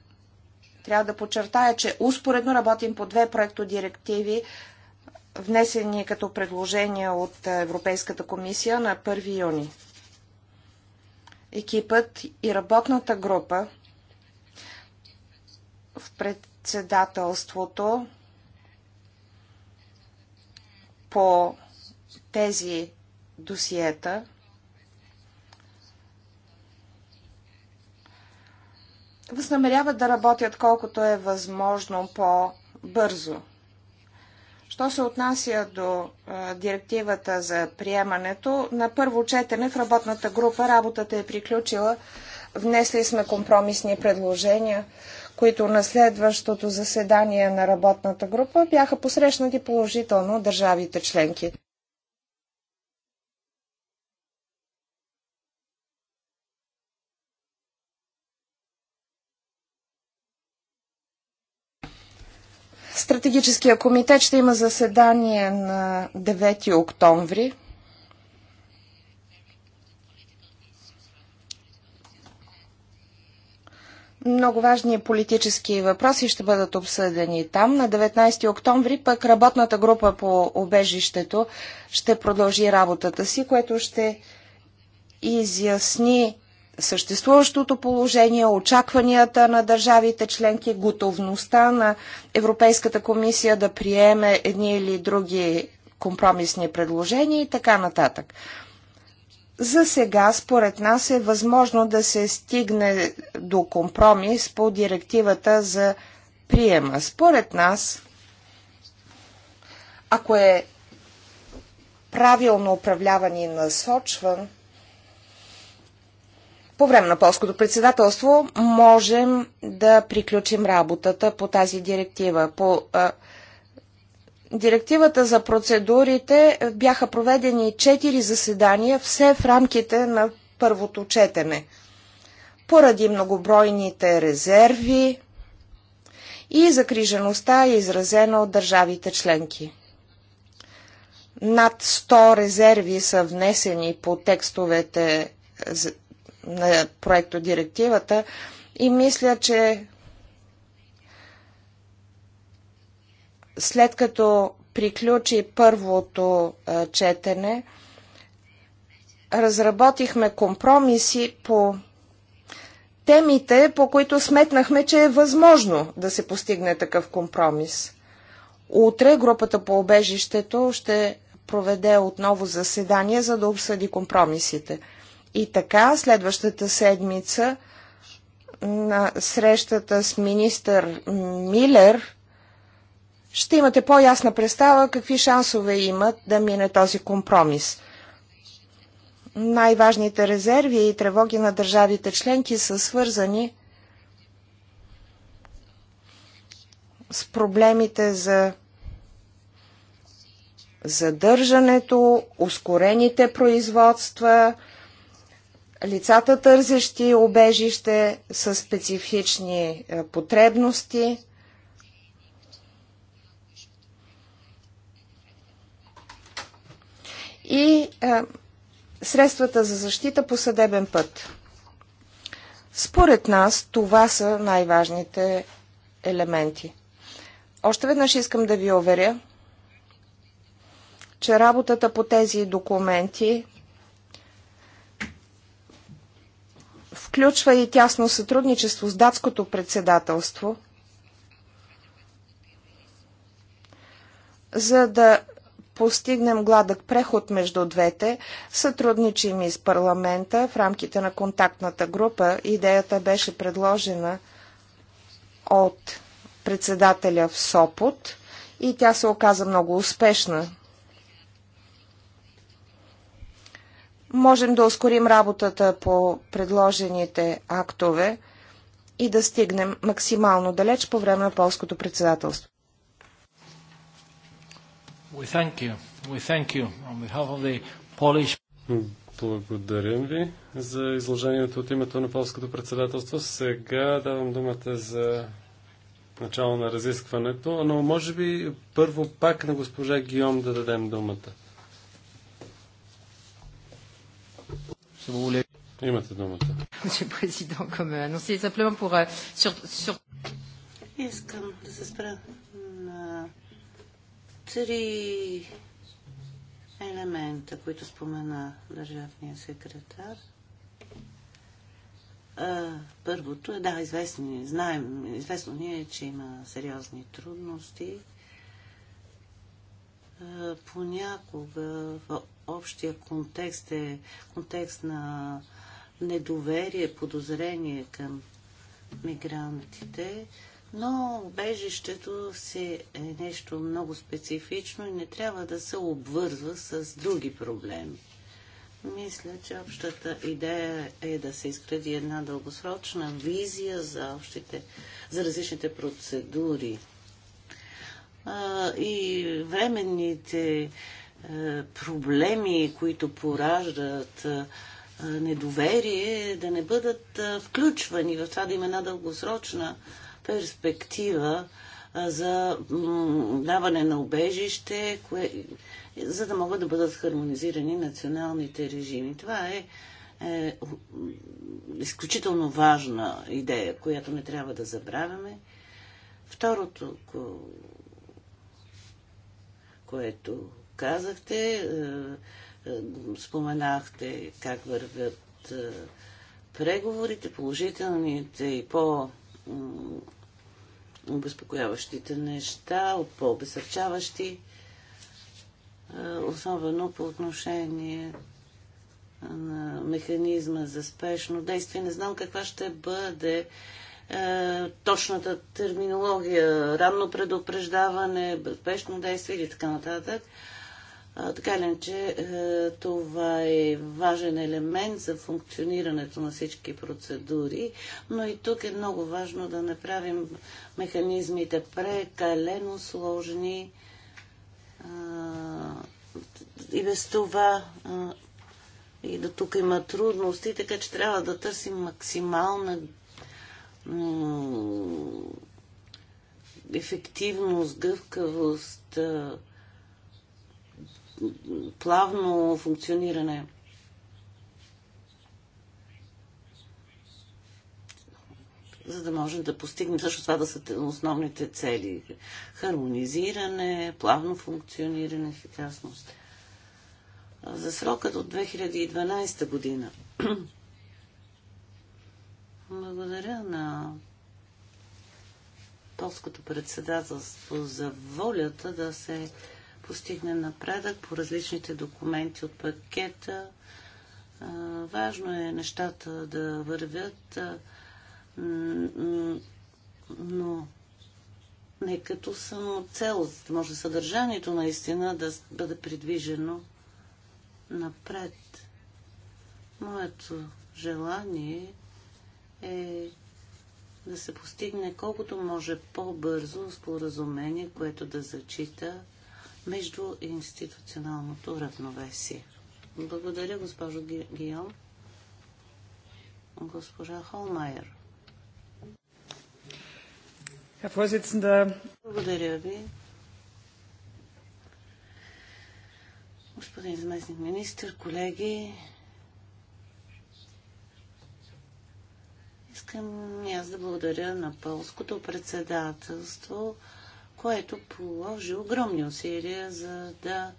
Трябва да подчертая, че успоредно работим по две проектодирективи, внесени като предложения от Европейската комисия на 1 юни. Екипът и работната група в председателството по тези досиета възнамеряват да работят колкото е възможно по-бързо. Що се отнася до а, директивата за приемането, на първо четене в работната група работата е приключила. Внесли сме компромисни предложения, които на следващото заседание на работната група бяха посрещнати положително държавите членки. Стратегическия комитет ще има заседание на 9 октомври. Много важни политически въпроси ще бъдат обсъдени там. На 19 октомври пък работната група по обежището ще продължи работата си, което ще изясни съществуващото положение, очакванията на държавите членки, готовността на Европейската комисия да приеме едни или други компромисни предложения и така нататък. За сега, според нас, е възможно да се стигне до компромис по директивата за приема. Според нас, ако е правилно управляван и насочван, по време на полското председателство можем да приключим работата по тази директива. По а, директивата за процедурите бяха проведени 4 заседания, все в рамките на първото четене. Поради многобройните резерви и закрижеността е изразена от държавите членки. Над 100 резерви са внесени по текстовете на проектодирективата директивата и мисля, че след като приключи първото четене, разработихме компромиси по темите, по които сметнахме, че е възможно да се постигне такъв компромис. Утре групата по обежището ще проведе отново заседание, за да обсъди компромисите. И така, следващата седмица на срещата с министър Милер ще имате по-ясна представа какви шансове имат да мине този компромис. Най-важните резерви и тревоги на държавите членки са свързани с проблемите за задържането, ускорените производства, лицата търсещи обежище с специфични е, потребности. И е, средствата за защита по съдебен път. Според нас това са най-важните елементи. Още веднъж искам да ви уверя, че работата по тези документи включва и тясно сътрудничество с датското председателство, за да постигнем гладък преход между двете, сътрудничим и с парламента в рамките на контактната група. Идеята беше предложена от председателя в Сопот и тя се оказа много успешна. можем да ускорим работата по предложените актове и да стигнем максимално далеч по време на полското председателство. We thank you. We thank you on behalf of the Polish... Благодарим ви за изложението от името на полското председателство. Сега давам думата за начало на разискването, но може би първо пак на госпожа Гиом да дадем думата. Имате думата. Euh, euh, Искам да се спра на три елемента, които спомена държавния секретар. Първото е, да, известни, знаем, известно ни е, че има сериозни трудности. Понякога общия контекст е контекст на недоверие, подозрение към мигрантите, но убежището си е нещо много специфично и не трябва да се обвързва с други проблеми. Мисля, че общата идея е да се изгради една дългосрочна визия за, общите, за различните процедури. А, и временните проблеми, които пораждат недоверие, да не бъдат включвани в това да има една дългосрочна перспектива за даване на обежище, кое... за да могат да бъдат хармонизирани националните режими. Това е, е изключително важна идея, която не трябва да забравяме. Второто, което казахте. Е, е, споменахте как вървят е, преговорите, положителните и по обезпокояващите неща, от по-обесърчаващи, особено по отношение на механизма за спешно действие. Не знам каква ще бъде е, точната терминология, ранно предупреждаване, безпечно действие или така нататък. Така ли, че е, това е важен елемент за функционирането на всички процедури, но и тук е много важно да направим механизмите прекалено сложни и без това и да тук има трудности, така че трябва да търсим максимална ефективност, гъвкавост, плавно функциониране. за да можем да постигнем също това да са основните цели. Хармонизиране, плавно функциониране, ефикасност. За срока до 2012 година. Благодаря на полското председателство за волята да се Постигне напредък по различните документи от пакета. Важно е нещата да вървят, но не като само цел, може съдържанието наистина да бъде придвижено напред. Моето желание е да се постигне колкото може по-бързо споразумение, което да зачита между институционалното равновесие. Благодаря, госпожо Гион. Госпожа Холмайер. Благодаря ви. Господин заместник министр, колеги, искам аз да благодаря на полското председателство което положи огромни усилия за да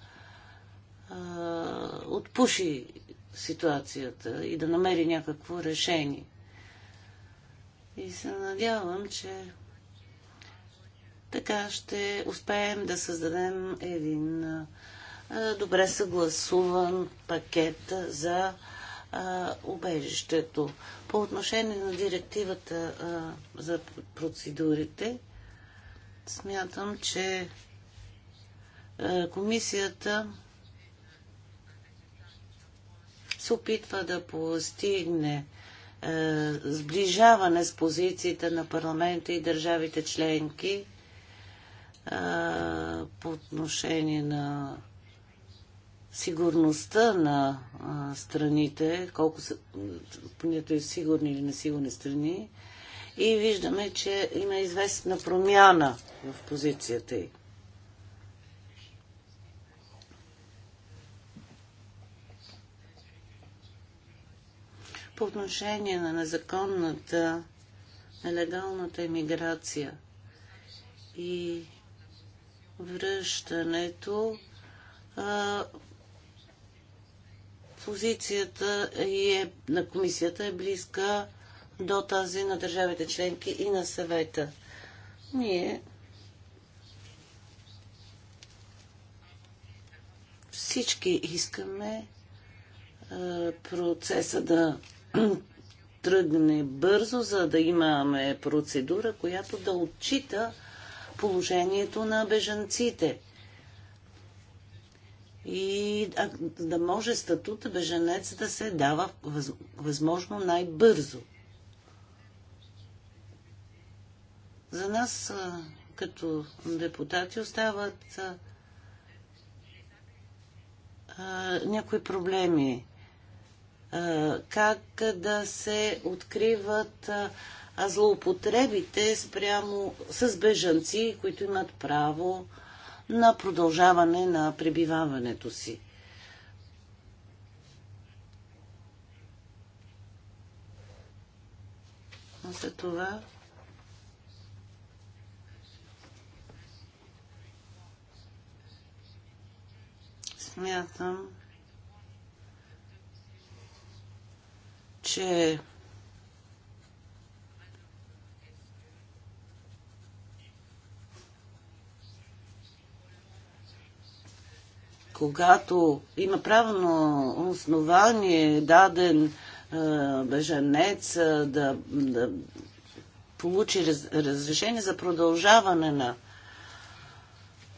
а, отпуши ситуацията и да намери някакво решение. И се надявам, че така ще успеем да създадем един а, добре съгласуван пакет за а, убежището. По отношение на директивата а, за процедурите, Смятам, че е, комисията се опитва да постигне е, сближаване с позициите на парламента и държавите членки е, по отношение на сигурността на страните, колко са понятие сигурни или несигурни страни, и виждаме, че има известна промяна в позицията й. По отношение на незаконната, нелегалната емиграция и връщането, позицията е, на комисията е близка до тази на държавите членки и на съвета. Ние всички искаме процеса да тръгне бързо, за да имаме процедура, която да отчита положението на бежанците. И да може статута бежанец да се дава възможно най-бързо. За нас като депутати остават някои проблеми. Как да се откриват злоупотребите спрямо с бежанци, които имат право на продължаване на пребиваването си. След това Смятам, че когато има правилно основание даден беженец бежанец да, да получи разрешение за продължаване на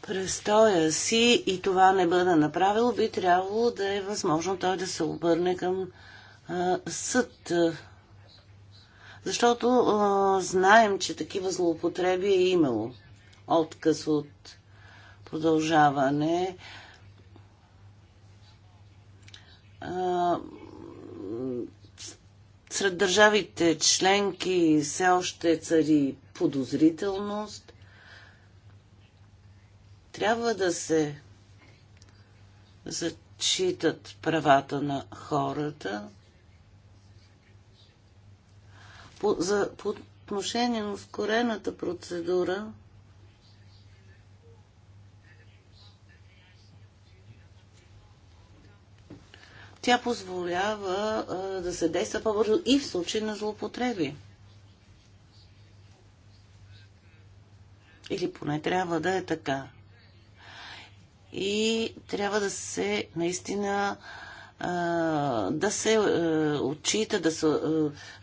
престоя си и това не бъде направило, би трябвало да е възможно той да се обърне към а, съд. Защото а, знаем, че такива злоупотреби е имало. Отказ от продължаване. А, сред държавите членки все още цари подозрителност трябва да се зачитат правата на хората по, за, по отношение на ускорената процедура. Тя позволява а, да се действа по-бързо и в случай на злоупотреби. Или поне трябва да е така и трябва да се наистина да се отчита, да се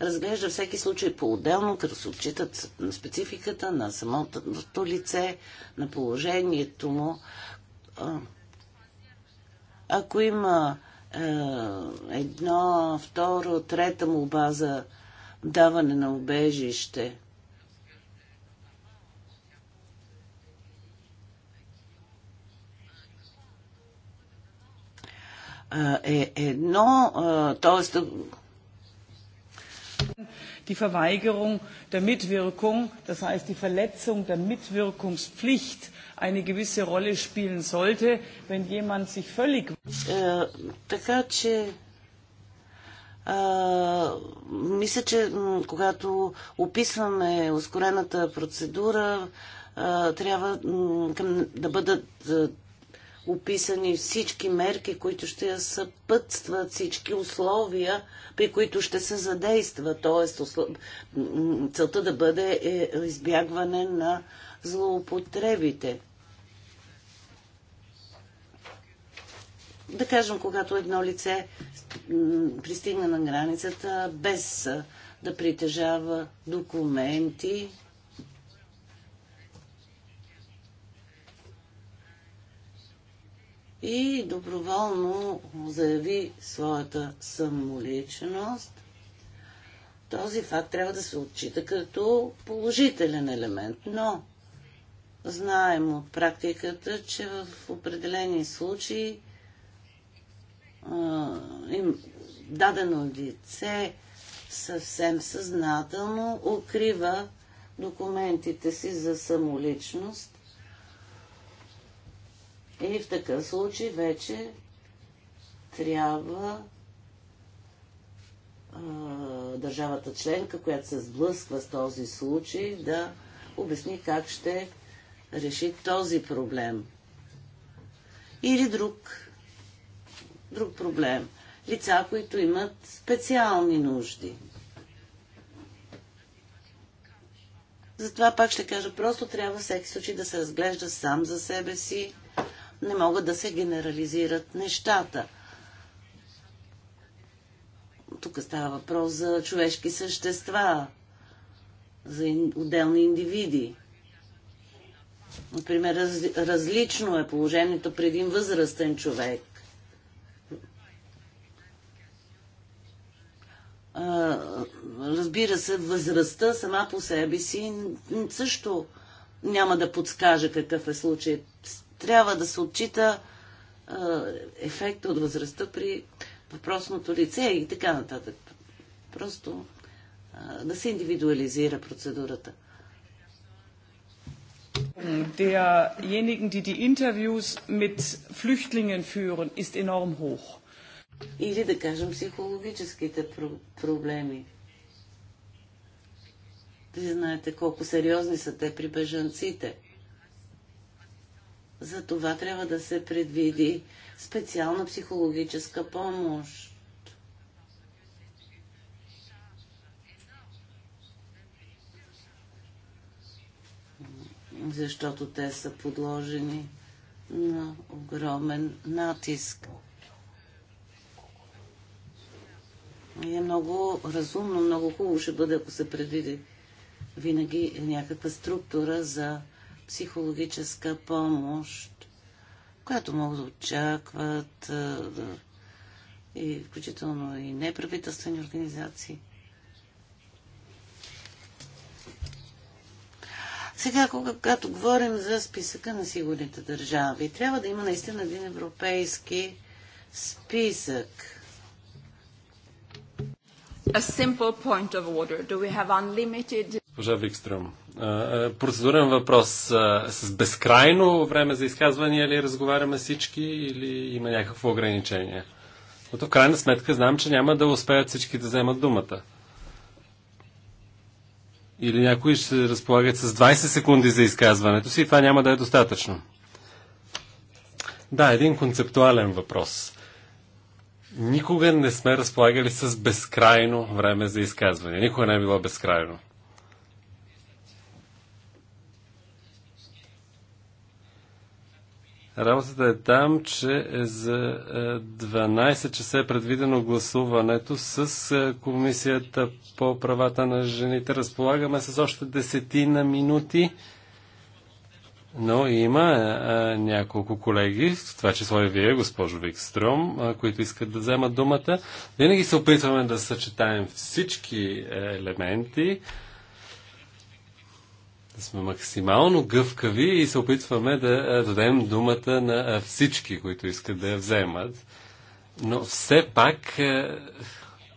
разглежда всеки случай по-отделно, като се отчитат на спецификата на самото лице, на положението му. Ако има едно, второ, трета му база даване на убежище, е едно, т.е. Die Verweigerung der Mitwirkung, das heißt die Verletzung der Mitwirkungspflicht, eine gewisse Rolle spielen sollte, wenn jemand sich völlig. Äh, мисля, че когато описваме ускорената процедура, трябва да бъдат описани всички мерки, които ще я съпътстват, всички условия, при които ще се задейства. Тоест, целта да бъде е, избягване на злоупотребите. Да кажем, когато едно лице пристигна на границата без да притежава документи, и доброволно заяви своята самоличност, този факт трябва да се отчита като положителен елемент. Но знаем от практиката, че в определени случаи а, им дадено лице съвсем съзнателно укрива документите си за самоличност и в такъв случай вече трябва а, държавата членка, която се сблъсква с този случай, да обясни как ще реши този проблем. Или друг, друг проблем. Лица, които имат специални нужди. Затова пак ще кажа, просто трябва всеки случай да се разглежда сам за себе си не могат да се генерализират нещата. Тук става въпрос за човешки същества, за отделни индивиди. Например, раз, различно е положението при един възрастен човек. А, разбира се, възрастта сама по себе си също няма да подскаже какъв е случай трябва да се отчита ефекта от възрастта при въпросното лице и така нататък. Просто да се индивидуализира процедурата. Derjenigen, die die Interviews mit Flüchtlingen führen, ist enorm hoch. Или да кажем психологическите про- проблеми. Вие знаете колко сериозни са те при бежанците. За това трябва да се предвиди специална психологическа помощ. Защото те са подложени на огромен натиск. И е много разумно, много хубаво ще бъде, ако се предвиди винаги някаква структура за психологическа помощ, която могат да очакват да, и включително и неправителствени организации. Сега, когато говорим за списъка на сигурните държави, трябва да има наистина един европейски списък. A simple point of order. Do we have unlimited Госпожа Викстрюм, процедурен въпрос. С безкрайно време за изказвания ли разговаряме всички или има някакво ограничение? Но в крайна сметка знам, че няма да успеят всички да вземат думата. Или някои ще разполагат с 20 секунди за изказването си и това няма да е достатъчно. Да, един концептуален въпрос. Никога не сме разполагали с безкрайно време за изказване. Никога не е било безкрайно. Работата е там, че е за 12 е, часа е предвидено гласуването с е, Комисията по правата на жените. Разполагаме с още десетина минути, но има няколко колеги, в това число и вие, госпожо Викстром, които искат да вземат думата. Винаги се опитваме да съчетаем всички елементи да сме максимално гъвкави и се опитваме да е, дадем думата на е, всички, които искат да я вземат. Но все пак е,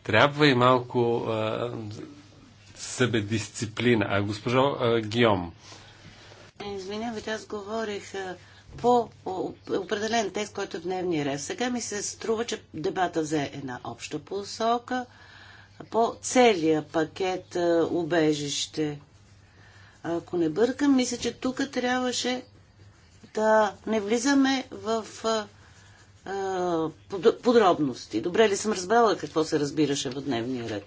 трябва и малко себедисциплина. А госпожо Гиом. Извинявайте, аз говорих по определен текст, който е в дневния ред. Сега ми се струва, че дебата взе една обща посока по целия пакет убежище ако не бъркам, мисля, че тук трябваше да не влизаме в а, подробности. Добре ли съм разбрала какво се разбираше в дневния ред?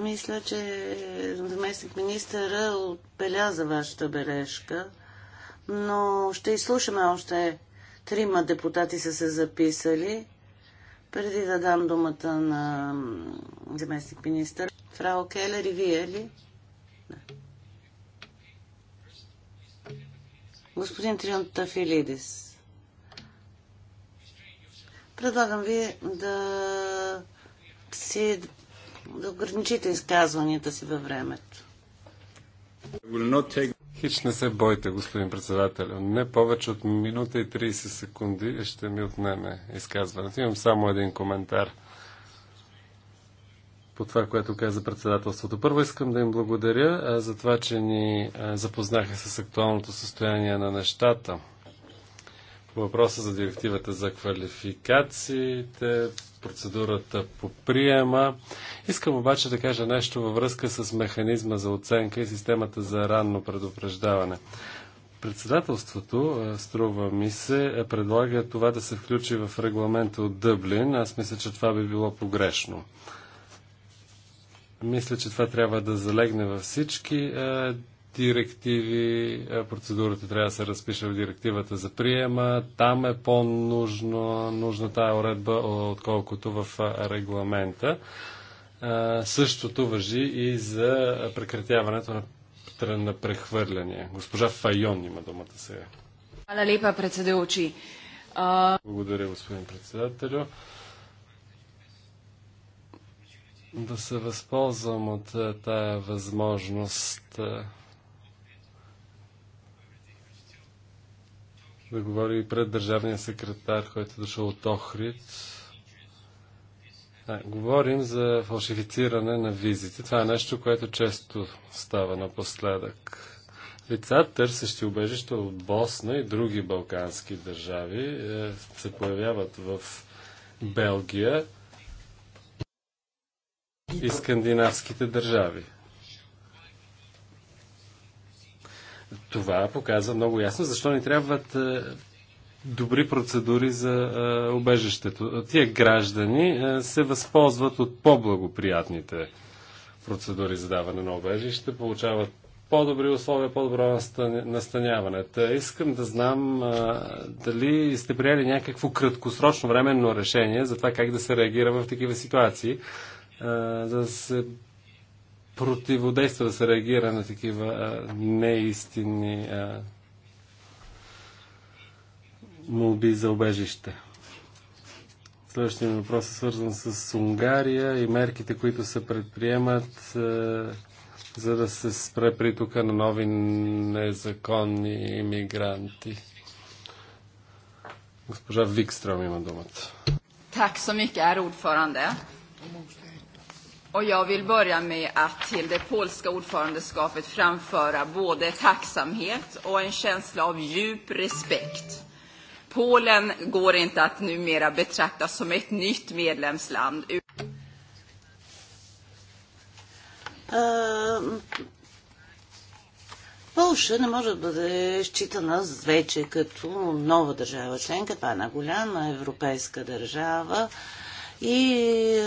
Мисля, че заместник министъра отбеляза вашата бележка, но ще изслушаме още трима депутати са се записали. Преди да дам думата на заместник министър, Фрао Келер и вие ли? Да. Господин Трион Тафилидис, предлагам ви да си да ограничите изказванията си във времето. Take... Хич не се бойте, господин председател. Не повече от минута и 30 секунди ще ми отнеме изказването. Имам само един коментар по това, което каза председателството. Първо искам да им благодаря за това, че ни запознаха с актуалното състояние на нещата въпроса за директивата за квалификациите, процедурата по приема. Искам обаче да кажа нещо във връзка с механизма за оценка и системата за ранно предупреждаване. Председателството, е, струва ми се, е, предлага това да се включи в регламента от Дъблин. Аз мисля, че това би било погрешно. Мисля, че това трябва да залегне във всички е, директиви. Е, процедурата трябва да се разпише в директивата за приема. Там е по-нужна нужна тая уредба, отколкото в е, регламента. Е, същото въжи и за прекратяването на на прехвърляне. Госпожа Файон има думата сега. Hvala lepa, predsedujoči. А... Благодаря, господин председателю. Да се възползвам от тая възможност да говори пред държавния секретар, който е дошъл от Охрид. А, говорим за фалшифициране на визите. Това е нещо, което често става напоследък. Лица, търсещи убежище от Босна и други балкански държави, е, се появяват в Белгия и скандинавските държави. Това показва много ясно защо ни трябват е, добри процедури за е, обежището. Тия граждани е, се възползват от по-благоприятните процедури за даване на обежище, получават по-добри условия, по-добро настаняване. Та искам да знам а, дали сте приели някакво краткосрочно временно решение за това как да се реагира в такива ситуации, а, за да се противодейства, да се реагира на такива а, неистинни а, молби за обежище. Следващия въпрос е свързан с Унгария и мерките, които се предприемат, а, за да се спре притока на нови незаконни иммигранти. Госпожа Викстрам има думата. Так, så mycket, herr Och jag vill börja med att till det polska ordförandeskapet framföra både tacksamhet och en känsla av djup respekt. Polen går inte att numera betraktas som ett nytt medlemsland. Polska не може да бъде считана вече като нова държава членка. Това е голяма европейска държава. Uh, и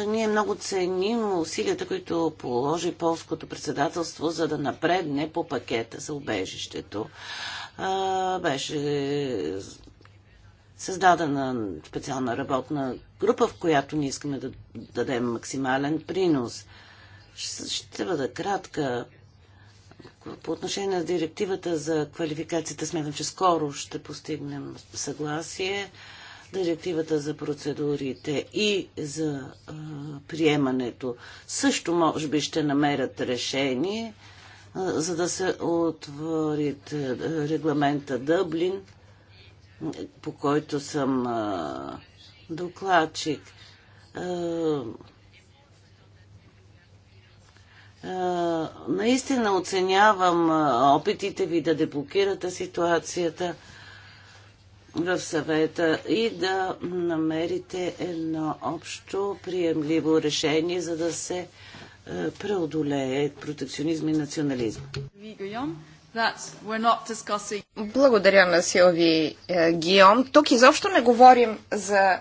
ние много ценим усилията, които положи полското председателство, за да напредне по пакета за убежището. А, беше създадена специална работна група, в която ние искаме да дадем максимален принос. Ще бъда кратка. По отношение на директивата за квалификацията, смятам, че скоро ще постигнем съгласие. Директивата за процедурите и за а, приемането също може би ще намерят решение, а, за да се отворят регламента Дъблин, по който съм а, докладчик. А, наистина оценявам опитите ви да деблокирате ситуацията в съвета и да намерите едно общо приемливо решение, за да се е, преодолее протекционизм и национализм. Благодаря на Силви Гион. Е, Гиом. Тук изобщо не говорим за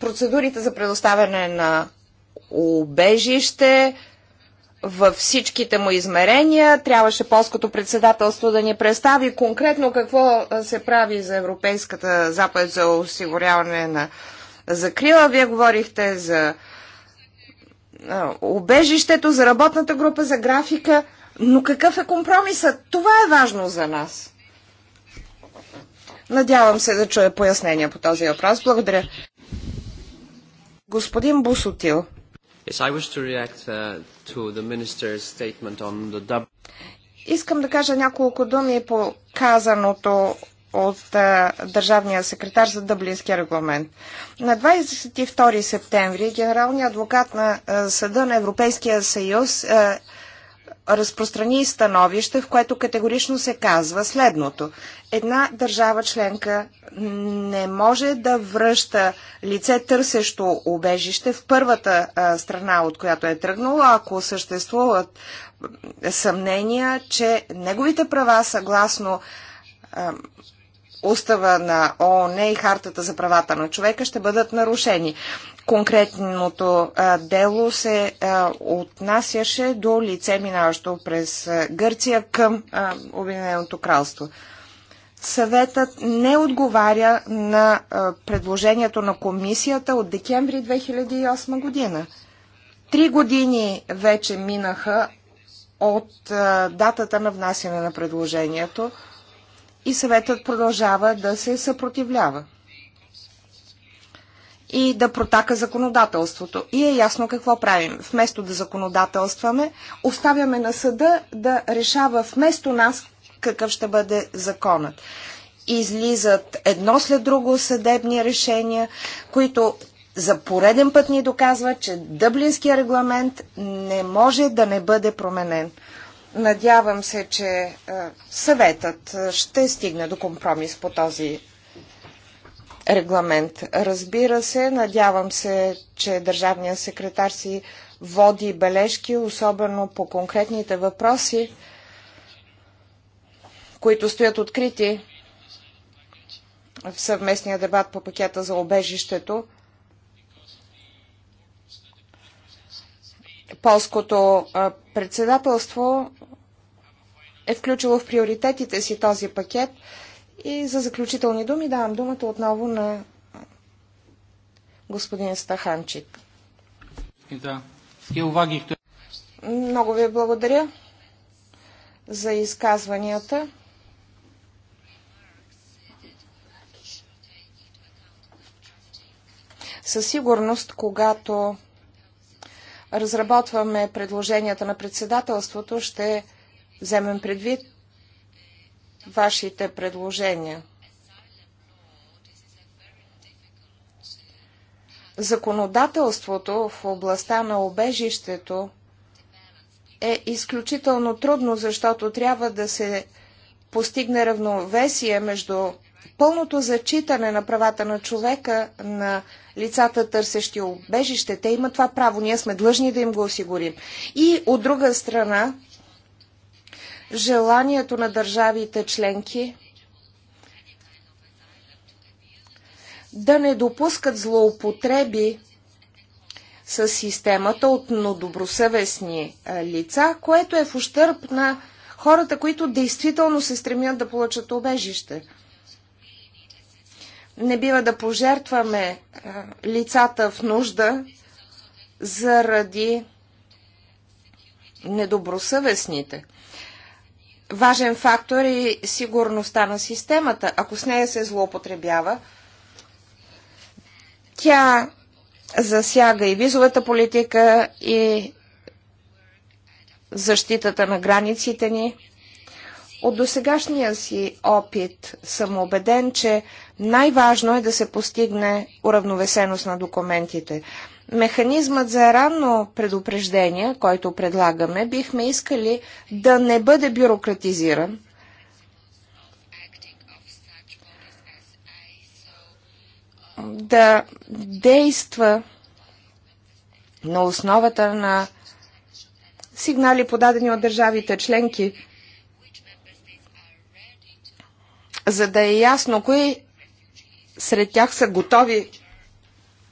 процедурите за предоставяне на убежище, във всичките му измерения. Трябваше полското председателство да ни представи конкретно какво се прави за Европейската заповед за осигуряване на закрила. Вие говорихте за обежището, за работната група, за графика. Но какъв е компромисът? Това е важно за нас. Надявам се да чуя пояснения по този въпрос. Благодаря. Господин Бусотил. Yes, I wish to react uh, to the minister's statement on the Искам да кажа няколко думи по казаното от е, държавния секретар за Дъблинския регламент. На 22 септември генералният адвокат на е, Съда на Европейския съюз е, разпространи становище, в което категорично се казва следното. Една държава членка не може да връща лице търсещо убежище в първата а, страна, от която е тръгнала, ако съществуват съмнения, че неговите права съгласно а, устава на ООН и хартата за правата на човека ще бъдат нарушени. Конкретното а, дело се а, отнасяше до лице, минаващо през а, Гърция към а, Обединеното кралство. Съветът не отговаря на а, предложението на комисията от декември 2008 година. Три години вече минаха от а, датата на внасяне на предложението и съветът продължава да се съпротивлява и да протака законодателството. И е ясно какво правим. Вместо да законодателстваме, оставяме на съда да решава вместо нас какъв ще бъде законът. Излизат едно след друго съдебни решения, които за пореден път ни доказват че Дъблинския регламент не може да не бъде променен. Надявам се, че е, съветът е, ще стигне до компромис по този регламент. Разбира се, надявам се, че държавният секретар си води бележки, особено по конкретните въпроси, които стоят открити в съвместния дебат по пакета за обежището. Полското председателство е включило в приоритетите си този пакет – и за заключителни думи давам думата отново на господин Стаханчик. Да. Много ви благодаря за изказванията. Със сигурност, когато разработваме предложенията на председателството, ще вземем предвид вашите предложения. Законодателството в областта на обежището е изключително трудно, защото трябва да се постигне равновесие между пълното зачитане на правата на човека, на лицата търсещи обежище. Те имат това право, ние сме длъжни да им го осигурим. И от друга страна, желанието на държавите членки да не допускат злоупотреби с системата от добросъвестни лица, което е в ущърп на хората, които действително се стремят да получат обежище. Не бива да пожертваме лицата в нужда заради недобросъвестните важен фактор е сигурността на системата. Ако с нея се злоупотребява, тя засяга и визовата политика, и защитата на границите ни. От досегашния си опит съм убеден, че най-важно е да се постигне уравновесеност на документите. Механизмът за ранно предупреждение, който предлагаме, бихме искали да не бъде бюрократизиран, да действа на основата на сигнали подадени от държавите членки, за да е ясно кои сред тях са готови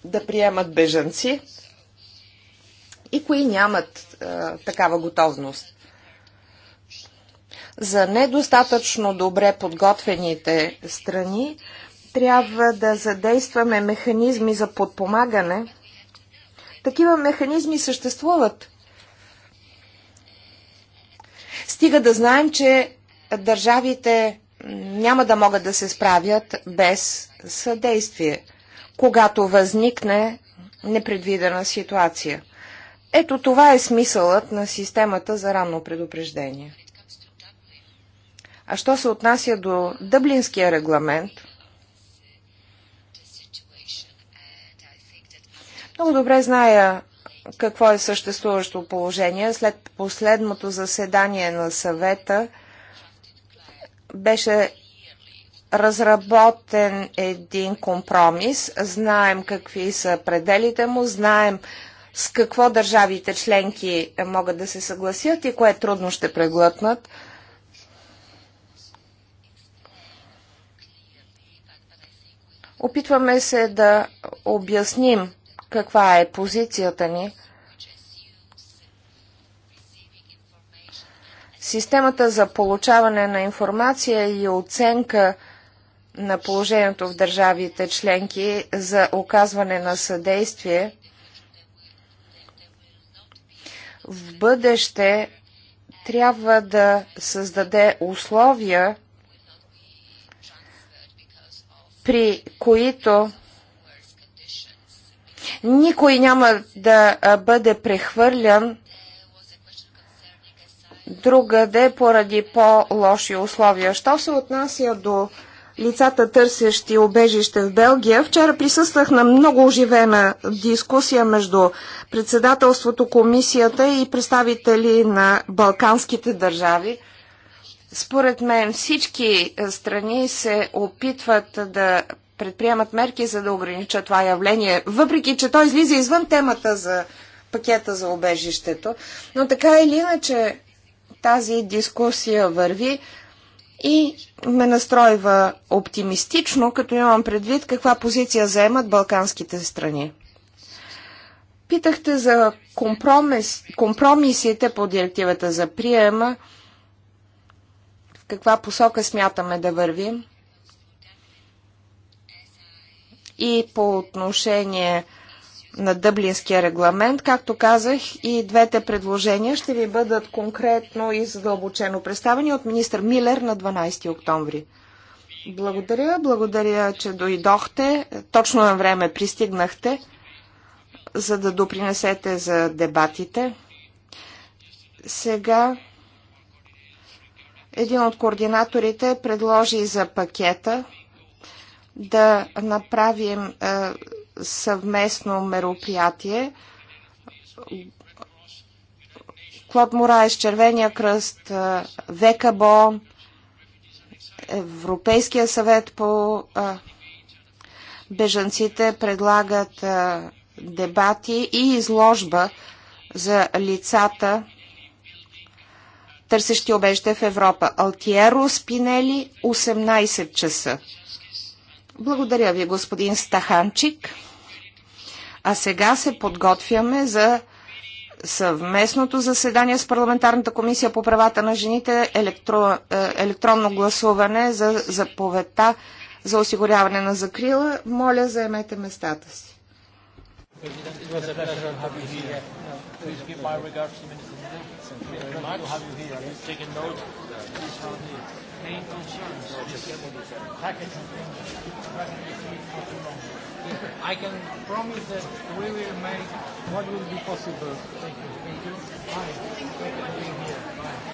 да приемат бежанци и кои нямат а, такава готовност. За недостатъчно добре подготвените страни трябва да задействаме механизми за подпомагане. Такива механизми съществуват. Стига да знаем, че държавите няма да могат да се справят без съдействие – когато възникне непредвидена ситуация. Ето това е смисълът на системата за ранно предупреждение. А що се отнася до Дъблинския регламент, много добре зная какво е съществуващо положение. След последното заседание на съвета беше разработен един компромис. Знаем какви са пределите му, знаем с какво държавите членки могат да се съгласят и кое трудно ще преглътнат. Опитваме се да обясним каква е позицията ни. Системата за получаване на информация и оценка – на положението в държавите членки за оказване на съдействие, в бъдеще трябва да създаде условия, при които никой няма да бъде прехвърлян другаде поради по-лоши условия. Що се отнася до лицата търсещи обежище в Белгия. Вчера присъствах на много оживена дискусия между председателството, комисията и представители на балканските държави. Според мен всички е, страни се опитват да предприемат мерки, за да ограничат това явление, въпреки че той излиза извън темата за пакета за обежището. Но така или иначе тази дискусия върви и ме настройва оптимистично, като имам предвид каква позиция заемат балканските страни. Питахте за компромис, компромисите по директивата за приема, в каква посока смятаме да вървим и по отношение на Дъблинския регламент. Както казах, и двете предложения ще ви бъдат конкретно и задълбочено представени от министър Милер на 12 октомври. Благодаря, благодаря, че дойдохте. Точно на време пристигнахте, за да допринесете за дебатите. Сега един от координаторите предложи за пакета да направим е, съвместно мероприятие. Клод Мораеш, Червения кръст, ВКБО, Европейския съвет по бежанците предлагат дебати и изложба за лицата, търсещи обежда в Европа. Алтиеро Спинели, 18 часа. Благодаря ви, господин Стаханчик а сега се подготвяме за съвместното заседание с парламентарната комисия по правата на жените, електро, е, електронно гласуване за заповедта за осигуряване на закрила. Моля, заемете местата си. Please give my regards to Minister. Thank you very much. have you here. note. Please I can promise that we will make what will be possible. Thank you. Thank you. Bye. Thank you for being here. Bye.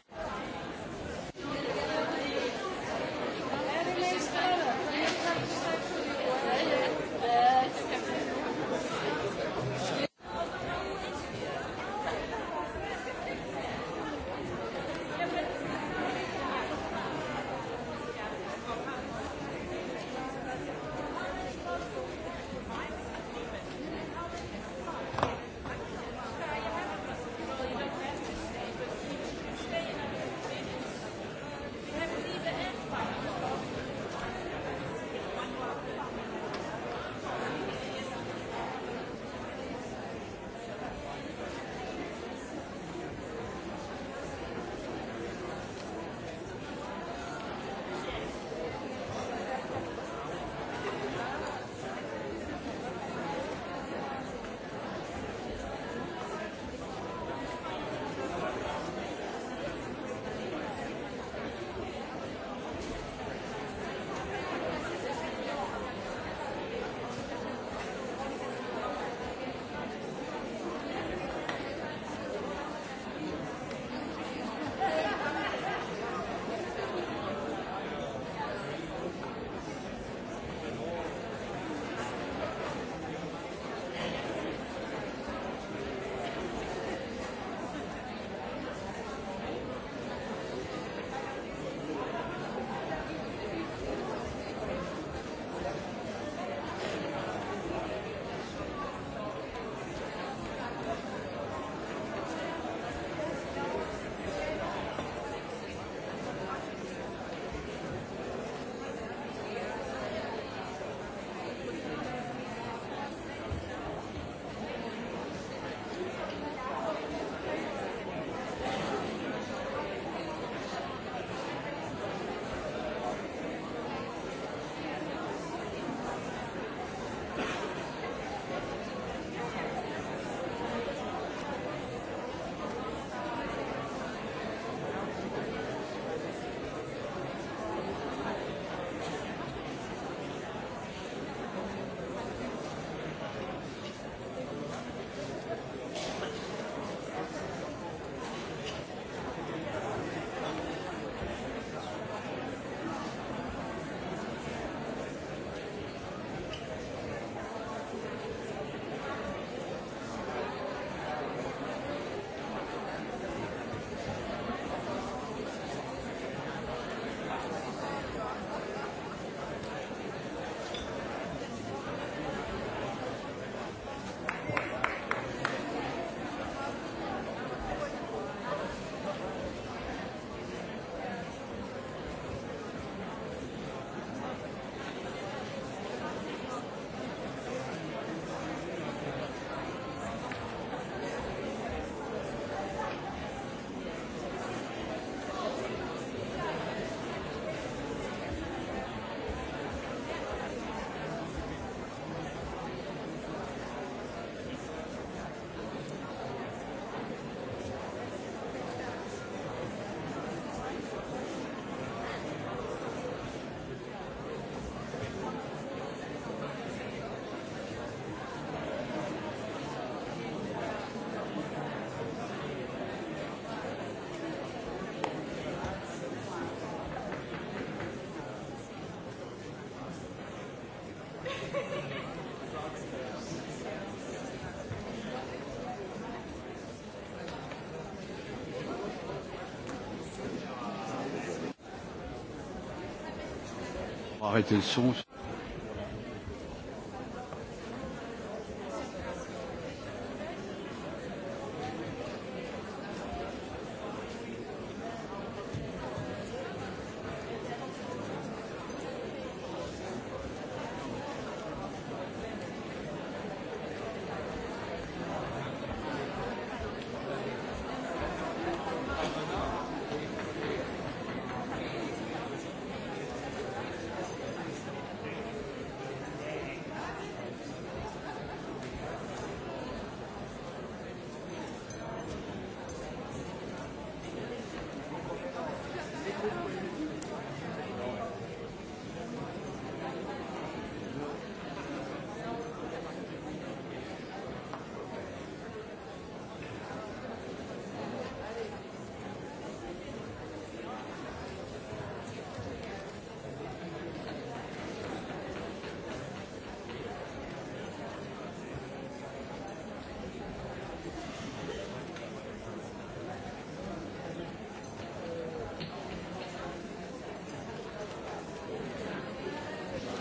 Arrêtez le son.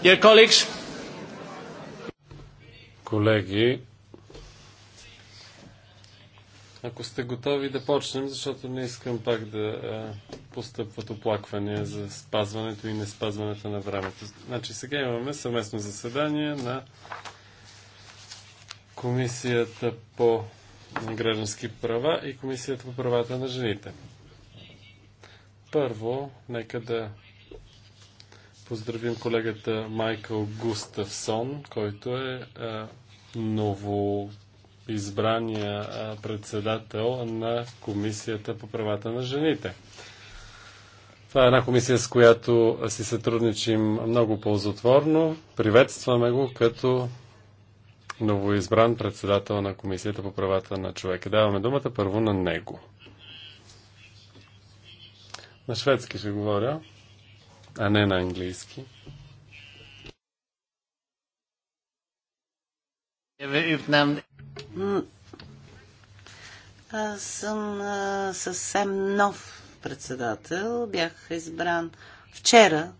Dear colleagues, колеги, ако сте готови да почнем, защото не искам пак да е, постъпват оплаквания за спазването и не спазването на времето. Значи сега имаме съвместно заседание на Комисията по граждански права и Комисията по правата на жените. Първо, нека да поздравим колегата Майкъл Густавсон, който е а, е, ново избрания е, председател на Комисията по правата на жените. Това е една комисия, с която си сътрудничим много ползотворно. Приветстваме го като новоизбран председател на Комисията по правата на човека. Даваме думата първо на него. На шведски ще говоря а не на английски. Аз съм съвсем нов председател. Бях избран вчера.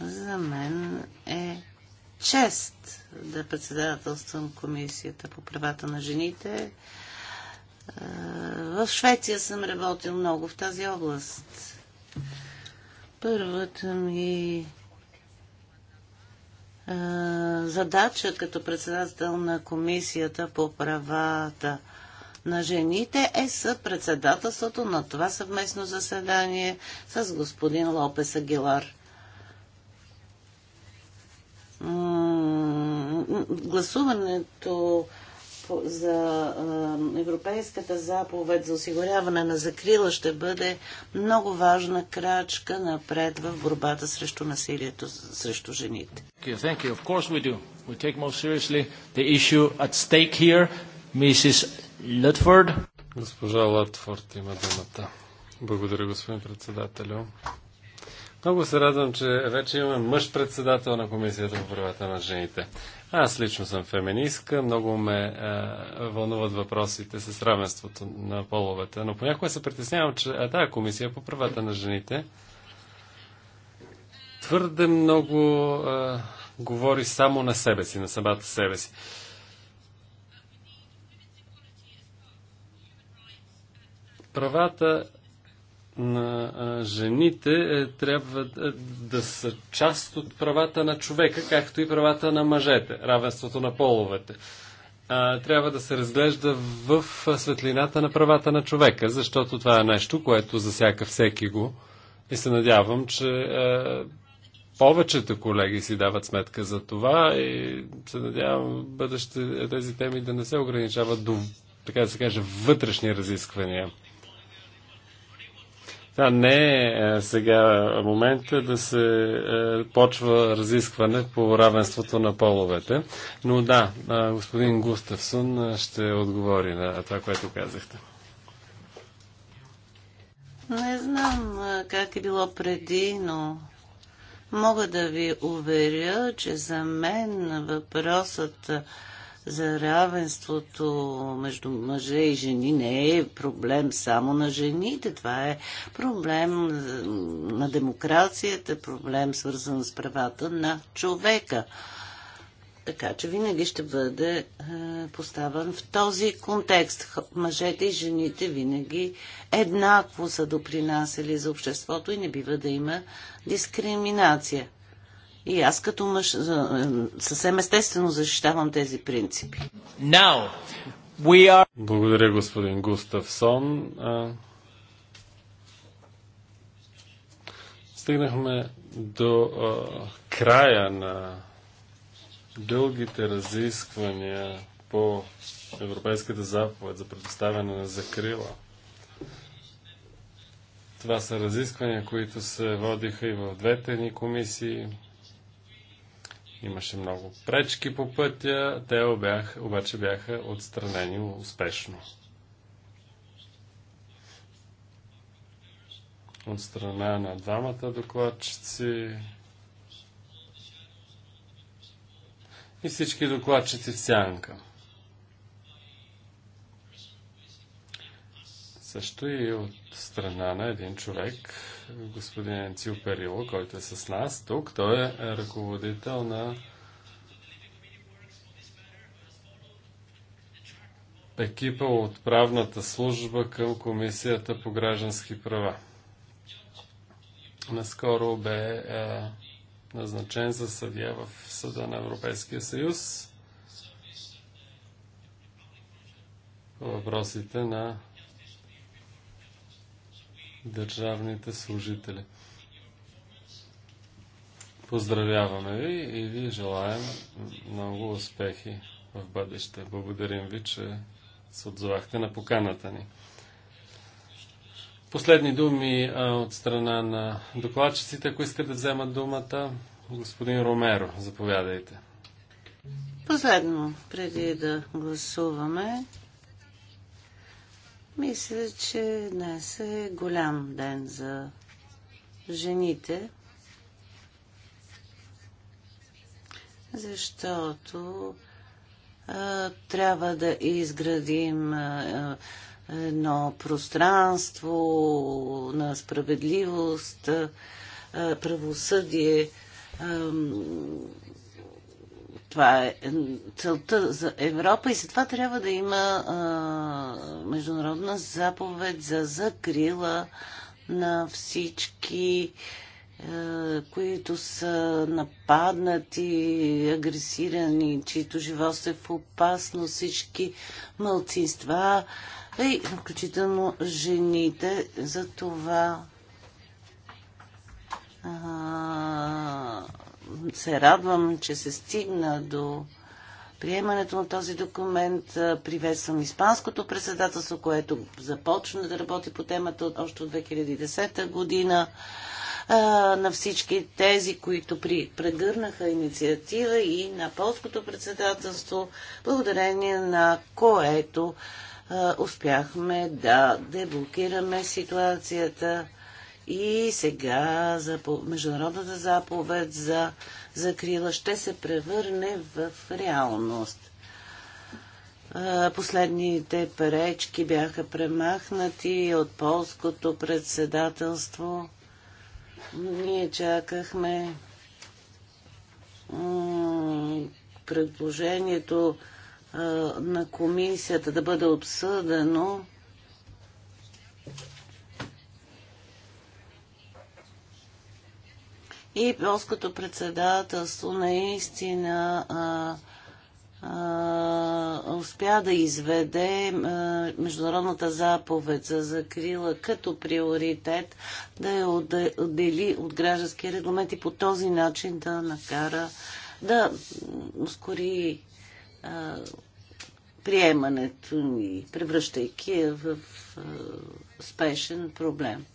За мен е чест да председателствам Комисията по правата на жените. В Швеция съм работил много в тази област. Първата ми задача като председател на Комисията по правата на жените е съпредседателството на това съвместно заседание с господин Лопес Агилар. Гласуването за Европейската заповед за осигуряване на закрила ще бъде много важна крачка напред в борбата срещу насилието срещу жените. Госпожа Латфорд има думата. Благодаря, господин председателю. Много се радвам, че вече имаме мъж председател на Комисията по правата на жените. Аз лично съм феминистка, много ме е, вълнуват въпросите с равенството на половете, но понякога се притеснявам, че а, тая Комисия по правата на жените твърде много е, говори само на себе си, на самата себе си. Правата на жените е, трябва е, да са част от правата на човека, както и правата на мъжете, равенството на половете. Трябва да се разглежда в светлината на правата на човека, защото това е нещо, което засяга всеки го. И се надявам, че повечето колеги си дават сметка за това и се надявам бъдеще тези теми да не се ограничават до, така да се каже, вътрешни разисквания. Да, не е сега е момента да се е, почва разискване по равенството на половете. Но да, е, господин Густавсон е, ще отговори на това, което казахте. Не знам как е било преди, но мога да ви уверя, че за мен въпросът за равенството между мъже и жени не е проблем само на жените. Това е проблем на демокрацията, проблем свързан с правата на човека. Така че винаги ще бъде е, поставен в този контекст. Мъжете и жените винаги еднакво са допринасяли за обществото и не бива да има дискриминация. И аз като мъж е, съвсем естествено защитавам тези принципи. Now, we are... Благодаря, господин Густавсон. Стигнахме до а, края на дългите разисквания по Европейската заповед за предоставяне на закрила. Това са разисквания, които се водиха и в двете ни комисии. Имаше много пречки по пътя, те обях, обаче бяха отстранени успешно. От страна на двамата докладчици и всички докладчици в сянка. Също и от страна на един човек, господин Енцио Перило, който е с нас тук. Той е ръководител на екипа от правната служба към Комисията по граждански права. Наскоро бе е, назначен за съдия в Съда на Европейския съюз по въпросите на държавните служители. Поздравяваме ви и ви желаем много успехи в бъдеще. Благодарим ви, че се отзовахте на поканата ни. Последни думи от страна на докладчиците, ако искат да вземат думата. Господин Ромеро, заповядайте. Последно, преди да гласуваме, мисля, че днес е голям ден за жените, защото а, трябва да изградим а, едно пространство на справедливост, а, правосъдие. А, това е, е целта за Европа и затова трябва да има а, международна заповед за закрила на всички, а, е, които са нападнати, агресирани, чието живот е в опасност, всички мълцинства и включително жените. За това а, се радвам, че се стигна до приемането на този документ. Приветствам Испанското председателство, което започна да работи по темата още от 2010 година. На всички тези, които при, прегърнаха инициатива и на Полското председателство, благодарение на което успяхме да деблокираме ситуацията и сега за международната заповед за закрила ще се превърне в реалност. Последните пречки бяха премахнати от полското председателство. Ние чакахме предложението на комисията да бъде обсъдено И полското председателство наистина а, а, успя да изведе а, Международната заповед за закрила като приоритет, да я отдели от граждански регламент и по този начин да накара да ускори приемането ни, превръщайки я в спешен проблем.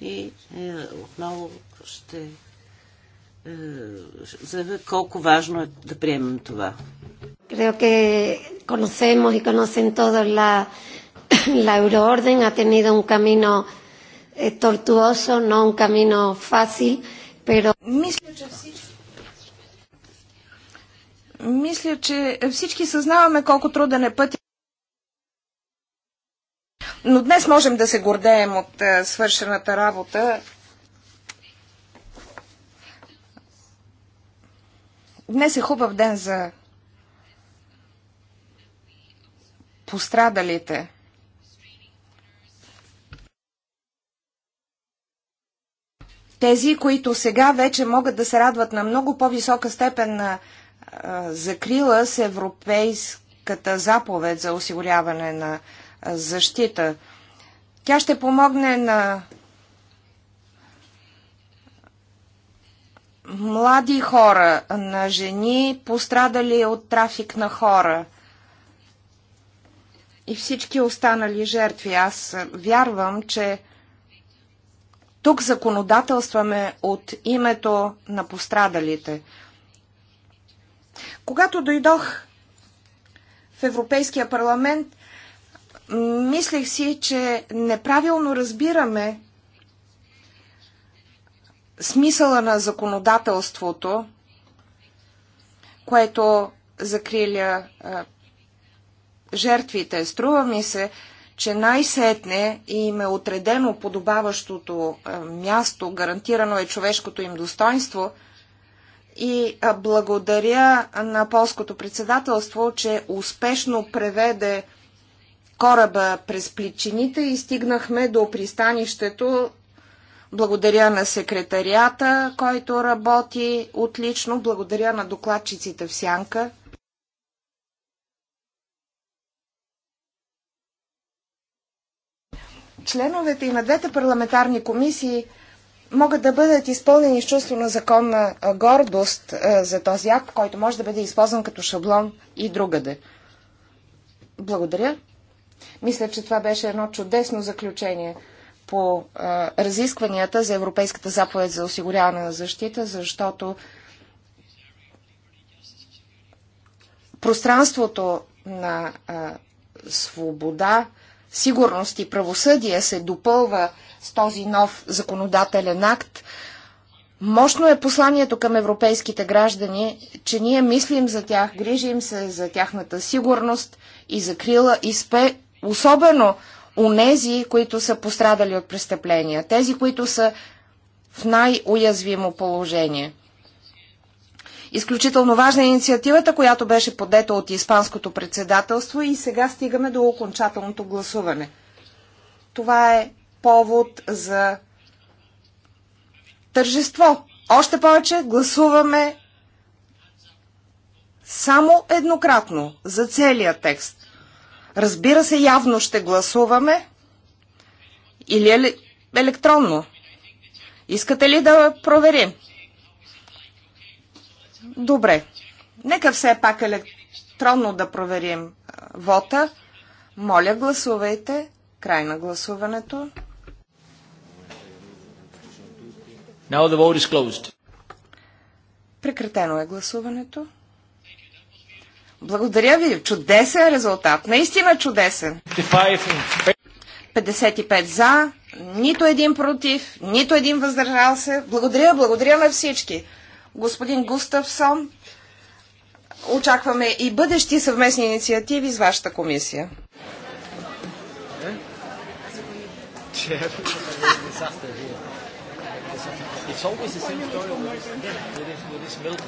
И е, отново ще е, заявя колко важно е да приемем това. Creo que conocemos y conocen todos la, la euroorden. Ha tenido un camino eh, tortuoso, no un camino fácil, pero... Мисля, че всички... съзнаваме колко труден е пътя. Но днес можем да се гордеем от е, свършената работа Днес е хубав ден за пострадалите. Тези, които сега вече могат да се радват на много по-висока степен на закрила с европейската заповед за осигуряване на защита. Тя ще помогне на млади хора, на жени, пострадали от трафик на хора и всички останали жертви. Аз вярвам, че тук законодателстваме от името на пострадалите. Когато дойдох в Европейския парламент, мислех си, че неправилно разбираме смисъла на законодателството, което закриля жертвите. Струва ми се, че най-сетне им е отредено подобаващото място, гарантирано е човешкото им достоинство и благодаря на полското председателство, че успешно преведе кораба през плечините и стигнахме до пристанището благодаря на секретарията, който работи отлично. Благодаря на докладчиците в Сянка. Членовете и на двете парламентарни комисии могат да бъдат изпълнени с чувство на законна гордост за този акт, който може да бъде използван като шаблон и другаде. Благодаря. Мисля, че това беше едно чудесно заключение по а, разискванията за Европейската заповед за осигуряване на защита, защото пространството на а, свобода, сигурност и правосъдие се допълва с този нов законодателен акт. Мощно е посланието към европейските граждани, че ние мислим за тях, грижим се за тяхната сигурност и закрила и спе, особено онези, които са пострадали от престъпления, тези, които са в най-уязвимо положение. Изключително важна е инициативата, която беше подета от Испанското председателство и сега стигаме до окончателното гласуване. Това е повод за тържество. Още повече гласуваме само еднократно за целия текст. Разбира се, явно ще гласуваме или е електронно. Искате ли да проверим? Добре. Нека все пак електронно да проверим вота. Моля, гласувайте. Край на гласуването. Now the vote is closed. Прекратено е гласуването. Благодаря ви. Чудесен резултат. Наистина чудесен. 55 за, нито един против, нито един въздържал се. Благодаря, благодаря на всички. Господин Густавсон, очакваме и бъдещи съвместни инициативи с вашата комисия. It's always the same story with this, milk